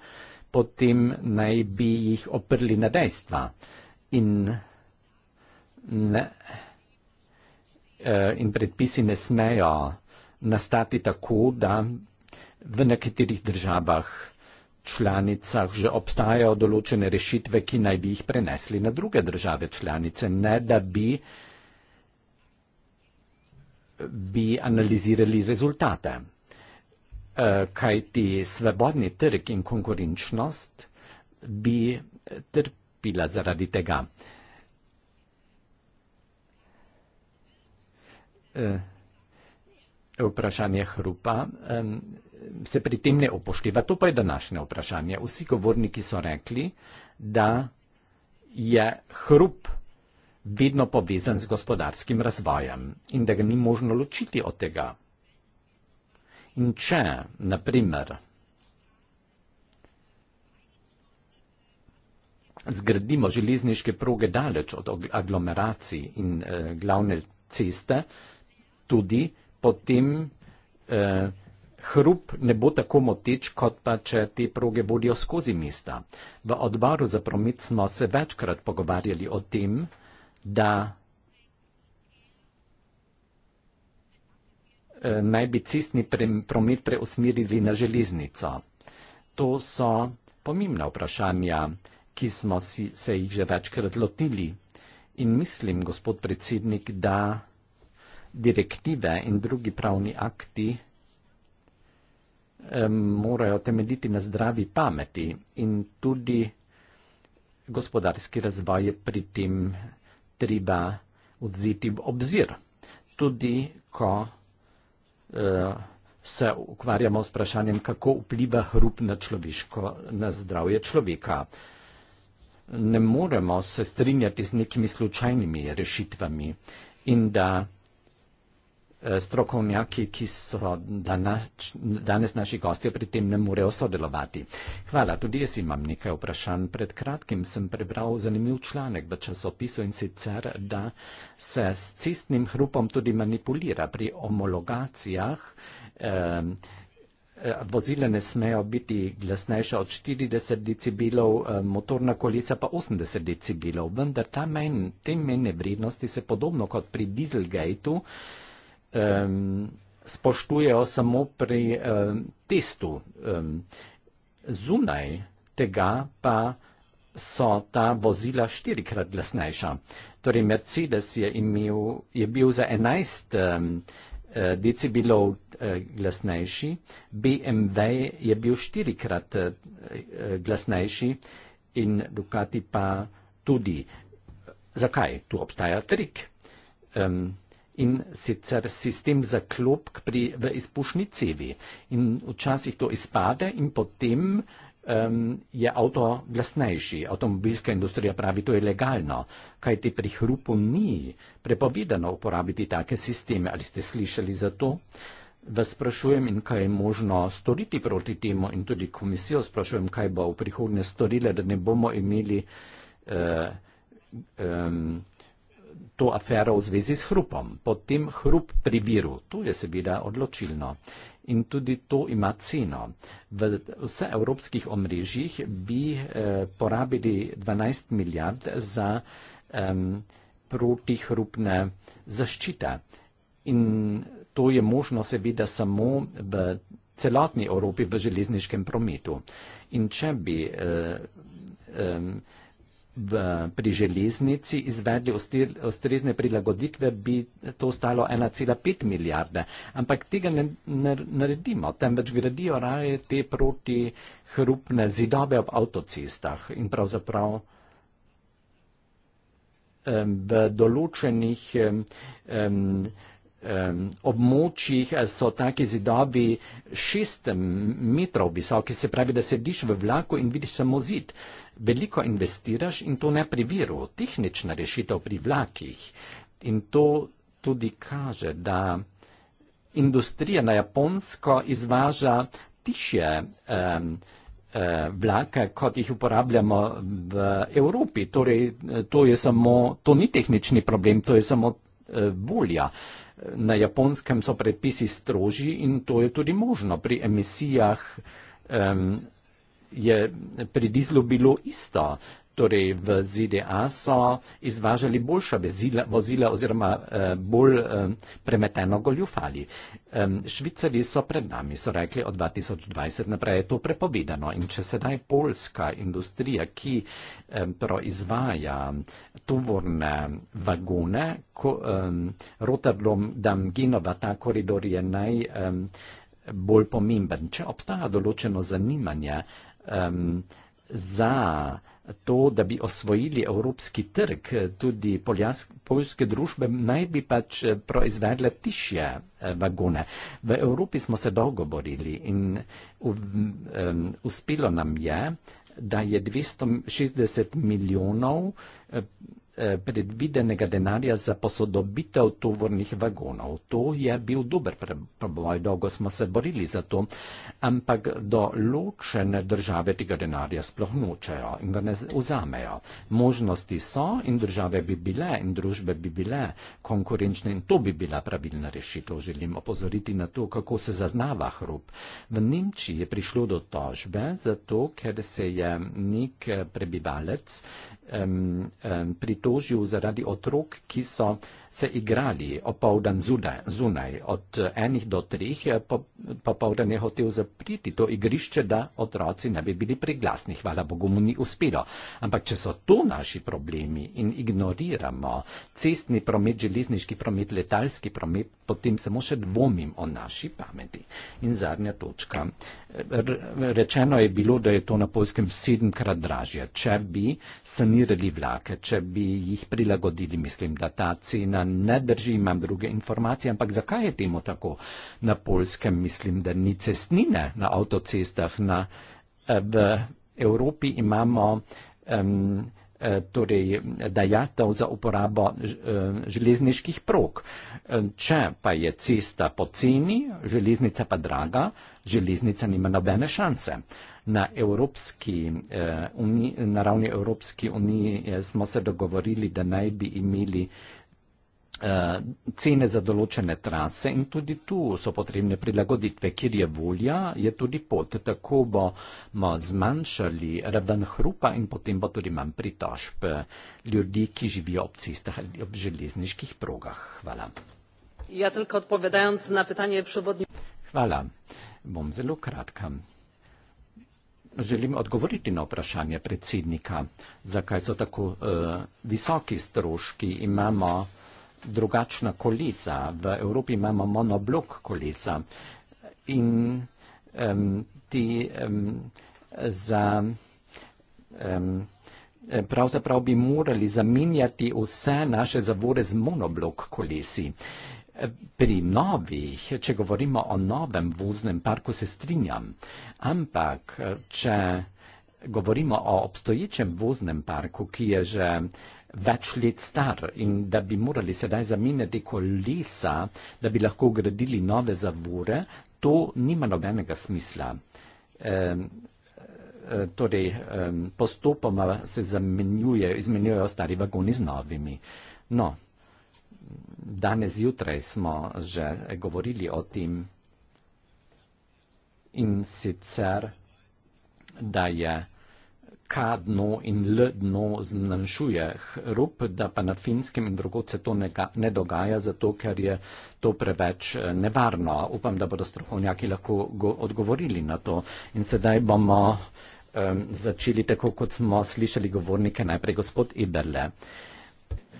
potem naj bi jih oprli na dejstva. In, ne, e, in predpisi ne smejo nastati tako, da v nekaterih državah članicah že obstajajo določene rešitve, ki naj bi jih prenesli na druge države članice, ne da bi uh, bi analizirali rezultate. Eh, Kaj ti svobodni trg in konkurenčnost bi trpila zaradi tega? Eh, vprašanje hrupa se pri tem ne upošteva. To pa je današnje vprašanje. Vsi govorniki so rekli, da je hrup vprašanje vedno povezan z gospodarskim razvojem in da ga ni možno ločiti od tega. In če, na primer, zgradimo železniške proge daleč od aglomeracij in eh, glavne ceste, tudi potem eh, hrup ne bo tako moteč, kot pa če te proge vodijo skozi mesta. V odboru za promet smo se večkrat pogovarjali o tem, da eh, naj bi cestni promet preusmirili na železnico. To so pomembna vprašanja, ki smo si, se jih že večkrat lotili. In mislim, gospod predsednik, da direktive in drugi pravni akti eh, morajo temeljiti na zdravi pameti in tudi gospodarski razvoj je pri tem treba vzeti v obzir. Tudi, ko uh, se ukvarjamo s vprašanjem, kako vpliva hrup na, človeško, na zdravje človeka. Ne moremo se strinjati z nekimi slučajnimi rešitvami in da Eh, strokovnjaki, ki so danač, danes naši gostje, pri tem ne morejo sodelovati. Hvala, tudi jaz imam nekaj vprašanj. Pred kratkim sem prebral zanimiv članek v časopisu in sicer, da se s cistnim hrupom tudi manipulira pri homologacijah. Eh, eh, Vozile ne smejo biti glasnejša od 40 decibelov, eh, motorna kolica pa 80 decibelov, vendar ta menj, te menjne vrednosti se podobno kot pri Dieselgateu um, spoštujejo samo pri um, testu. Um, zunaj tega pa so ta vozila štirikrat glasnejša. Torej, Mercedes je, imel, je bil za 11 um, eh, decibelov uh, glasnejši, BMW je bil štirikrat uh, glasnejši in Ducati pa tudi. Zakaj? Tu obstaja trik. Um, in sicer sistem zaklopk pri, v izpušni cevi. In včasih to izpade in potem um, je avto glasnejši. Avtomobilska industrija pravi, to je legalno, kaj ti pri hrupu ni prepovedano uporabiti take sisteme. Ali ste slišali za to? Vas sprašujem in kaj je možno storiti proti temu in tudi komisijo sprašujem, kaj bo v prihodnje storila, da ne bomo imeli. Uh, um, to afero v zvezi s hrupom, potem hrup pri viru, to je seveda odločilno. In tudi to ima ceno. V vse evropskih omrežjih bi eh, porabili 12 milijard za eh, protihrupne zaščite. In to je možno seveda samo v celotni Evropi v železniškem prometu. In če bi. Eh, eh, v, pri železnici izvedli ustrezne prilagoditve, bi to stalo 1,5 milijarde. Ampak tega ne, ne naredimo, temveč gradijo raje te protihrupne zidove ob avtocestah in pravzaprav v določenih um, um, območjih eh, so taki zidovi šest metrov visoki, se pravi, da sediš v vlaku in vidiš samo zid. Uh, veliko investiraš in to ne pri viru, tehnična rešitev pri vlakih. In to tudi kaže, da industrija na Japonsko izvaža tišje um, vlake, kot jih uporabljamo v Evropi. Torej, to, samo, to ni tehnični problem, to je samo e, volja. Na japonskem so predpisi strožji in to je tudi možno pri emisijah um, je pri dizlu bilo isto. Torej v ZDA so izvažali boljša vezila, vozila oziroma eh, bolj eh, premeteno goljufali. Eh, Švicari so pred nami, so rekli, od 2020 naprej je to prepovedano. In če sedaj polska industrija, ki eh, proizvaja tovorne vagone, ko, eh, Rotterdam, Damginova, ta koridor je naj. Eh, bolj pomemben. Če obstaja določeno zanimanje, um, za to, da bi osvojili evropski trg, tudi poljske družbe naj bi pač eh, proizvedle tišje eh, vagone. V Evropi smo se dolgo borili in um, uspelo nam je, da je 260 milijonov. Um, Eh, predvidenega denarja za posodobitev tovornih vagonov. To je bil dober preboj, dolgo smo se borili za to, ampak do ločene države tega denarja sploh nočejo in ga ne vzamejo. Možnosti so in države bi bile in družbe bi bile konkurenčne in to bi bila pravilna rešitev. Želim opozoriti na to, kako se zaznava hrup. V Nemčiji je prišlo do tožbe, zato ker se je nek eh, prebivalec um, um, pritožil obtožil zaradi otrok, ki so se igrali opoldan zunaj, zunaj, od enih do treh, pa opoldan je hotel zapriti to igrišče, da otroci ne bi bili preglasni. Hvala Bogu mu ni uspelo. Ampak če so to naši problemi in ignoriramo cestni promet, železniški promet, letalski promet, potem samo še dvomim o naši pameti. In zadnja točka. Rečeno je bilo, da je to na polskem sedemkrat dražje. Če bi sanirali vlake, če bi jih prilagodili, mislim, da ta cena ne drži, imam druge informacije, ampak zakaj je temu tako na polskem, mislim, da ni cestnine na avtocestah. Na, eh, v Evropi imamo. Um, torej dajatev za uporabo eh, železniških prog. Če pa je cesta poceni, železnica pa draga, železnica nima nobene šanse. Na, Evropski, eh, uni, na ravni Evropske unije eh, smo se dogovorili, da naj bi imeli eh, cene za določene trase in tudi tu so potrebne prilagoditve, kjer je volja, je tudi pot. Tako bomo zmanjšali raven hrupa in potem bo tudi manj pritožb eh, ljudi, ki živijo ob cestah ali ob železniških progah. Hvala. Ja, Hvala bom zelo kratka. Želim odgovoriti na vprašanje predsednika, zakaj so tako uh, visoki stroški. Imamo drugačna kolesa, v Evropi imamo monoblok kolesa in um, ti um, za. Um, Pravzaprav bi morali zamenjati vse naše zavore z monoblok kolesi. Pri novih, če govorimo o novem voznem parku, se strinjam, ampak če govorimo o obstoječem voznem parku, ki je že več let star in da bi morali sedaj zamenjati kolesa, da bi lahko gradili nove zavore, to nima nobenega smisla. E, torej, postopoma se zamenjujejo, izmenjujejo stari vagoni z novimi. No, danes jutraj smo že govorili o tem in sicer, da je K dno in L dno zmanjšuje hrup, da pa na finskem in drugo se to nega, ne dogaja, zato ker je to preveč eh, nevarno. Upam, da bodo strokovnjaki lahko go, odgovorili na to. In sedaj bomo um, začeli tako, kot smo slišali govornike, najprej gospod Iberle. Uh,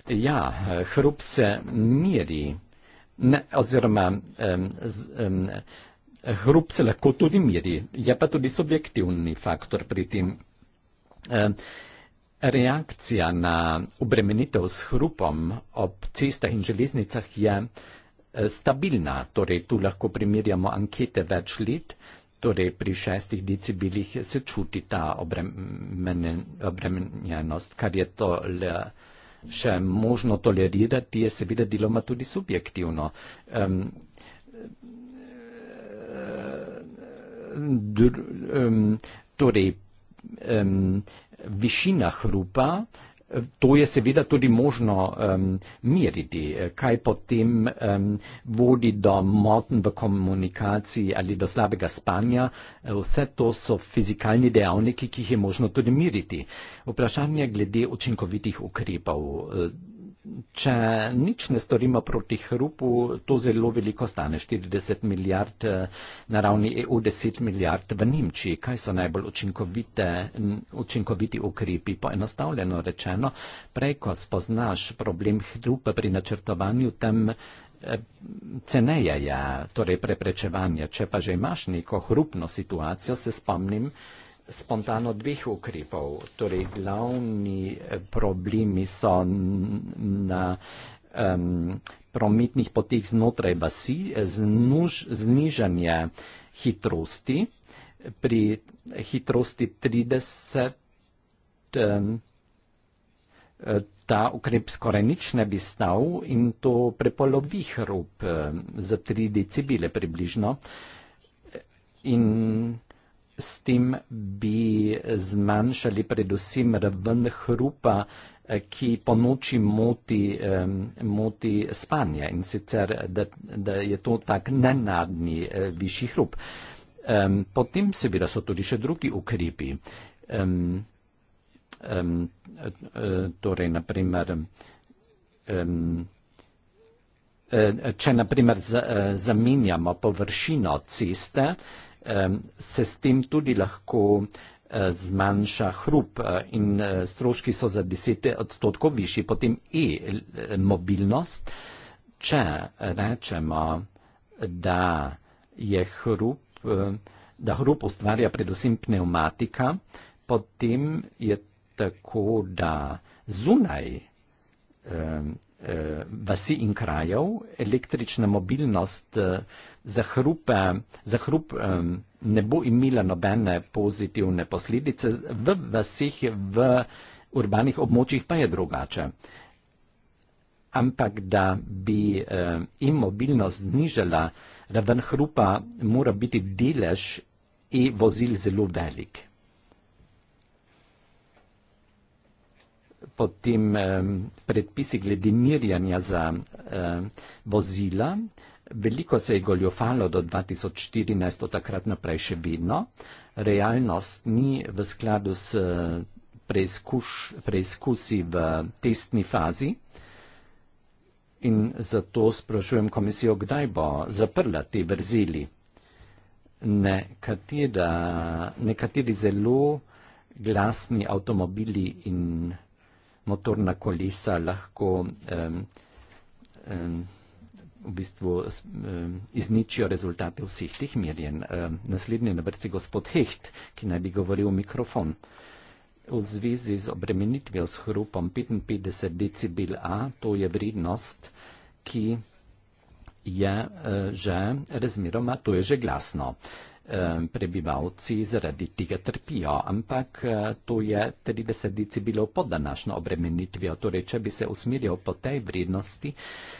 Ja, eh, hrup se miri, ne, oziroma um, um, hrup se lahko tudi miri, je pa tudi subjektivni faktor pri tem. Um, reakcija na obremenitev s hrupom ob cestah in železnicah je eh, stabilna, torej tu lahko primerjamo ankete več let, torej pri šestih decibelih se čuti ta obremenjenost, kar je to le še možno tolerirati, je seveda deloma tudi subjektivno. Um, dr, um, torej, um, višina hrupa, To je seveda tudi možno um, meriti, eh, kaj potem um, vodi do motenj v komunikaciji ali do slabega spanja. Eh, vse to so fizikalni dejavniki, ki jih je možno tudi meriti. Vprašanje glede učinkovitih ukrepov. Uh, če nič ne storimo proti hrupu, to zelo veliko stane. 40 milijard eh, na ravni EU, 10 milijard v Nemčiji. Kaj so najbolj učinkoviti ukrepi? Poenostavljeno rečeno, prej, ko spoznaš problem hrupa pri načrtovanju, tem eh, ceneje je, torej preprečevanje. Če pa že imaš neko hrupno situacijo, se spomnim, spontano dveh ukrepov. Torej, glavni eh, problemi so na um, prometnih poteh znotraj vasi, eh, znuž, znižanje hitrosti pri hitrosti 30. Um, eh, Ta ukrep skoraj nič ne bi stal in to prepolovi hrup za 3 decibele približno. In s tem bi zmanjšali predvsem raven hrupa, eh, ki po noči moti, moti spanje in sicer, da, da je to tak nenadni eh, višji hrup. Potem seveda so tudi še drugi ukrepi. Um, torej, naprimer, um, če naprimer zamenjamo površino ceste, se s tem tudi lahko eh, zmanjša hrup eh, in eh, stroški so za 10 odstotkov višji. Potem E, mobilnost. Če rečemo, da je hrup, da hrup ustvarja predvsem pneumatika, potem je tako, da zunaj Eh, vasi in krajev, električna mobilnost eh, za, hrupe, za hrup eh, ne bo imela nobene pozitivne posledice, v vasih, v urbanih območjih pa je drugače. Ampak da bi in mobilnost znižala raven hrupa, mora biti delež in vozil zelo velik. potem eh, predpisi glede mirjanja za eh, vozila. Veliko se je goljofalo do 2014, od takrat naprej še vedno. Realnost ni v skladu s preizkuš, preizkusi v testni fazi in zato sprašujem komisijo, kdaj bo zaprla te vrzeli. Nekatera, nekateri zelo glasni avtomobili in motorna kolesa lahko um, um, v bistvu um, izničijo rezultate vseh teh merjenj. Um, naslednji je na vrsti gospod Hecht, ki naj bi govoril v mikrofon. V zvezi z obremenitvijo s hrupom 55 decibel A, to je vrednost, ki je uh, že razmeroma, to je že glasno. Uh, prebivalci zaradi tega trpijo, ampak eh, to je 30 decibelov pod današnjo obremenitvijo. Torej, če bi se usmeril po tej vrednosti,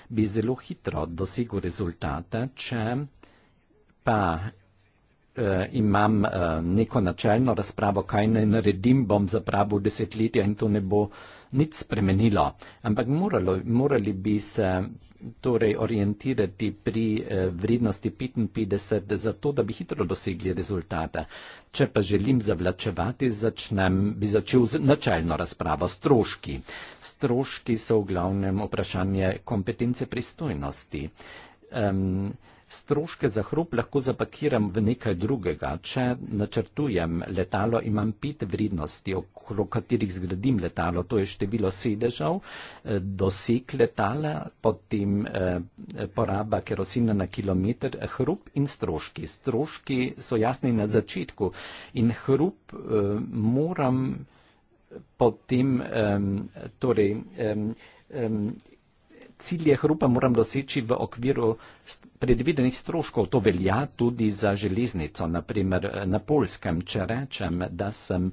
bi zelo hitro dosegel rezultata, če pa eh, imam eh, neko načeljno razpravo, kaj naj naredim, bom zapravil desetletja in to ne bo nič spremenilo, ampak moralo, morali bi se torej orientirati pri eh, vrednosti 55, zato da bi hitro dosegli rezultate. Če pa želim zavlačevati, začnem, bi začel z načeljno razpravo stroški. Stroški so v glavnem vprašanje kompetence pristojnosti. Um, stroške za hrup lahko zapakiram v nekaj drugega. Če načrtujem letalo, imam pet vrednosti, okrog katerih zgradim letalo. To je število sedežev, eh, doseg letala, potem eh, poraba kerosina na kilometr, hrup in stroški. Stroški so jasni na začetku in hrup eh, moram potem torej, cilje hrupa moram doseči v okviru predvidenih stroškov. To velja tudi za železnico. Naprimer na eh, Polskem, če rečem, da sem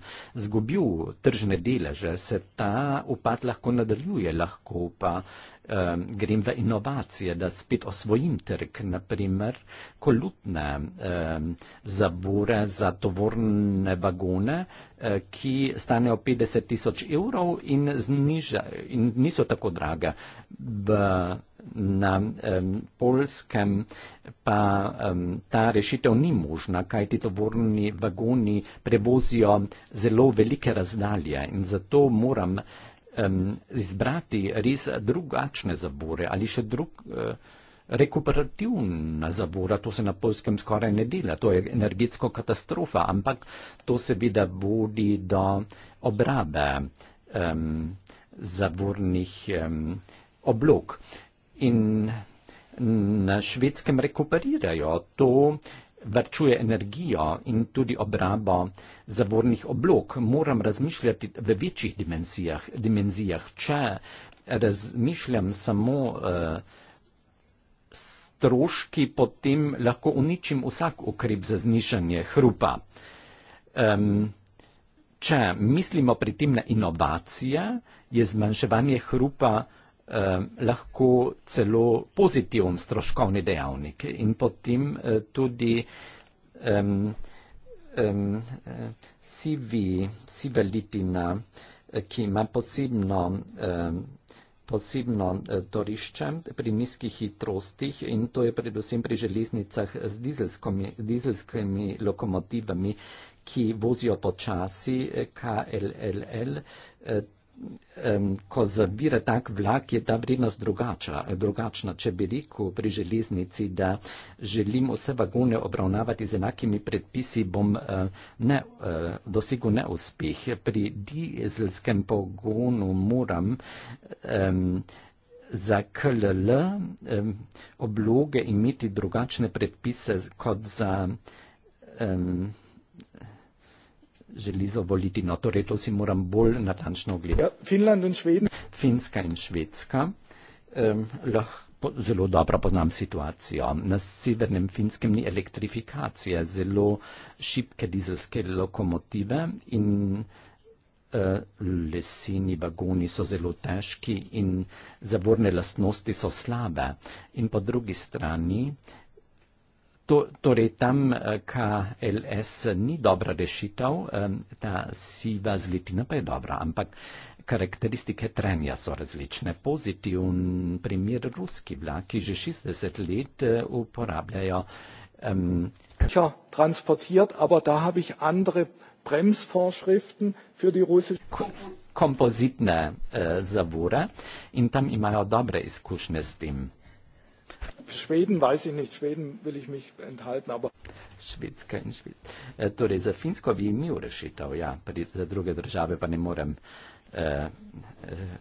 zgubil tržne deleže, se ta upad lahko nadaljuje, lahko pa uh, uh, grem v inovacije, da spet osvojim trg, naprimer kolutne uh, ehm, zabore za tovorne vagone, uh, ki stanejo 50 tisoč evrov in, zniža, in niso tako drage. B, na um, ehm, polskem pa um, ta rešitev ni možna, kaj ti tovorni vagoni prevozijo zelo velike razdalje in zato moram uh, um, izbrati res drugačne zabore ali še drug uh, rekuperativna zabora. To se na polskem skoraj ne dela. To je energetsko katastrofa, ampak to seveda vodi do obrabe um, zavornih um, oblog. In na švedskem rekuperirajo to varčuje energijo in tudi obrabo zavornih oblog, moram razmišljati v večjih dimenzijah. dimenzijah. Če razmišljam samo uh, stroški, potem lahko uničim vsak ukrep za znišanje hrupa. Um, če mislimo pri tem na inovacije, je zmanjševanje hrupa uh, lahko celo pozitiven stroškovni dejavnik in potem eh, tudi um, um, sivi, siva lipina, eh, ki ima posebno, um, posebno uh, torišče pri nizkih hitrostih in to je predvsem pri železnicah z dizelskimi lokomotivami, ki vozijo počasi eh, KLLL. Uh, ko zabira tak vlak, je ta vrednost drugača, drugačna. Če bi rekel pri železnici, da želim vse vagone obravnavati z enakimi predpisi, bom eh, ne, eh, dosegel neuspeh. Pri dizelskem pogonu moram um, za KLL um, obloge imeti drugačne predpise kot za. Um, želi zavoliti. No, torej to si moram bolj natančno ogledati. Ja, Finska in Švedska. Um, lah, po, zelo dobro poznam situacijo. Na severnem Finskem ni elektrifikacije, zelo šipke dizelske lokomotive in uh, leseni vagoni so zelo težki in zavorne lastnosti so slabe. In po drugi strani To, torej tam eh, KLS ni dobra rešitev, ta siva zlitina pa je dobra, ampak karakteristike trenja so različne. Pozitiven primer ruski vlak, ki že 60 let eh, uporabljajo. Um, ja, transportirat, ampak da habi andre bremsvorschriften für die russische. Kompozitne uh, zavore in tam imajo dobre izkušnje s tem. Schweden weiß ich nicht, Schweden will ich mich enthalten, aber. Švedska in Šved. Eh, torej, za Finsko bi imel rešitev, ja, pri, za druge države pa ne morem eh, eh,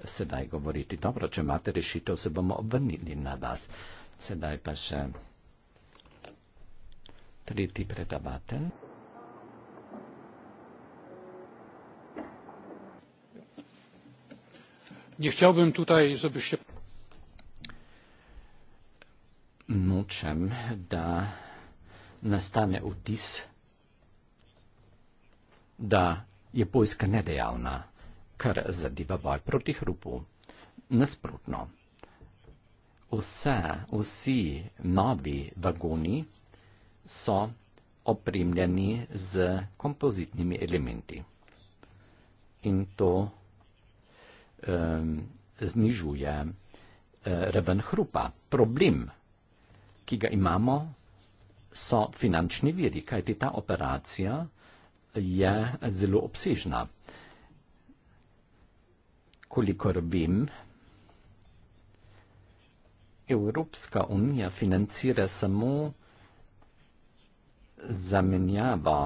sedaj govoriti. Dobro, če imate rešitev, se bomo obrnili na vas. Sedaj pa še tretji predavatelj. Ne želim tukaj, da bi še nočem, da nastane vtis, da je Poljska nedejavna, kar zadeva boj proti hrupu. Nasprotno, vse, vsi novi vagoni so opremljeni z kompozitnimi elementi in to um, znižuje uh, raven hrupa. Problem ki ga imamo, so finančni viri, kajti ta operacija je zelo obsežna. Kolikor vem, Evropska unija financira samo zamenjavo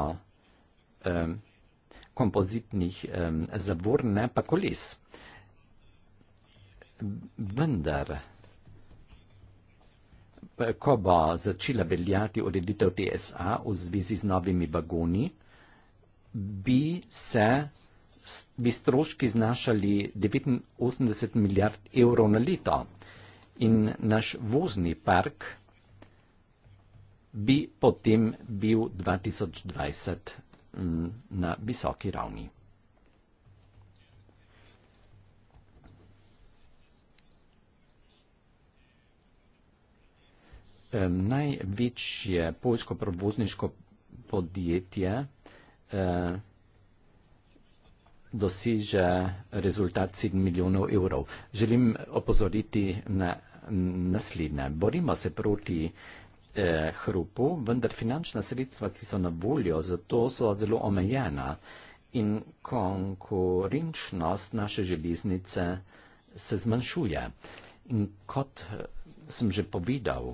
kompozitnih zavor, ne pa koles. Vendar, ko bo začela veljati odreditev TSA v zvezi z novimi vagoni, bi, se, bi stroški znašali 89 milijard evrov na leto in naš vozni park bi potem bil 2020 mm, na visoki ravni. eh, največje poljsko prevozniško podjetje eh, doseže rezultat 7 milijonov evrov. Želim opozoriti na naslednje. Borimo se proti eh, hrupu, vendar finančna sredstva, ki so na voljo, zato so zelo omejena in konkurenčnost naše železnice se zmanjšuje. In kot eh, sem že povedal,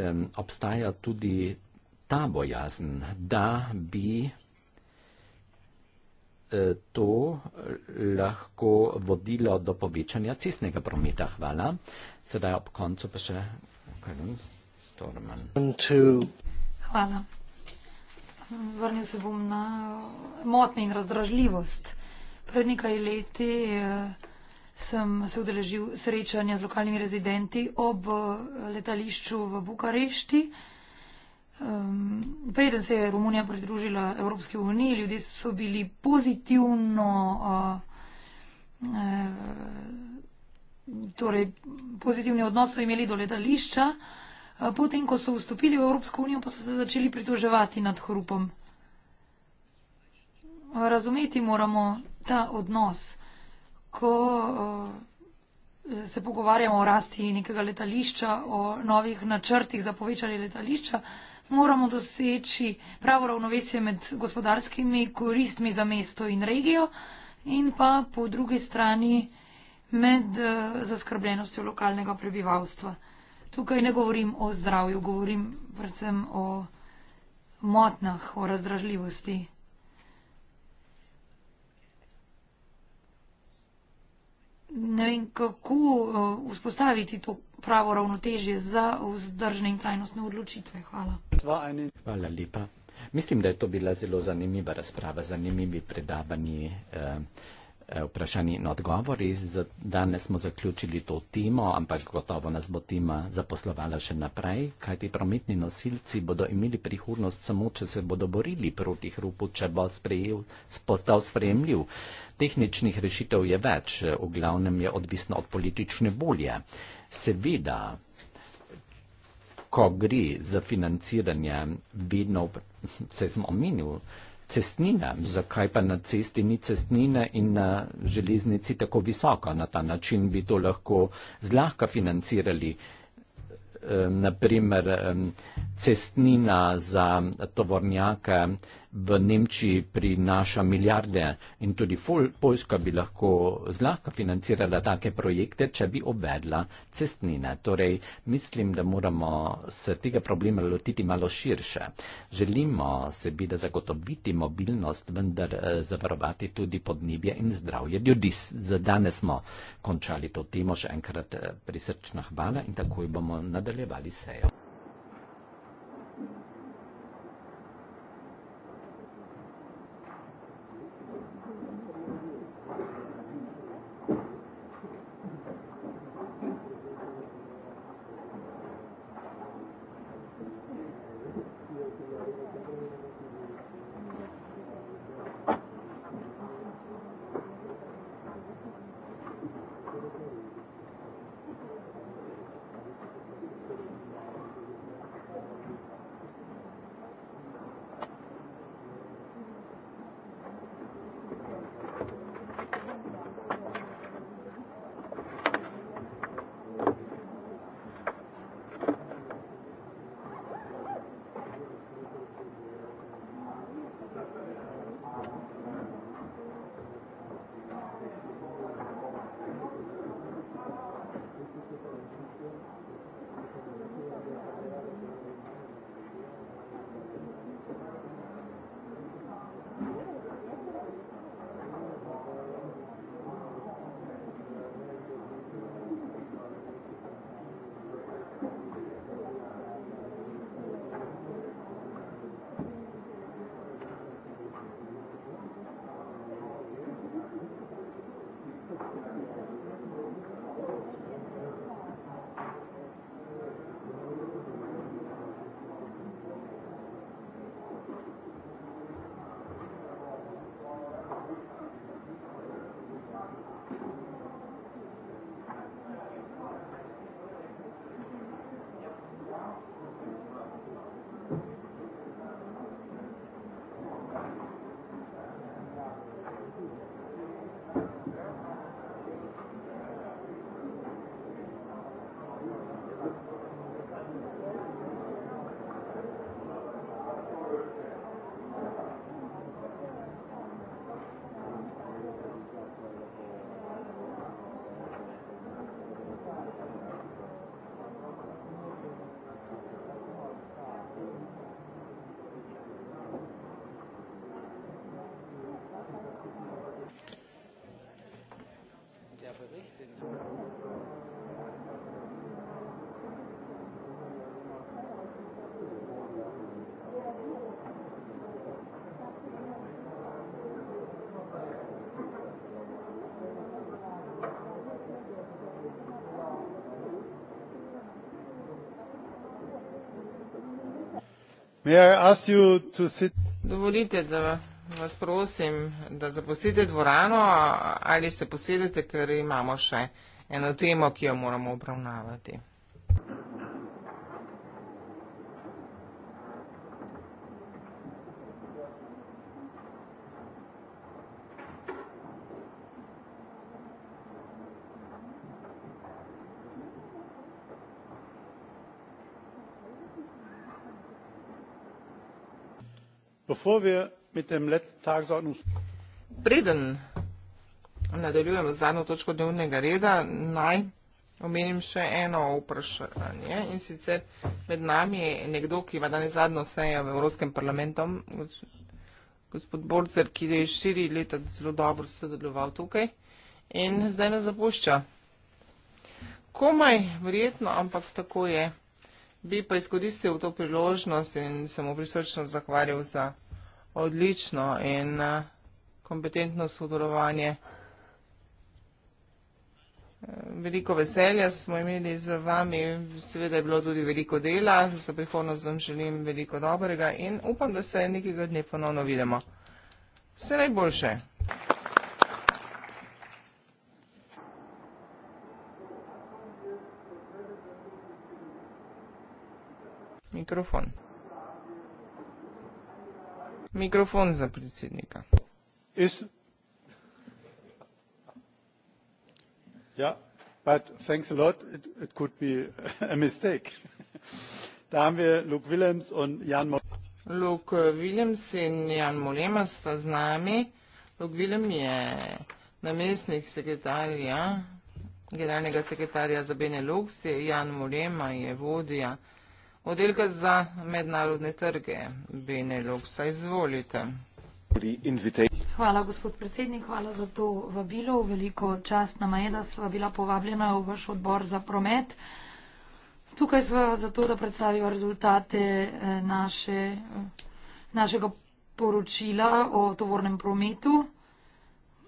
um, obstaja tudi ta bojazen, da bi e, to lahko vodilo do povečanja cestnega prometa. Hvala. Sedaj ob koncu pa še Karin Storman. Hvala. Vrnil se bom na motnje in razdražljivost. Pred nekaj leti e, sem se odeležil srečanja z lokalnimi rezidenti ob eh, letališču v Bukarešti. Um, preden se je Romunija pridružila Evropski uniji, ljudje so bili pozitivno, uh, uh, torej pozitivni odnos so imeli do letališča. Uh, potem, ko so vstopili v Evropsko unijo, pa so se začeli pritoževati nad hrupom. Razumeti moramo ta odnos ko uh, se pogovarjamo o rasti nekega letališča, o novih načrtih za povečanje letališča, moramo doseči pravo ravnovesje med gospodarskimi koristmi za mesto in regijo in pa po drugi strani med uh, zaskrbljenostjo lokalnega prebivalstva. Tukaj ne govorim o zdravju, govorim predvsem o motnah, o razdražljivosti. ne vem, kako uh, vzpostaviti to pravo ravnotežje za vzdržne in trajnostne odločitve. Hvala. Hvala lepa. Mislim, da je to bila zelo zanimiva razprava, zanimivi predavanji. Uh, eh, Eh, vprašanji in odgovori. Danes smo zaključili to temo, ampak gotovo nas bo tema zaposlovala še naprej, kaj ti prometni nosilci bodo imeli prihodnost samo, če se bodo borili proti hrupu, če bo sprejel, postal sprejemljiv. Tehničnih rešitev je več, v glavnem je odvisno od politične bolje. Seveda, ko gre za financiranje, vedno, se sem omenil, cestnina, zakaj pa na cesti ni cestnina in na železnici tako visoka. Na ta način bi to lahko zlahka financirali. E, naprimer, cestnina za tovornjake v Nemčiji prinaša milijarde in tudi Poljska bi lahko zlahka financirala take projekte, če bi obvedla cestnine. Torej, mislim, da moramo se tega problema lotiti malo širše. Želimo se bi, da zagotoviti mobilnost, vendar eh, zavarovati tudi podnebje in zdravje ljudi. Za danes smo končali to temo, še enkrat eh, prisrčna hvala in takoj bomo nadaljevali sejo. Dovolite, da vas prosim, da zapustite dvorano ali se posedete, ker imamo še eno temo, ki jo moramo obravnavati. Preden nadaljujemo z zadnjo točko dnevnega reda, naj omenim še eno vprašanje. In sicer med nami je nekdo, ki ima danes zadnjo sejo v Evropskem parlamentu, gospod Borcer, ki je štiri leta zelo dobro sodeloval tukaj in zdaj nas zapušča. Komaj, verjetno, ampak tako je. Bi pa izkoristil to priložnost in se mu prisrčno zahvalil za odlično in eh, kompetentno sodelovanje. Eh, veliko veselja smo imeli z vami, seveda je bilo tudi veliko dela, za prihodnost vam želim veliko dobrega in upam, da se nekega dne ponovno vidimo. Vse najboljše! Mikrofon mikrofon za predsednika. Is... Ja, but thanks a lot. It, it could be a mistake. da haben wir Luke Willems und Jan Mo Luke Willems in Jan Molema sta z nami. Luke Willem je namestnik sekretarja, generalnega sekretarja za Benelux, Jan Molema je vodja Oddelka za mednarodne trge, Benelux, izvolite. Hvala, gospod predsednik, hvala za to vabilo. Veliko čast nam je, da sva bila povabljena v vaš odbor za promet. Tukaj sva zato, da predstavimo rezultate eh, naše, eh, našega poročila o tovornem prometu.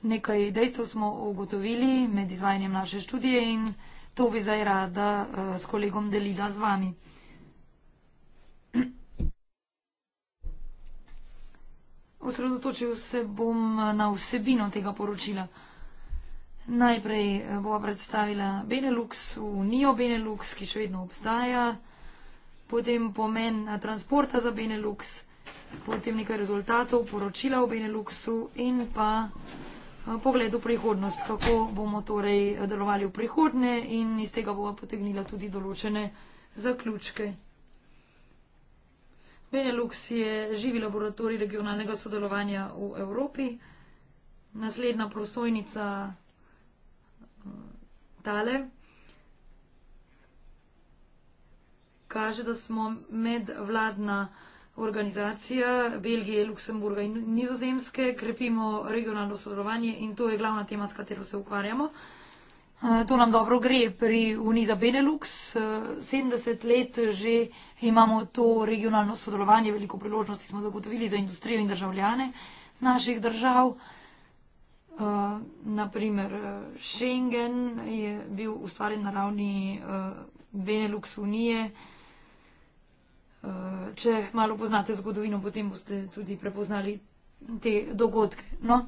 Nekaj dejstev smo ugotovili med izvajanjem naše študije in to bi zdaj rada eh, s kolegom delila z vami. Osredotočil se bom na vsebino tega poročila. Najprej eh, bova predstavila Benelux v Nijo Benelux, ki še vedno obstaja, potem pomen eh, transporta za Benelux, potem nekaj rezultatov poročila o Beneluxu in pa eh, pogled v prihodnost, kako bomo torej delovali v prihodne in iz tega bova potegnila tudi določene zaključke. Benelux je živi laboratorij regionalnega sodelovanja v Evropi. Naslednja prosojnica eh, tale kaže, da smo medvladna organizacija Belgije, Luksemburga in Nizozemske, krepimo regionalno sodelovanje in to je glavna tema, s katero se ukvarjamo. Eh, to nam dobro gre pri Unida Benelux. 70 eh, let že imamo to regionalno sodelovanje, veliko priložnosti smo zagotovili za industrijo in državljane naših držav. Uh, eh, naprimer, Schengen je bil ustvarjen na ravni uh, Benelux unije. Uh, če malo poznate zgodovino, potem boste tudi prepoznali te dogodke. No,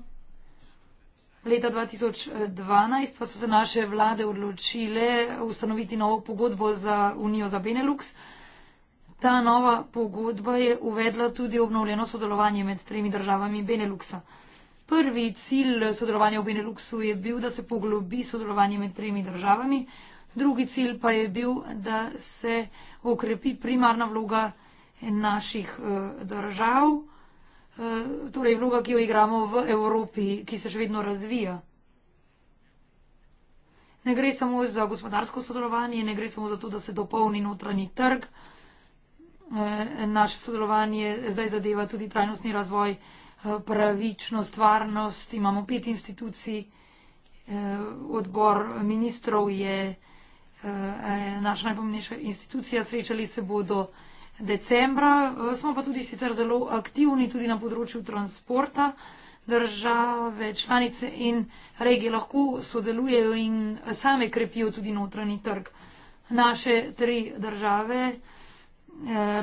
Leta 2012 pa so se naše vlade odločile ustanoviti novo pogodbo za Unijo za Benelux. Ta nova pogodba je uvedla tudi obnovljeno sodelovanje med tremi državami Beneluxa. Prvi cilj sodelovanja v Beneluxu je bil, da se poglobi sodelovanje med tremi državami. Drugi cilj pa je bil, da se okrepi primarna vloga naših eh, držav. Eh, torej vloga, ki jo igramo v Evropi, ki se še vedno razvija. Ne gre samo za gospodarsko sodelovanje, ne gre samo za to, da se dopolni notranji trg. Eh, naše sodelovanje zdaj zadeva tudi trajnostni razvoj, eh, pravičnost, varnost. Imamo pet institucij. Odbor ministrov je naša najpomembnejša institucija. Srečali se bodo decembra. Eh, smo pa tudi sicer zelo aktivni tudi na področju transporta. Države, članice in regije lahko sodelujejo in same krepijo tudi notranji trg. Naše tri države eh,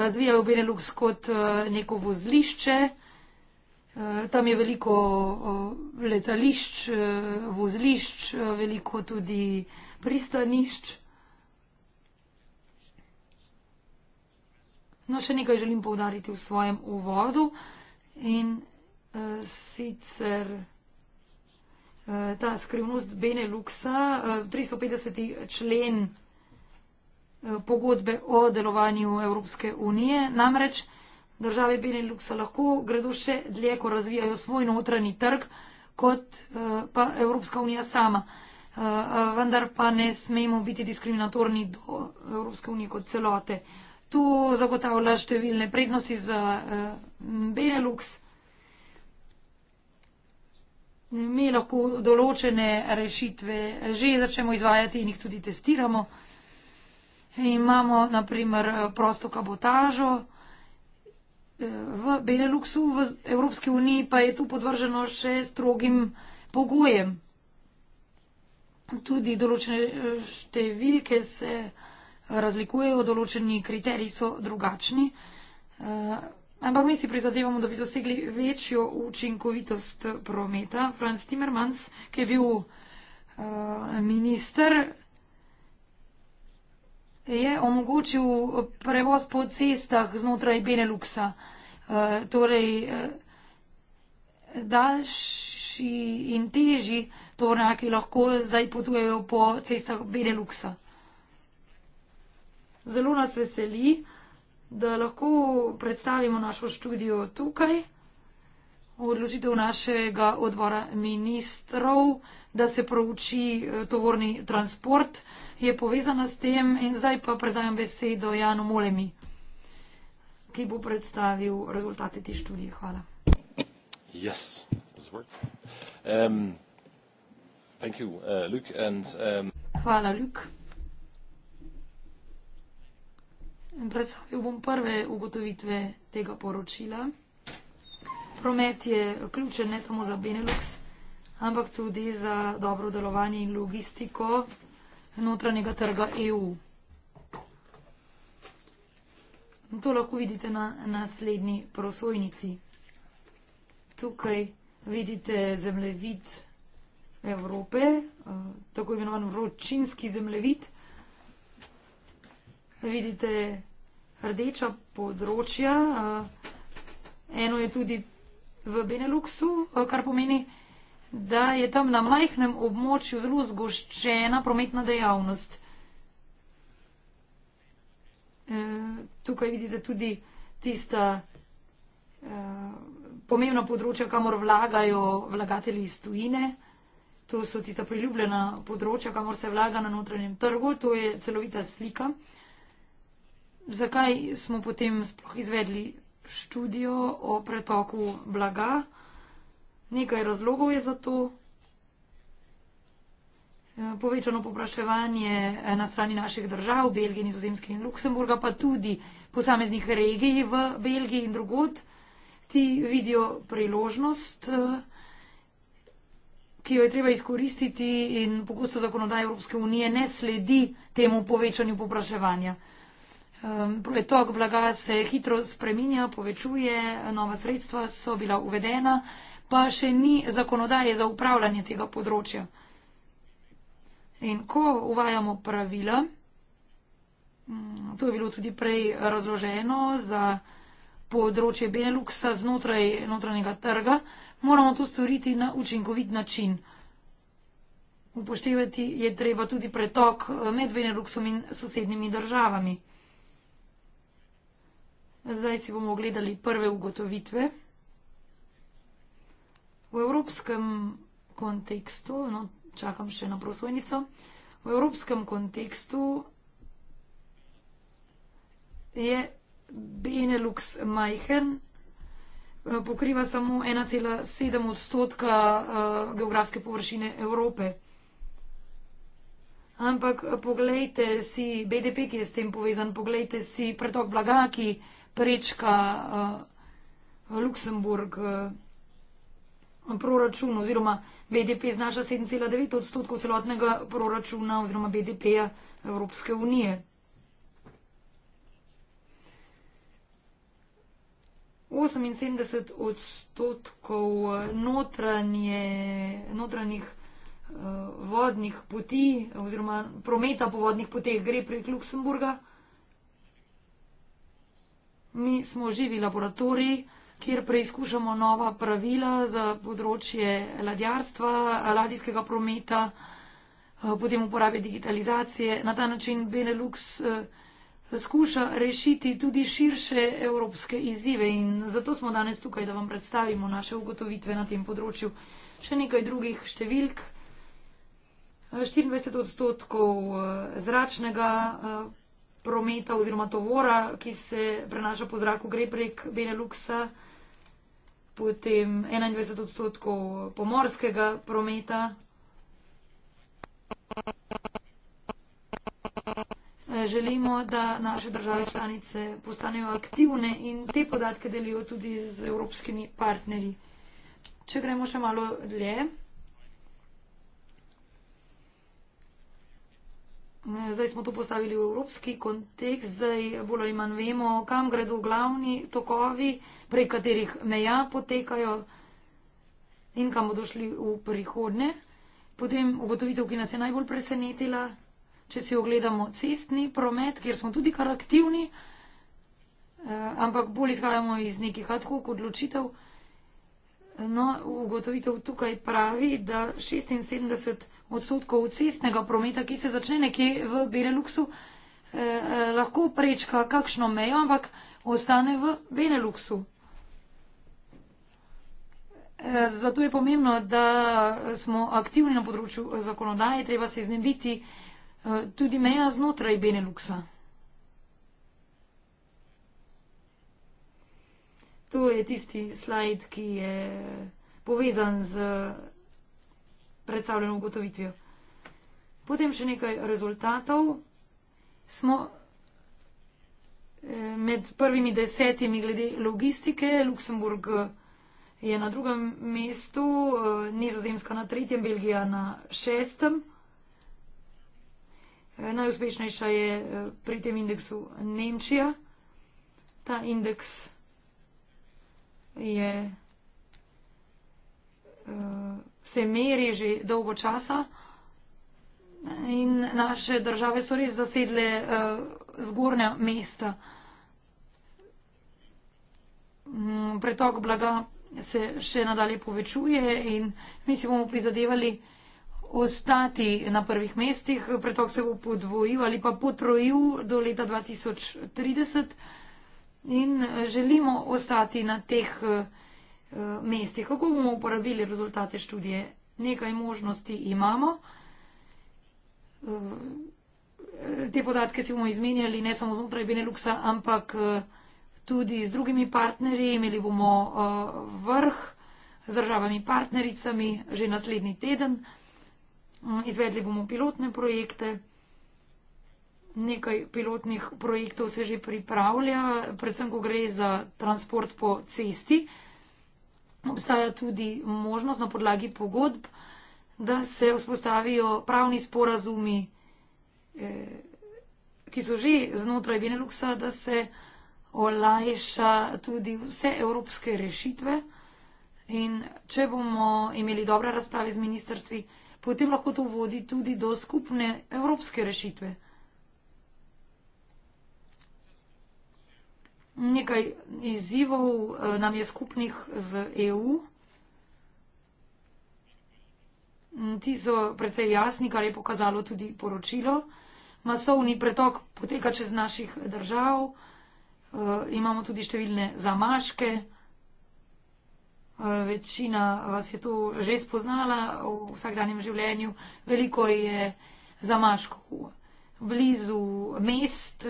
razvijajo Benelux kot eh, neko vozlišče. Tam je veliko letališč, vozlišč, veliko tudi pristanišč. No, še nekaj želim povdariti v svojem uvodu in uh, sicer uh, ta skrivnost Beneluxa, uh, 350. člen eh, pogodbe o delovanju Evropske unije. Namreč države Beneluxa lahko gredo še dlje, ko razvijajo svoj notranji trg, kot pa Evropska unija sama. Vendar pa ne smemo biti diskriminatorni do Evropske unije kot celote. To zagotavlja številne prednosti za eh, Benelux. Mi lahko določene rešitve že začnemo izvajati in jih tudi testiramo. Imamo naprimer prosto kabotažo eh, v Beneluxu, v Evropski uniji pa je to podvrženo še strogim pogojem. Tudi določene eh, številke se vsega razlikujejo, določeni kriteriji so drugačni. Eh, ampak mi si prizadevamo, da bi dosegli večjo učinkovitost prometa. Franz Timmermans, ki je bil eh, minister, je omogočil prevoz po cestah znotraj Beneluxa. Eh, torej, daljši in težji tovornjaki lahko zdaj potujejo po cestah Beneluxa zelo nas veseli, da lahko predstavimo našo študijo tukaj. Odločitev našega odbora ministrov, da se prouči eh, tovorni transport, je povezana s tem in zdaj pa predajam besedo Janu Molemi, ki bo predstavil rezultate te študije. Hvala. Yes, um, uh, um, Hvala, Luke. Predstavil bom prve ugotovitve tega poročila. Promet je ključen ne samo za Benelux, ampak tudi za dobro delovanje in logistiko notranjega trga EU. To lahko vidite na naslednji prosojnici. Tukaj vidite zemljevid Evrope, eh, tako imenovan vročinski zemljevid. Vidite, da je vročinski zemljevid rdeča področja. Eh, eno je tudi v Beneluxu, eh, kar pomeni, da je tam na majhnem območju zelo zgoščena prometna dejavnost. Eh, tukaj vidite tudi tista pomembna področja, kamor vlagajo vlagatelji iz tujine. To so tista priljubljena področja, kamor se vlaga na notranjem trgu. To je celovita slika zakaj smo potem sploh izvedli študijo o pretoku blaga. Nekaj razlogov je za to. Ja, povečano popraševanje eh, na strani naših držav, Belgije, Nizozemske in Luksemburga, pa tudi posameznih regij v Belgiji in drugod, ti vidijo priložnost, eh, ki jo je treba izkoristiti in pogosto zakonodaja Evropske unije ne sledi temu povečanju popraševanja. Um, pretok blaga se hitro spreminja, povečuje, nova sredstva so bila uvedena, pa še ni zakonodaje za upravljanje tega področja. In ko uvajamo pravila, mm, to je bilo tudi prej razloženo za področje Beneluxa znotraj notranjega trga, moramo to storiti na učinkovit način. Upoštevati je treba tudi pretok eh, med Beneluxom in sosednjimi državami. Zdaj si bomo ogledali prve ugotovitve. V evropskem kontekstu, no, čakam še na prosojnico, v evropskem kontekstu je Benelux majhen, eh, pokriva samo 1,7 odstotka eh, geografske površine Evrope. Ampak poglejte si BDP, ki je s tem povezan, poglejte si pretok blaga, ki je prečka uh, Luksemburg uh, proračun oziroma BDP znaša 7,9 odstotkov celotnega proračuna oziroma BDP-ja Evropske unije. Oseminsedemdeset odstotkov eh, notranje, notranjih uh, vodnih poti oziroma prometa po vodnih poteh gre prek Luksemburga. Mi smo živi laboratoriji, kjer preizkušamo nova pravila za področje ladjarstva, ladijskega prometa, eh, potem uporabe digitalizacije. Na ta način Benelux eh, skuša rešiti tudi širše evropske izzive in zato smo danes tukaj, da vam predstavimo naše ugotovitve na tem področju. Še nekaj drugih številk. 24 eh, odstotkov zračnega prometa oziroma tovora, ki se prenaša po zraku, gre prek Beneluxa, potem 21 odstotkov pomorskega prometa. Želimo, da naše države članice postanejo aktivne in te podatke delijo tudi z evropskimi partnerji. Če gremo še malo dlje. Zdaj smo to postavili v evropski kontekst, zdaj bolj ali manj vemo, kam gredo glavni tokovi, prek katerih meja potekajo in kam bodo šli v prihodnje. Potem ugotovitev, ki nas je najbolj presenetila, če si ogledamo cestni promet, kjer smo tudi kar aktivni, eh, ampak bolj izhajamo iz nekih ad hoc odločitev. No, ugotovitev tukaj pravi, da 76 odstotkov cestnega prometa, ki se začne nekje v Beneluxu, eh, eh, lahko prečka kakšno mejo, ampak ostane v Beneluxu. Eh, zato je pomembno, da smo aktivni na področju zakonodaje, treba se iznebiti eh, tudi meja znotraj Beneluxa. To je tisti slajd, ki je povezan z predstavljeno ugotovitvijo. Potem še nekaj rezultatov. Smo eh, med prvimi desetimi glede logistike. Luksemburg eh, je na drugem mestu, eh, Nizozemska na tretjem, Belgija na šestem. Najuspešnejša je pri tem indeksu Nemčija. Ta indeks je se meri že dolgo časa. In naše države so res zasedle uh, zgornja mesta. Mm, pretok blaga se še nadalje povečuje in mi si bomo prizadevali ostati na prvih mestih. Pretok se bo podvojil ali pa potrojil do leta 2030 in eh, želimo ostati na teh uh, Eh, mestih. Kako bomo uporabili rezultate študije? Nekaj možnosti imamo. Eh, te podatke si bomo izmenjali ne samo znotraj Beneluxa, ampak eh, tudi z drugimi partnerji. Imeli bomo vrh z državami partnericami že naslednji teden. Mm, izvedli bomo pilotne projekte. Nekaj pilotnih projektov se že pripravlja, predvsem ko gre za transport po cesti obstaja tudi možnost na podlagi pogodb, da se vzpostavijo pravni sporazumi, eh, ki so že znotraj Veneluksa, da se olajša tudi vse evropske rešitve. In če bomo imeli dobre razprave z ministrstvi, potem lahko to vodi tudi do skupne evropske rešitve. Nekaj izzivov eh, nam je skupnih z EU. Mm, ti so precej jasni, kar je pokazalo tudi poročilo. Masovni pretok poteka čez naših držav, eh, imamo tudi številne zamaške. Eh, večina vas je to že spoznala v vsakdanjem življenju. Veliko je zamaškov blizu mest,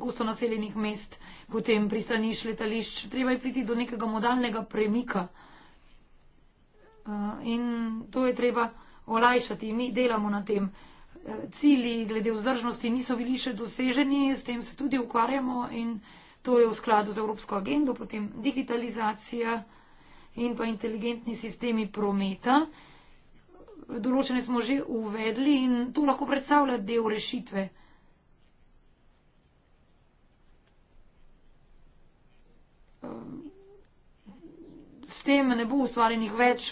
gosto naseljenih mest, potem pristaniš letališč, treba je priti do nekega modalnega premika. Eh, in to je treba olajšati. Mi delamo na tem. Eh, Cili glede vzdržnosti niso bili še doseženi, s tem se tudi ukvarjamo in to je v skladu z Evropsko agendo, potem digitalizacija in pa inteligentni sistemi prometa. Določene smo že uvedli in to lahko predstavlja del rešitve. s tem ne bo ustvarjenih več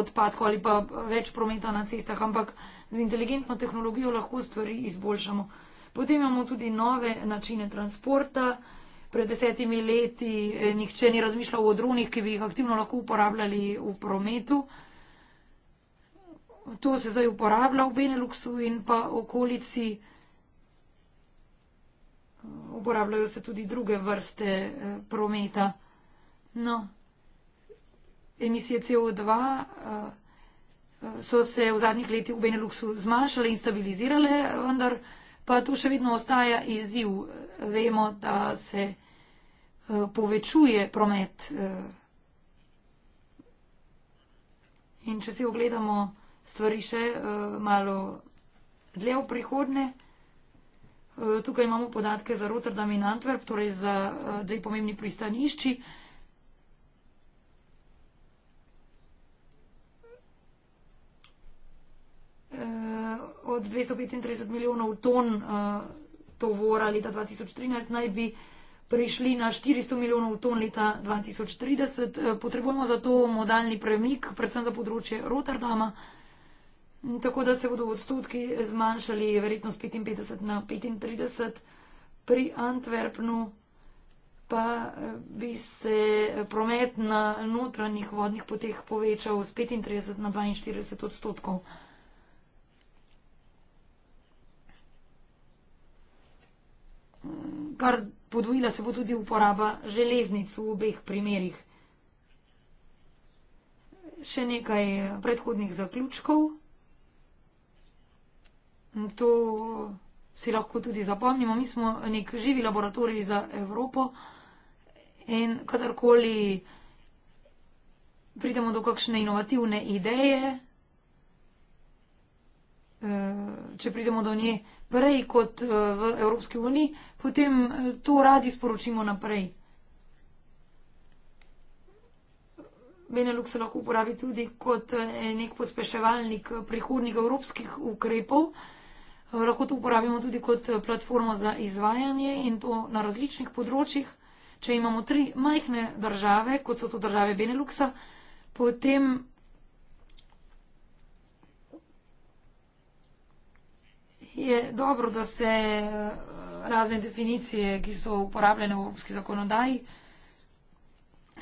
odpadkov ali pa več prometa na cestah, ampak z inteligentno tehnologijo lahko stvari izboljšamo. Potem imamo tudi nove načine transporta. Pred desetimi leti eh, nihče ni razmišljal o dronih, ki bi jih aktivno lahko uporabljali v prometu. To se zdaj uporablja v Beneluxu in pa okolici. Uporabljajo se tudi druge vrste eh, prometa. No emisije CO2 eh, eh, so se v zadnjih letih v Beneluxu zmanjšale in stabilizirale, vendar pa to še vedno ostaja izziv. Vemo, da se eh, povečuje promet. In če si ogledamo stvari še malo dlje v prihodne, tukaj imamo podatke za Rotterdam in Antwerp, torej za dve pomembni pristanišči. 235 milijonov ton uh, tovora leta 2013, naj bi prišli na 400 milijonov ton leta 2030. Eh, potrebujemo za to modalni premik, predvsem za področje Rotterdama, tako da se bodo odstotki zmanjšali verjetno z 55 na 35. Pri Antwerpnu pa eh, bi se promet na notranjih vodnih poteh povečal z 35 na 42 odstotkov. kar podvojila se bo tudi uporaba železnic v obeh primerih. Še nekaj predhodnih zaključkov. To si lahko tudi zapomnimo. Mi smo nek živi laboratorij za Evropo in kadarkoli pridemo do kakšne inovativne ideje, eh, če pridemo do nje, prej kot eh, v Evropski uniji, potem eh, to radi sporočimo naprej. Benelux se lahko uporabi tudi kot eh, nek pospeševalnik prihodnjih evropskih ukrepov. Lahko to uporabimo tudi kot platformo za izvajanje in to na različnih področjih. Če imamo tri majhne države, kot so to države Beneluxa, potem je dobro, da se eh, razne definicije, ki so uporabljene v evropski zakonodaji,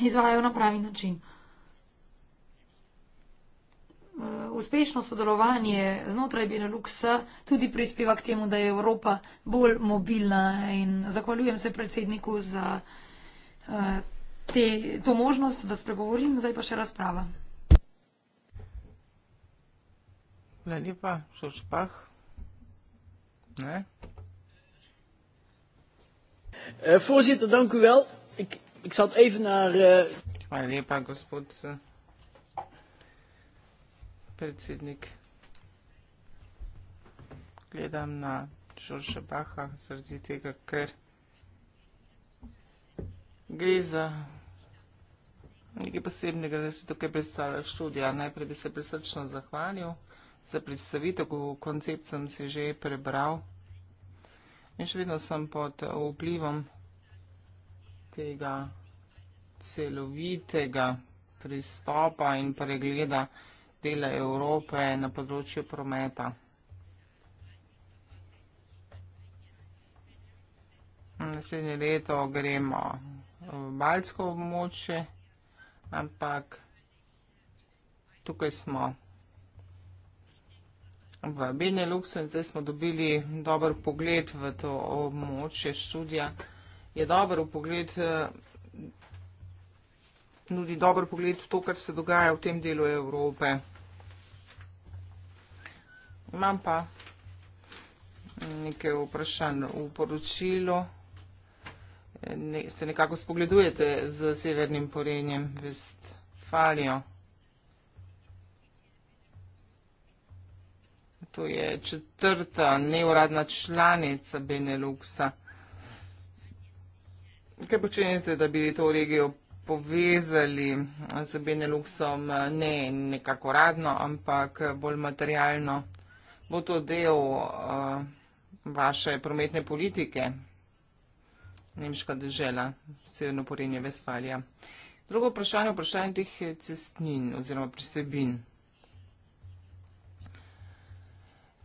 izvajajo na pravi način. Eh, uspešno sodelovanje znotraj Beneluxa tudi prispeva k temu, da je Evropa bolj mobilna in zahvaljujem se predsedniku za eh, te, to možnost, da spregovorim, zdaj pa še razprava. Hvala lepa, Šočpah. Hè? Uh, eh, voorzitter, dank u wel. Ik, ik zat even naar. Waar uh... pan gospod eh, predsednik. Gledam na George Bacha, zaradi tega, ker gre za nekaj posebnega, da si tukaj predstavljaš študija. Najprej bi se prisrčno zahvalil za predstavitev, koncept sem se že prebral in še vedno sem pod vplivom tega celovitega pristopa in pregleda dela Evrope na področju prometa. Naslednje leto gremo v Baljsko območje, ampak tukaj smo v Beneluxu in zdaj smo dobili dober pogled v to območje študija. Je dober pogled, eh, nudi dober pogled v to, kar se dogaja v tem delu Evrope. Imam pa nekaj vprašanj v poročilu. Ne, se nekako spogledujete z severnim porenjem, vest falijo. to je četrta neuradna članica Beneluxa. Kaj počenjate, da bi to regijo povezali z Beneluxom, ne nekako radno, ampak bolj materialno? Bo to del uh, vaše prometne politike? Nemška dežela, severno porenje Vesfalija. Drugo vprašanje, vprašanje teh cestnin oziroma pristebin.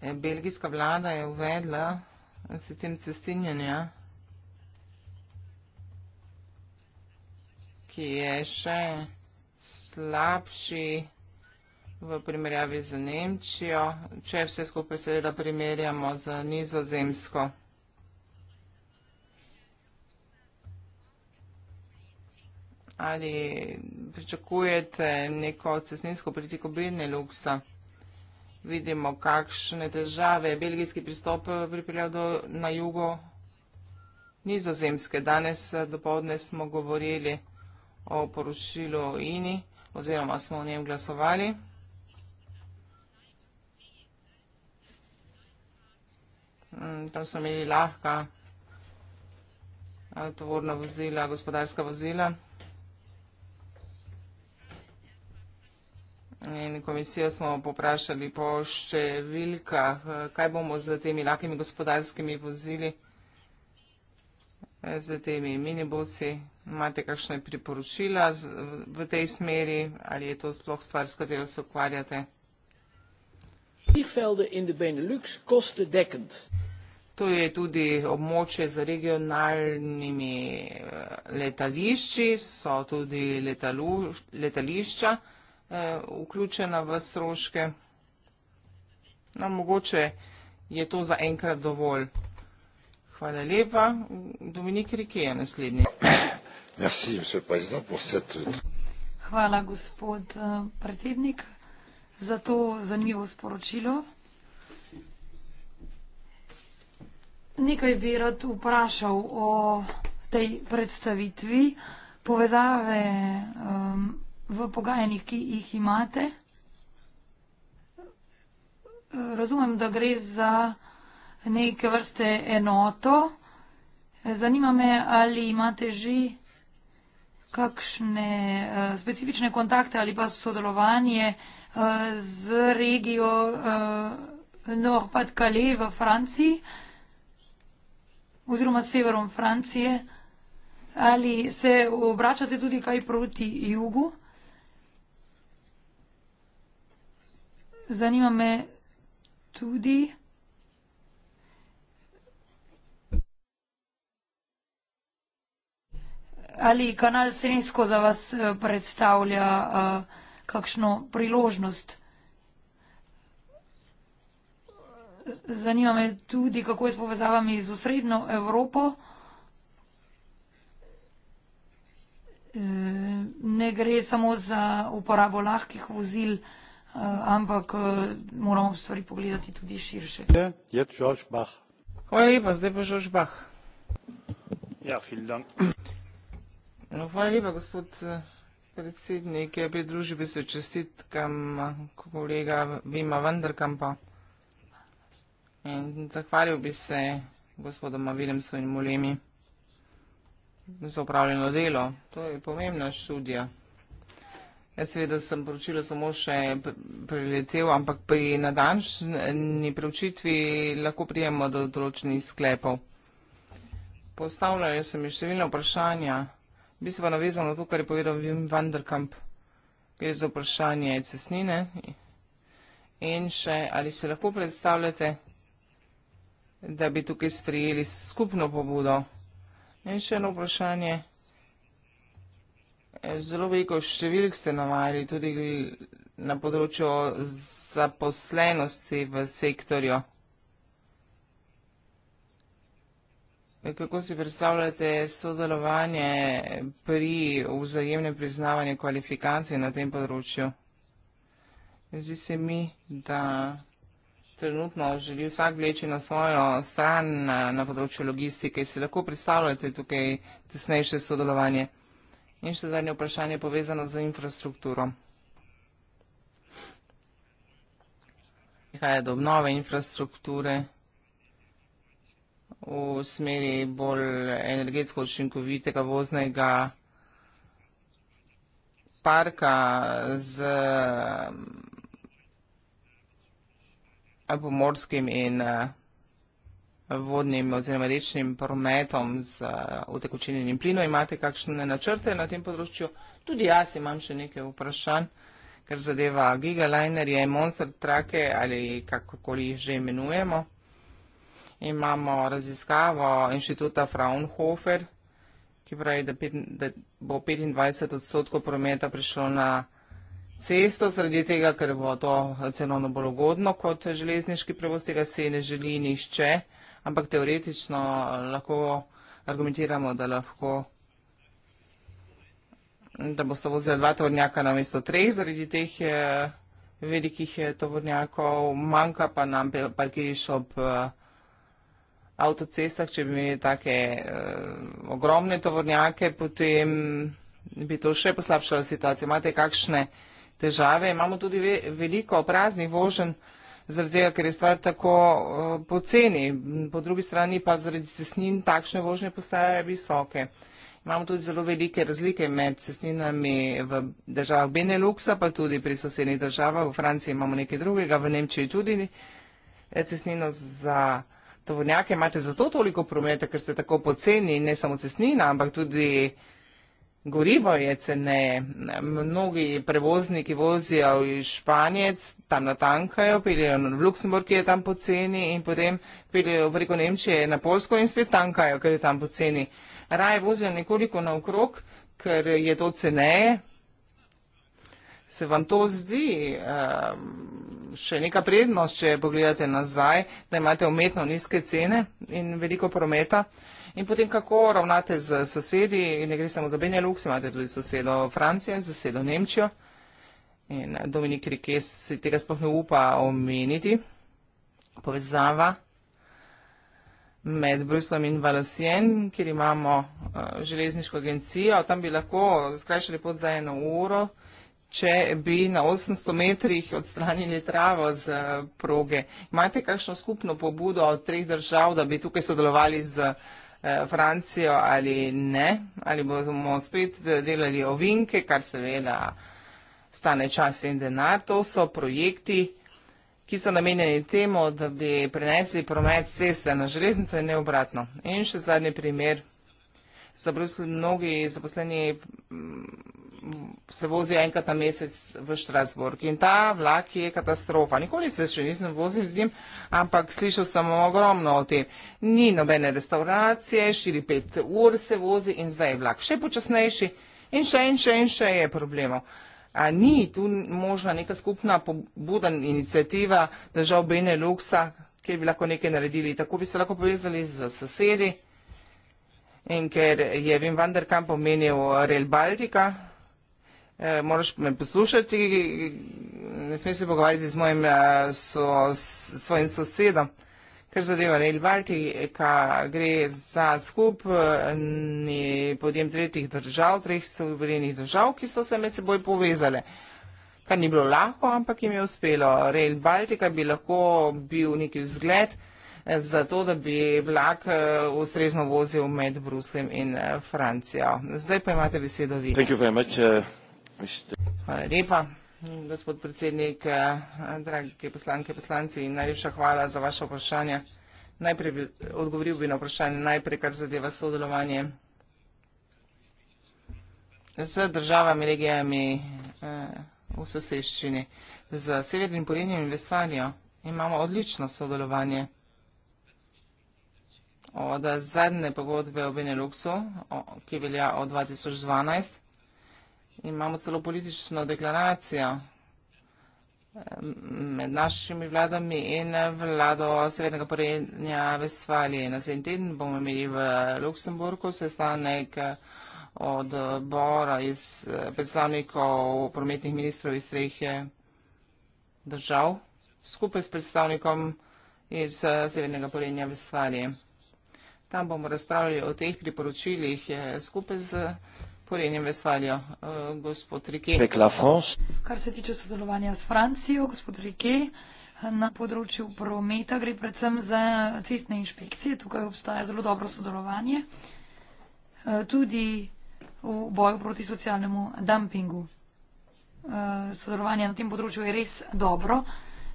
Eh, belgijska vlada je uvedla s tem cestinjenja, ki je še slabši v primerjavi z Nemčijo, če vse skupaj seveda primerjamo z nizozemsko. Ali pričakujete neko cestninsko politiko bilne luksa? vidimo, kakšne težave je belgijski pristop eh, pripeljal do, na jugo nizozemske. Danes eh, dopovdne smo govorili o poročilu INI oziroma smo o njem glasovali. Mm, tam so imeli lahka eh, tovorna vozila, gospodarska vozila. In komisijo smo poprašali po številkah, eh, kaj bomo z temi lakimi gospodarskimi vozili, eh, z temi minibusi. Imate kakšne priporočila v tej smeri ali je to sploh stvar, s katero se ukvarjate? To je tudi območje z regionalnimi eh, letališči, so tudi letalu, letališča. Eh, vključena v stroške. No, mogoče je to za enkrat dovolj. Hvala lepa. Dominik Rike je naslednji. Hvala, gospod eh, predsednik, za to zanimivo sporočilo. Nekaj bi rad vprašal o tej predstavitvi povezave um, v pogajanjih, ki jih imate. Razumem, da gre za neke vrste enoto. Zanima me, ali imate že kakšne eh, specifične kontakte ali pa sodelovanje eh, z regijo eh, Nord-Pas-de-Calais v Franciji oziroma severom Francije. Ali se obračate tudi kaj proti jugu? Zanima me tudi, ali kanal Senesko za vas eh, predstavlja eh, kakšno priložnost. Zanima me tudi, kako je s povezavami z osrednjo Evropo. Eh, ne gre samo za uporabo lahkih vozil, ampak Eh, ampak eh, moramo stvari pogledati tudi širše. Je, ja, je Žož Bah. Hvala lepa, zdaj pa Žož Bah. Ja, Fildan. No, hvala lepa, gospod eh, predsednik, je ja, pri družbi se čestitkam kolega Vima Vandrkampa. In zahvalil bi se gospodom Avilem svojim molemi za upravljeno delo. To je pomembna študija. Seveda sem poročilo samo še preletel, ampak pri nadaljšnji preučitvi lahko prijemo do določenih sklepov. Postavljajo se mi številne vprašanja. Bi se pa navezal na to, kar je povedal Wim Vanderkamp. Gre za vprašanje cesnine in še, ali se lahko predstavljate, da bi tukaj sprijeli skupno pobudo. In še eno vprašanje. Eh, zelo veliko številk ste navajali tudi na področju zaposlenosti v sektorju. Eh, kako si predstavljate sodelovanje pri vzajemnem priznavanju kvalifikacij na tem področju? Zdi se mi, da trenutno želi vsak vleči na svojo stran na, na področju logistike. Si lahko predstavljate tukaj tesnejše sodelovanje? In še zadnje vprašanje povezano z infrastrukturo. Prihaja do obnove infrastrukture v smeri bolj energetsko učinkovitega voznega parka z eh, pomorskim in vsega. Eh, vodnim oziroma rečnim prometom z uh, utekočenjenim plinom. Imate kakšne načrte na tem področju? Tudi jaz imam še nekaj vprašanj, ker zadeva gigalinerje, monster trake ali kakorkoli jih že imenujemo. Imamo raziskavo inštituta Fraunhofer, ki pravi, da, pet, da bo 25 odstotkov prometa prišlo na cesto, zaradi tega, ker bo to cenovno bolj ugodno kot železniški prevoz, tega se ne želi nišče ampak teoretično lahko argumentiramo, da lahko da boste vozili dva tovornjaka na mesto treh, zaradi teh eh, velikih eh, tovornjakov, manjka pa nam parkiriš ob eh, avtocestah, če bi imeli take ogromne tovornjake, potem bi to še poslabšalo situacijo. Imate kakšne težave? Imamo tudi veliko praznih voženj, zaradi tega, ker je stvar tako eh, poceni. Po drugi strani pa zaradi cestnin takšne vožnje postajajo visoke. Imamo tudi zelo velike razlike med cestninami v državah Beneluxa, pa tudi pri sosednjih državah. V Franciji imamo nekaj drugega, v Nemčiji tudi eh, cestnino za tovornjake. Imate zato toliko prometa, ker se tako poceni ne samo cestnina, ampak tudi Gorivo je ceneje. Mnogi prevozniki vozijo v Španijec, tam natankajo, peljejo v Luksemburg, ki je tam poceni in potem peljejo preko Nemčije na Polsko in spet tankajo, ker je tam poceni. Raje vozijo nekoliko naokrog, ker je to ceneje. Se vam to zdi ehm, še neka prednost, če pogledate nazaj, da imate umetno nizke cene in veliko prometa? In potem kako ravnate z sosedi, ne gre samo za Benjelux, imate tudi sosedo Francijo in sosedo Nemčijo. In Dominik Rikes si tega sploh ne upa omeniti. Povezava med Bruslom in Valencien, kjer imamo uh, železniško agencijo, tam bi lahko skrajšali pot za eno uro, če bi na 800 metrih odstranili travo z uh, proge. Imate kakšno skupno pobudo od treh držav, da bi tukaj sodelovali z. Uh, Eh, Francijo ali ne, ali bomo spet delali ovinke, kar seveda stane čas in denar. To so projekti, ki so namenjeni temu, da bi prenesli promet ceste na železnico in ne obratno. In še zadnji primer, so bili mnogi zaposleni se vozi enkrat na mesec v Štrasburg in ta vlak je katastrofa. Nikoli se še nisem vozil z njim, ampak slišal sem ogromno o tem. Ni nobene restauracije, 4-5 ur se vozi in zdaj je vlak še počasnejši in še in še in še je problemov. A ni tu možna neka skupna pobuda, inicijativa držav Bene Luksa, kjer bi lahko nekaj naredili, tako bi se lahko povezali z sosedi. In ker je Vim Vanderkamp omenil Rel Baltika, E, moraš me poslušati, ne smeš se pogovarjati z mojim, e, so, svojim sosedom. Ker zadeva Rail Baltica gre za skup podjem tretjih držav, treh sovrenih držav, ki so se med seboj povezale. Kar ni bilo lahko, ampak jim je uspelo. Rail Baltica bi lahko bil neki vzgled e, za to, da bi vlak ustrezno vozil med Bruslim in Francijo. Zdaj pa imate besedo vi. Thank you very much. Uh... Hvala lepa, gospod predsednik. Drage poslanke, poslanci, najlepša hvala za vaše vprašanje. Najprej bi odgovoril bi na vprašanje, najprej kar zadeva sodelovanje z državami, regijami eh, v soseščini. Z Severnim Porednjem in Vestfalijo imamo odlično sodelovanje od zadnje pogodbe o Beneluxu, ki velja od 2012. Imamo celo politično deklaracijo eh, med našimi vladami in vlado Severnega porednja Vesvalije. Naslednji teden bomo imeli v Luksemburgu sestanek eh, od bora iz eh, predstavnikov prometnih ministrov iz treh držav skupaj s predstavnikom iz Severnega porednja Vesvalije. Tam bomo razpravljali o teh priporočilih skupaj z Porenjem Vesvaljo, eh, gospod Rike. Prek La France. Kar se tiče sodelovanja s Francijo, gospod Rike, na področju prometa gre predvsem za cestne inšpekcije. Tukaj obstaja zelo dobro sodelovanje. Eh, tudi v boju proti socialnemu dumpingu. Eh, sodelovanje na tem področju je res dobro,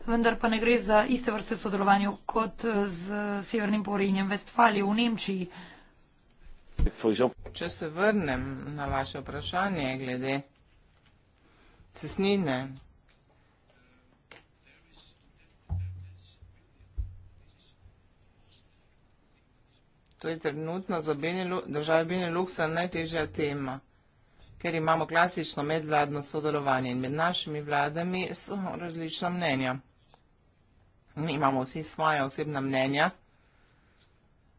vendar pa ne gre za iste vrste sodelovanja kot z severnim porinjem Vestfalijo v Nemčiji. Če se vrnem na vaše vprašanje glede cesnine, to je trenutno za države Beneluxa najtežja tema, ker imamo klasično medvladno sodelovanje in med našimi vladami so različna mnenja. Mi imamo vsi svoje osebna mnenja,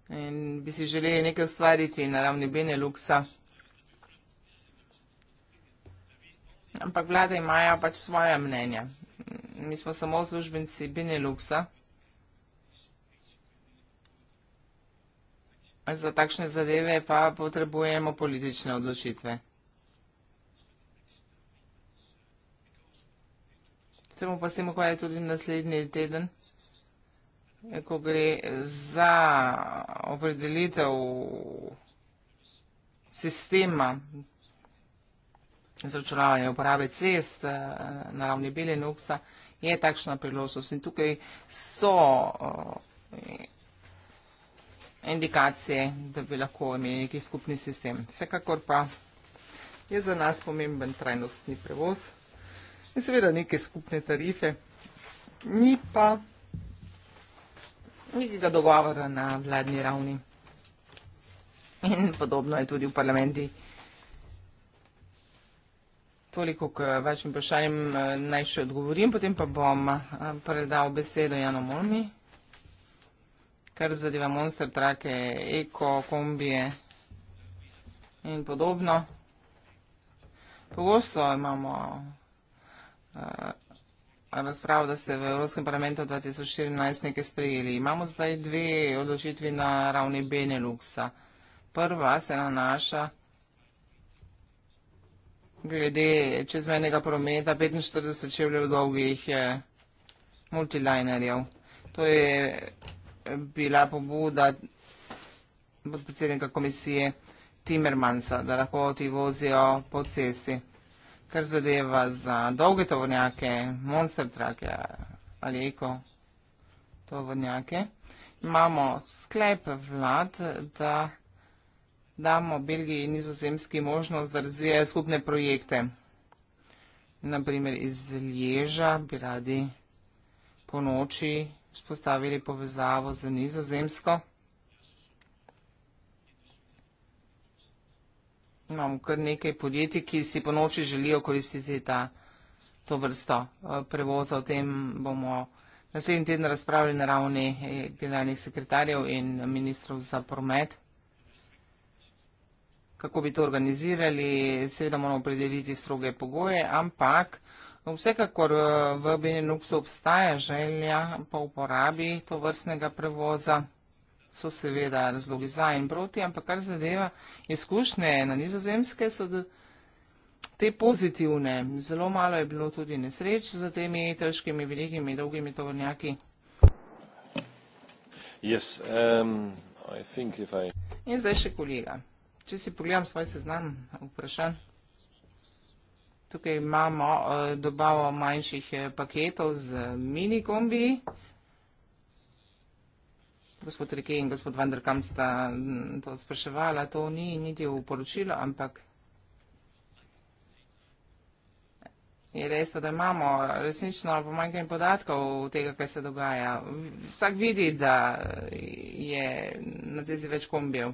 in bi si želeli nekaj ustvariti na ravni Beneluxa. Ampak vlade imajo pač svoje mnenje. Mi smo samo službenci Beneluxa za takšne zadeve pa potrebujemo politične odločitve. Se bomo pa s tem ukvarjali tudi naslednji teden ko gre za opredelitev sistema izračunavanja uporabe cest eh, na ravni Belenuxa, je takšna priložnost. In tukaj so eh, indikacije, da bi lahko imeli neki skupni sistem. Vsekakor pa je za nas pomemben trajnostni prevoz in seveda neke skupne tarife. Ni pa nekega dogovora na vladni ravni. In podobno je tudi v parlamenti. Toliko k vašim vprašanjem eh, naj še odgovorim, potem pa bom eh, predal besedo Jano Molmi, kar zadeva monster trake, eko, kombije in podobno. Pogosto imamo eh, razpravo, da ste v Evropskem parlamentu 2014 nekaj sprejeli. Imamo zdaj dve odločitvi na ravni Beneluxa. Prva se nanaša glede čezmenega prometa 45 čevljev dolgih eh, multilinerjev. To je bila pobuda podpredsednika komisije Timmermansa, da lahko ti vozijo po cesti kar zadeva za dolge tovornjake, monster trake ja, ali eko tovornjake, imamo sklep vlad, da damo Belgiji in nizozemski možnost, da razvijajo skupne projekte. Naprimer iz Lježa bi radi po noči spostavili povezavo z nizozemsko projekte. imam kar nekaj podjetij, ki si po noči želijo koristiti ta, to vrsto eh, prevoza. O tem bomo naslednji teden razpravljali na ravni eh, generalnih sekretarjev in ministrov za promet. Kako bi to organizirali, seveda moramo predeliti stroge pogoje, ampak vsekakor eh, v Beneluxu obstaja želja po uporabi to vrstnega prevoza so seveda razlogi za in proti, ampak kar zadeva izkušnje na nizozemske, so te pozitivne. Zelo malo je bilo tudi nesreč z temi težkimi, velikimi, dolgimi tovornjaki. Yes, um, I think if I... In zdaj še kolega. Če si pogledam svoj seznam vprašanj. Tukaj imamo uh, dobavo manjših eh, paketov z mini kombiji gospod Rike in gospod Vanderkamp sta mm, to spraševala, to ni niti v poročilo, ampak je dejstvo, da imamo resnično pomanjkanje podatkov tega, kaj se dogaja. Vsak vidi, da je na cesti več kombijev.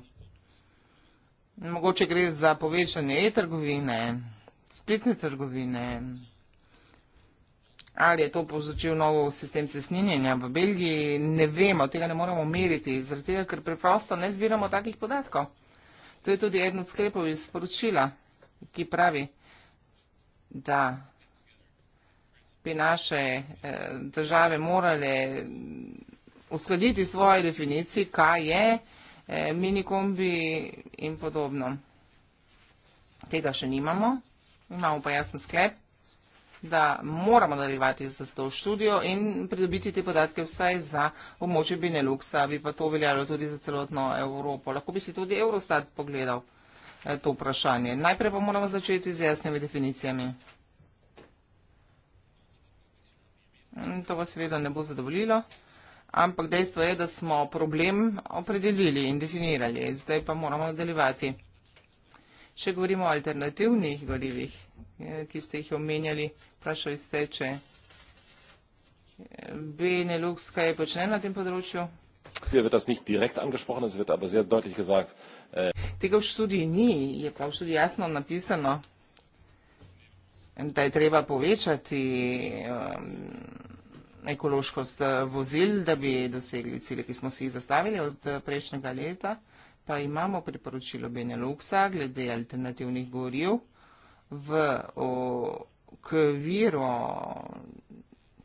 Mogoče gre za povečanje e-trgovine, spletne trgovine. E -trgovine. Ali je to povzročil novo sistem cesninjenja v Belgiji, ne vemo, tega ne moramo meriti, zaradi tega, ker preprosto ne zbiramo takih podatkov. To je tudi eden od sklepov iz poročila, ki pravi, da bi naše eh, države morale uskladiti svoje definicije, kaj je eh, minikombi in podobno. Tega še nimamo, imamo pa jasen sklep da moramo nadaljevati z to študijo in pridobiti te podatke vsaj za območje Beneluxa, bi pa to veljalo tudi za celotno Evropo. Lahko bi si tudi Eurostat pogledal eh, to vprašanje. Najprej pa moramo začeti z jasnimi definicijami. Mm, to vas seveda ne bo zadovoljilo, ampak dejstvo je, da smo problem opredelili in definirali. Zdaj pa moramo nadaljevati. Če govorimo o alternativnih gorivih, eh, ki ste jih omenjali, vprašali ste, če eh, Benelux kaj počne na tem področju. Äh, Tega v študiji ni, je pa v študiji jasno napisano, da je treba povečati ehm, ekološkost eh, vozil, da bi dosegli cilje, ki smo si jih zastavili od prejšnjega leta pa imamo priporočilo Beneluxa glede alternativnih goril v okviru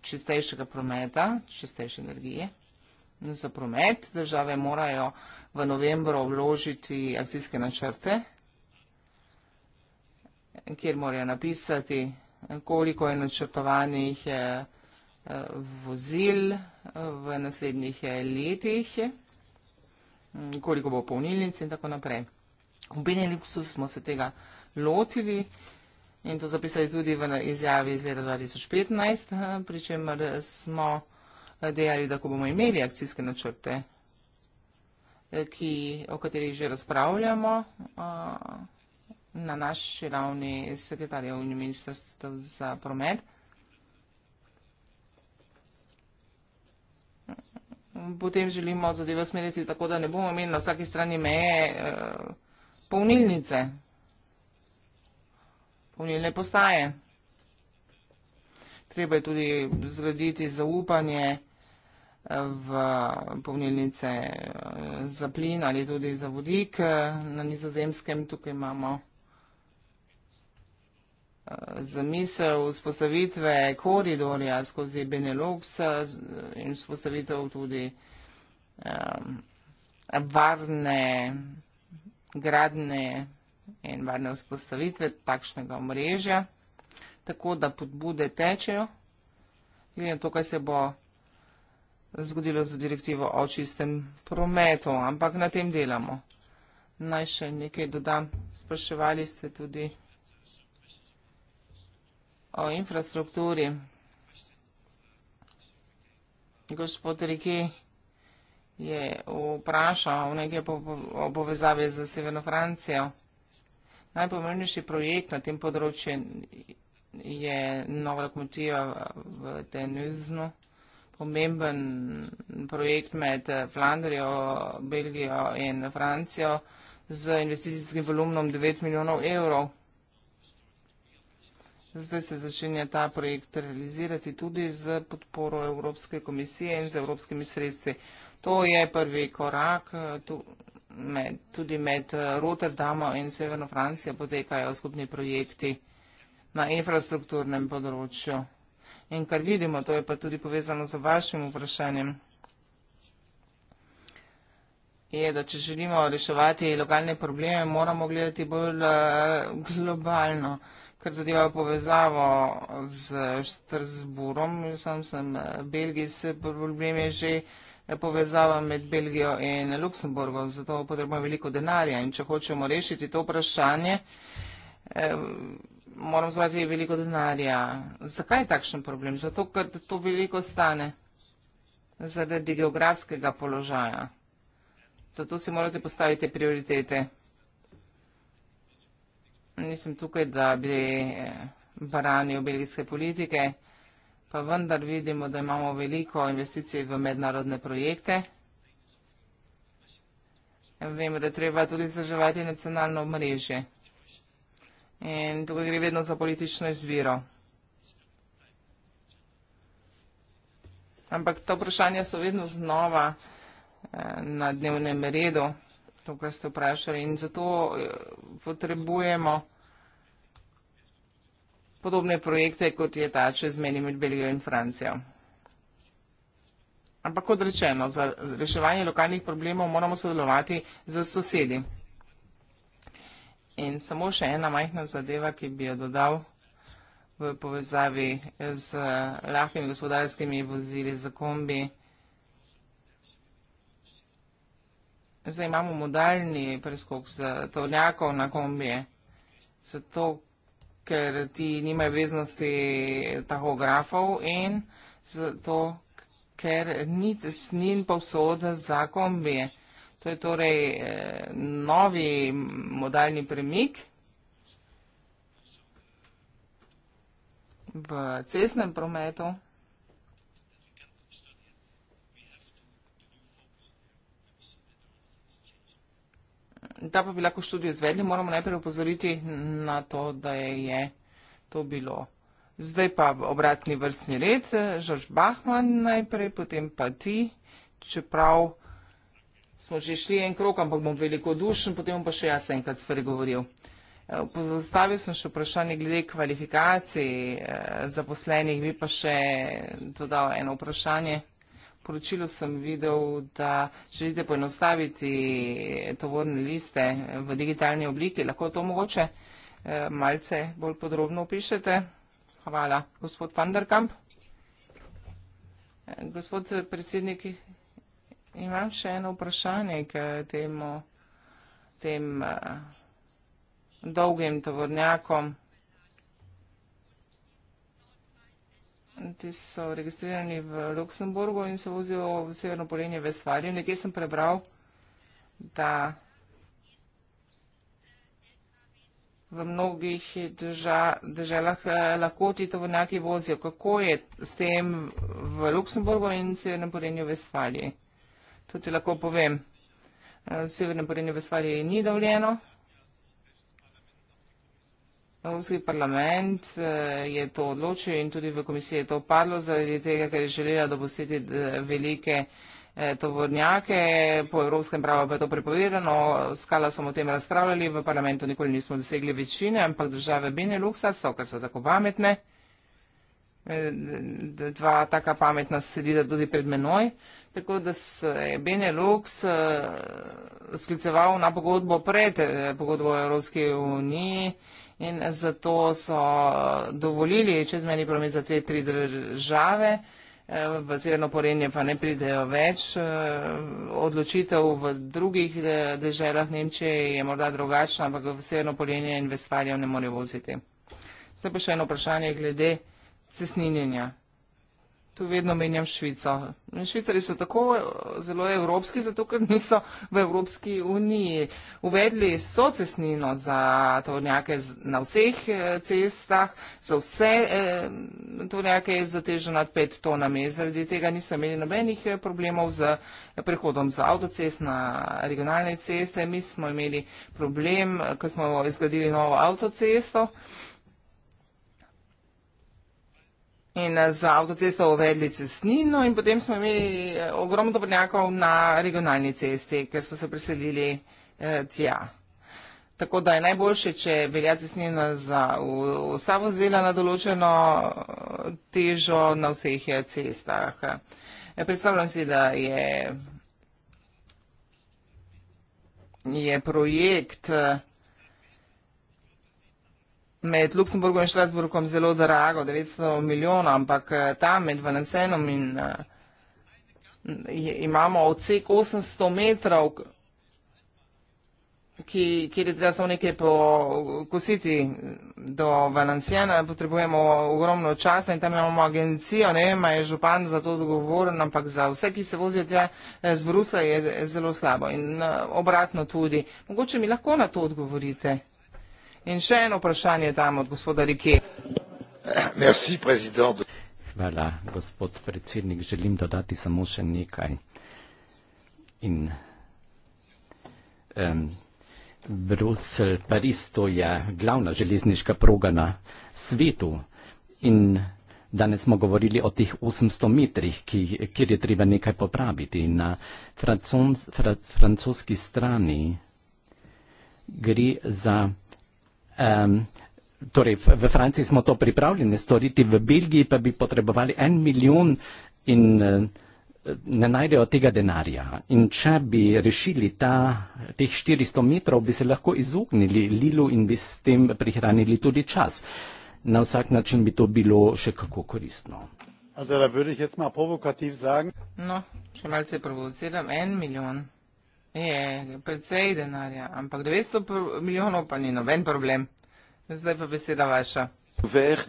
čistejšega prometa, čistejše energije. Za promet države morajo v novembru vložiti akcijske načrte, kjer morajo napisati, koliko je načrtovanih eh, vozil eh, v naslednjih eh, letih. Mm, koliko bo polnilnic in tako naprej. V Beneliksu smo se tega lotili in to zapisali tudi v izjavi iz leta 2015, eh, pri čemer eh, smo eh, dejali, da ko bomo imeli akcijske načrte, ki, o katerih že razpravljamo, na naši ravni sekretarja v ministrstvu za promet, potem želimo zadeve smeriti tako, da ne bomo imeli na vsaki strani meje eh, polnilnice, polnilne postaje. Treba je tudi zgraditi zaupanje eh, v polnilnice eh, za plin ali tudi za vodik na nizozemskem. Tukaj imamo vodik zamisel vzpostavitve koridorja skozi Beneloks eh, in vzpostavitev tudi eh, varne gradne in varne vzpostavitve takšnega mrežja, tako da podbude tečejo. Glede na to, kaj se bo zgodilo z direktivo o čistem prometu, ampak na tem delamo. Naj še nekaj dodam. Spraševali ste tudi o infrastrukturi. Gospod Riki je vprašal v nekaj povezave za Severno Francijo. Najpomembnejši projekt na tem področju je nova lokomotiva v Tenuznu. Pomemben projekt med Flandrijo, Belgijo in Francijo z investicijskim volumnom 9 milijonov evrov. Zdaj se začenja ta projekt realizirati tudi z podporo Evropske komisije in z evropskimi sredstvi. To je prvi korak. Med, tudi med eh, Rotterdamo in Severno Francijo potekajo skupni projekti na infrastrukturnem področju. In kar vidimo, to je pa tudi povezano z vašim vprašanjem, je, da če želimo reševati lokalne probleme, moramo gledati bolj eh, globalno kar zadeva povezavo z Štrasburom, sam sem eh, belgijski, problem je že eh, povezava med Belgijo in Luksemburgom, zato potrebujemo veliko denarja in če hočemo rešiti to vprašanje, eh, moramo zvati veliko denarja. Zakaj je takšen problem? Zato, ker to veliko stane zaradi geografskega položaja. Zato si morate postaviti prioritete nisem tukaj, da bi eh, branil belgijske politike, pa vendar vidimo, da imamo veliko investicij v mednarodne projekte. Vemo, da treba tudi zaževati nacionalno mrežje. In tukaj gre vedno za politično izviro. Ampak to vprašanje so vedno znova eh, na dnevnem redu to, kar ste vprašali. In zato eh, potrebujemo podobne projekte, kot je ta čez meni med Belgijo in Francijo. Ampak kot rečeno, za reševanje lokalnih problemov moramo sodelovati z sosedi. In samo še ena majhna zadeva, ki bi jo dodal v povezavi z lahkimi gospodarskimi vozili za kombi. Zdaj imamo modalni preskok za tovnjakov na kombije. Zato, ker ti nimajo veznosti tahografov in zato, ker ni cestnin povsod za kombije. To je torej eh, novi modalni premik v cestnem prometu. da pa bi lahko študijo izvedli, moramo najprej upozoriti na to, da je to bilo. Zdaj pa obratni vrstni red, Žož Bahman najprej, potem pa ti, čeprav smo že šli en krok, ampak bom veliko dušen, potem pa še jaz enkrat stvari govoril. Eh, Pozostavil sem še vprašanje glede kvalifikacij eh, zaposlenih, bi pa še dodal eno vprašanje poročilu sem videl, da želite poenostaviti tovorne liste v digitalni obliki. Lahko to mogoče eh, malce bolj podrobno opišete. Hvala. Gospod Vanderkamp. Eh, gospod predsednik, imam še eno vprašanje k temu, tem eh, dolgim tovornjakom. Ti so registrirani v Luksemburgu in se vozijo v severno polenje Vesvarje. Nekje sem prebral, da v mnogih državah eh, lahko ti to vrnjaki vozijo. Kako je s tem v Luksemburgu in severnem polenju Vesvarje? To ti lahko povem. Eh, v severnem polenju Vesvarje ni dovoljeno. Evropski parlament eh, je to odločil in tudi v komisiji je to padlo zaradi tega, ker je želela dopustiti eh, velike eh, tovornjake, po evropskem pravu pa je to prepovedano, skala smo o tem razpravljali, v parlamentu nikoli nismo dosegli večine, ampak države Beneluxa so, ker so tako pametne, dva taka pametna sedita tudi pred menoj, tako da se je Benelux skliceval na pogodbo pred pogodbo Evropske unije, in zato so dovolili čezmeni promet za te tri države, eh, v Severno Porenje pa ne pridejo več. Eh, odločitev v drugih eh, deželah Nemčije je morda drugačna, ampak v Severno Porenje in Vesfalijo ne morejo voziti. Zdaj pa še eno vprašanje glede cesninjenja. Tu vedno menjam Švico. Švicari so tako eh, zelo evropski, zato ker niso v Evropski uniji uvedli socesnino za tovornjake na vseh eh, cestah, so vse eh, tovornjake za težo nad pet tonami. Zaradi tega niso imeli nobenih eh, problemov z prehodom z avtocest na regionalne ceste. Mi smo imeli problem, ko smo izgradili novo avtocesto. Eh, in eh, za avtocesto uvedli cestnino in potem smo imeli eh, ogromno dobrnjakov na regionalni cesti, ker so se preselili eh, tja. Tako da je najboljše, če velja cestnina za vsa vozila na določeno težo na vseh cestah. Predstavljam si, da je, je projekt med Luksemburgom in Štrasburgom zelo drago, 900 milijonov, ampak eh, tam med Vanesenom in eh, imamo odsek 800 metrov, ki, kjer je treba samo nekaj pokositi do Valenciana, potrebujemo ogromno časa in tam imamo agencijo, ne vem, je župan za to dogovoren, ampak za vse, ki se vozijo tja eh, z Brusla je zelo slabo in obratno tudi. Mogoče mi lahko na to odgovorite. In še eno vprašanje tam od gospoda Rike. Merci, prezident. Hvala, gospod predsednik. Želim dodati samo še nekaj. In, um, Brusel, Pariz, to je glavna železniška proga na svetu. In danes smo govorili o teh 800 metrih, ki, kjer je treba nekaj popraviti. Na francons, fra, francoski strani gre za Um, torej, v Franciji smo to pripravljeni storiti, v Belgiji pa bi potrebovali en milijon in uh, ne najdejo tega denarja. In če bi rešili ta, teh 400 metrov, bi se lahko izognili Lilu in bi s tem prihranili tudi čas. Na vsak način bi to bilo še kako koristno. Also, da würde ich jetzt mal provokativ sagen. No, če malce provociram, en milijon. Je, precej denarja, ampak 200 milijonov pa ni noben problem. Zdaj pa beseda vaša. Ver,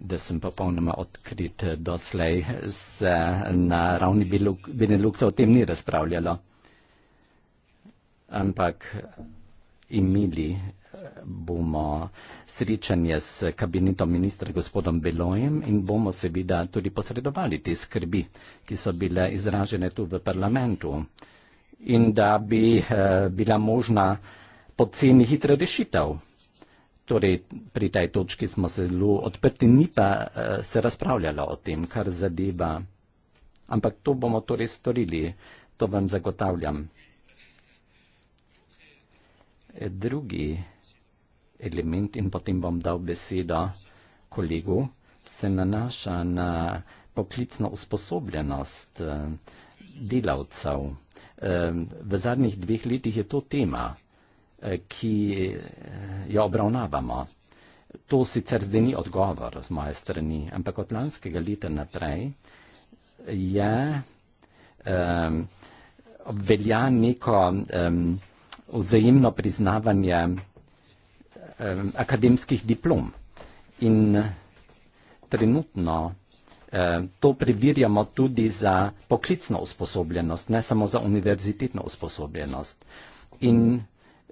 da sem popolnoma odkrit doslej, se na ravni Beneluxa o tem ni razpravljalo. Ampak imeli bomo srečanje s kabinetom ministra gospodom Belojem in bomo seveda tudi posredovali te skrbi, ki so bile izražene tu v parlamentu in da bi uh, bila možna poceni hitra rešitev. Torej, pri tej točki smo zelo odprti, ni pa uh, se razpravljalo o tem, kar zadeva. Ampak to bomo torej storili, to vam zagotavljam. Eh, drugi element in potem bom dal besedo kolegu, se nanaša na poklicno usposobljenost delavcev, v zadnjih dveh letih je to tema, eh, ki eh, jo obravnavamo. To sicer zdaj ni odgovor z moje strani, ampak od lanskega leta naprej je um, velja neko um, vzajemno priznavanje um, akademskih diplom. In trenutno Eh, to preverjamo tudi za poklicno usposobljenost, ne samo za univerzitetno usposobljenost. In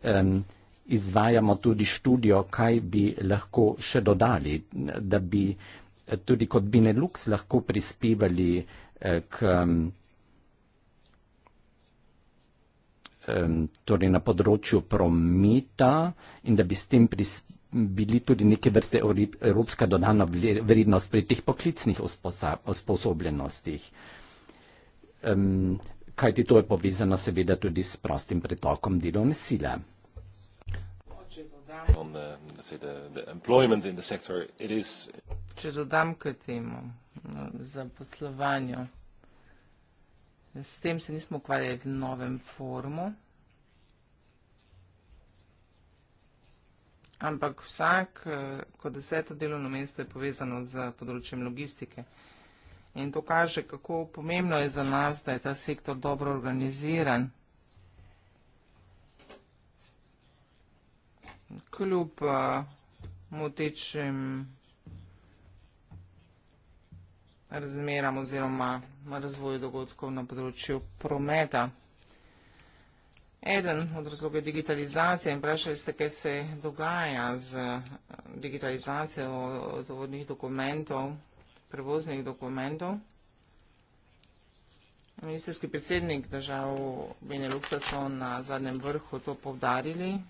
um, izvajamo tudi študijo, kaj bi lahko še dodali, da bi eh, tudi kot Binelux lahko prispevali eh, k, um, torej na področju prometa in da bi s tem prispevali bili tudi neke vrste evropska dodana vrednost pri teh poklicnih usposobljenostih. Um, kaj ti to je povezano seveda tudi s prostim pretokom delovne sile? Če dodam k temu no, zaposlovanju, s tem se nismo ukvarjali v novem forumu. Ampak vsak, eh, kot deseto delovno mesto, je povezano z področjem logistike. In to kaže, kako pomembno je za nas, da je ta sektor dobro organiziran. Kljub uh, motečim razmeram oziroma razvoju dogodkov na področju prometa. Eden od razlogov je digitalizacija in vprašali ste, kaj se dogaja z eh, digitalizacijo tovodnih dokumentov, prevoznih dokumentov. Ministerski predsednik držav Beneluxa so na zadnjem vrhu to povdarili,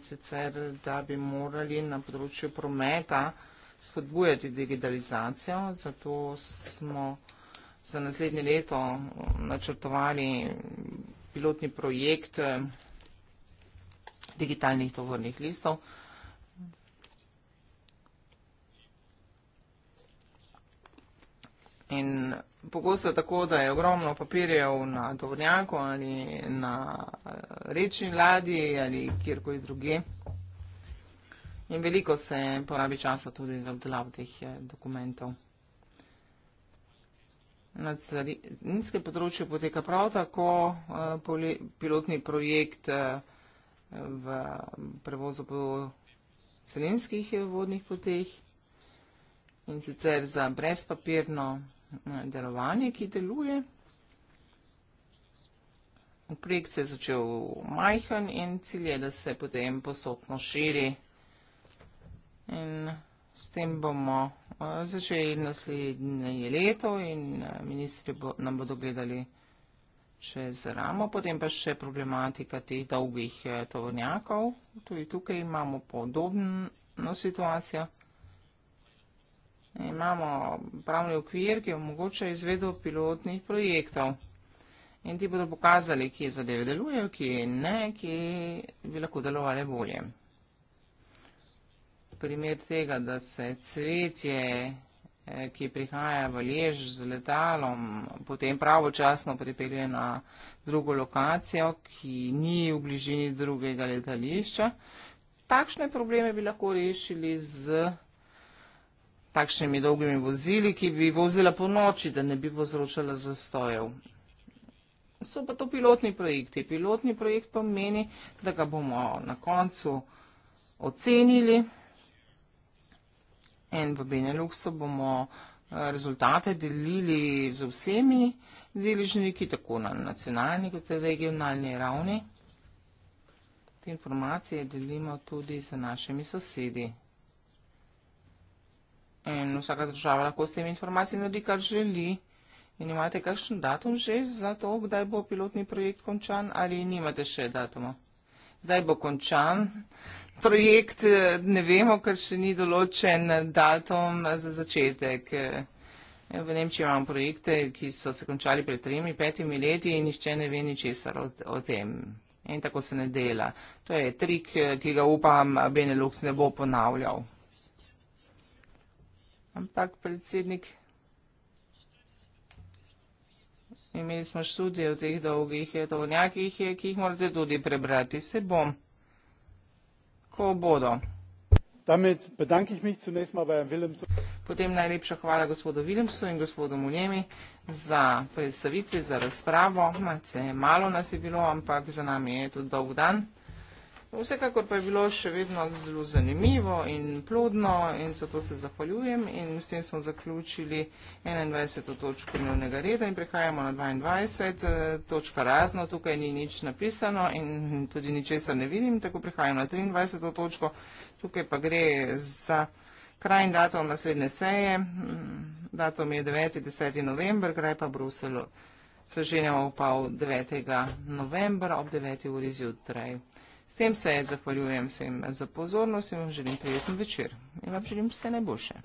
sicer, da bi morali na področju prometa spodbujati digitalizacijo, zato smo za naslednje leto načrtovali pilotni projekt eh, digitalnih tovornih listov. In pogosto je tako, da je ogromno papirjev na tovornjaku ali na eh, rečni ladji ali kjerkoli druge. In veliko se porabi časa tudi za obdelavo teh eh, dokumentov na carinskem področju poteka prav tako eh, pilotni projekt eh, v prevozu po celinskih eh, vodnih poteh in sicer za brezpapirno delovanje, ki deluje. Projekt se je začel majhen in cilj je, da se potem postopno širi. In S tem bomo eh, začeli naslednje leto in eh, ministri nam bodo gledali še z ramo, potem pa še problematika teh dolgih eh, tovornjakov. Tudi tukaj imamo podobno situacijo. Imamo pravni okvir, ki omogoča izvedo pilotnih projektov. In ti bodo pokazali, kje zadeve delujejo, kje ne, kje bi lahko delovali bolje primer tega, da se cvetje, eh, ki prihaja v lež z letalom, potem pravočasno pripelje na drugo lokacijo, ki ni v bližini drugega letališča. Takšne probleme bi lahko rešili z takšnimi dolgimi vozili, ki bi vozila po noči, da ne bi povzročala zastojev. So pa to pilotni projekti. Pilotni projekt pomeni, da ga bomo na koncu ocenili in v Beneluxu bomo eh, rezultate delili z vsemi deležniki, tako na nacionalni kot regionalni ravni. Te informacije delimo tudi z našimi sosedi. In vsaka država lahko s temi informacijami naredi, kar želi. In imate kakšen datum že za to, kdaj bo pilotni projekt končan ali nimate še datuma? Kdaj bo končan? projekt, eh, ne vemo, ker še ni določen datum za začetek. Eh, v Nemčiji imamo projekte, ki so se končali pred tremi, petimi leti in nišče ne ve ničesar o, o tem. In tako se ne dela. To je trik, eh, ki ga upam, Benelux ne bo ponavljal. Ampak predsednik, imeli smo študije o teh dolgih tovornjakih, ki jih morate tudi prebrati. Se bom ko bodo. Potem najlepša hvala gospodu Willemsu in gospodu Munjemi za predstavitvi, za razpravo. Malce malo nas je bilo, ampak za nami je tudi dolg dan. Vsekakor pa je bilo še vedno zelo zanimivo in plodno in zato se zahvaljujem in s tem smo zaključili 21. točko dnevnega reda in prehajamo na 22. Eh, točka razno, tukaj ni nič napisano in tudi ničesar ne vidim, tako prehajam na 23. točko, tukaj pa gre za kraj in datum naslednje seje, mm, datum je 9. 10. november, kraj pa Bruselo. Se ženjamo pa 9. novembra ob 9. uri zjutraj. S tem se zahvaljujem vsem za pozornost in vam želim prijeten večer. In vam želim vse najboljše.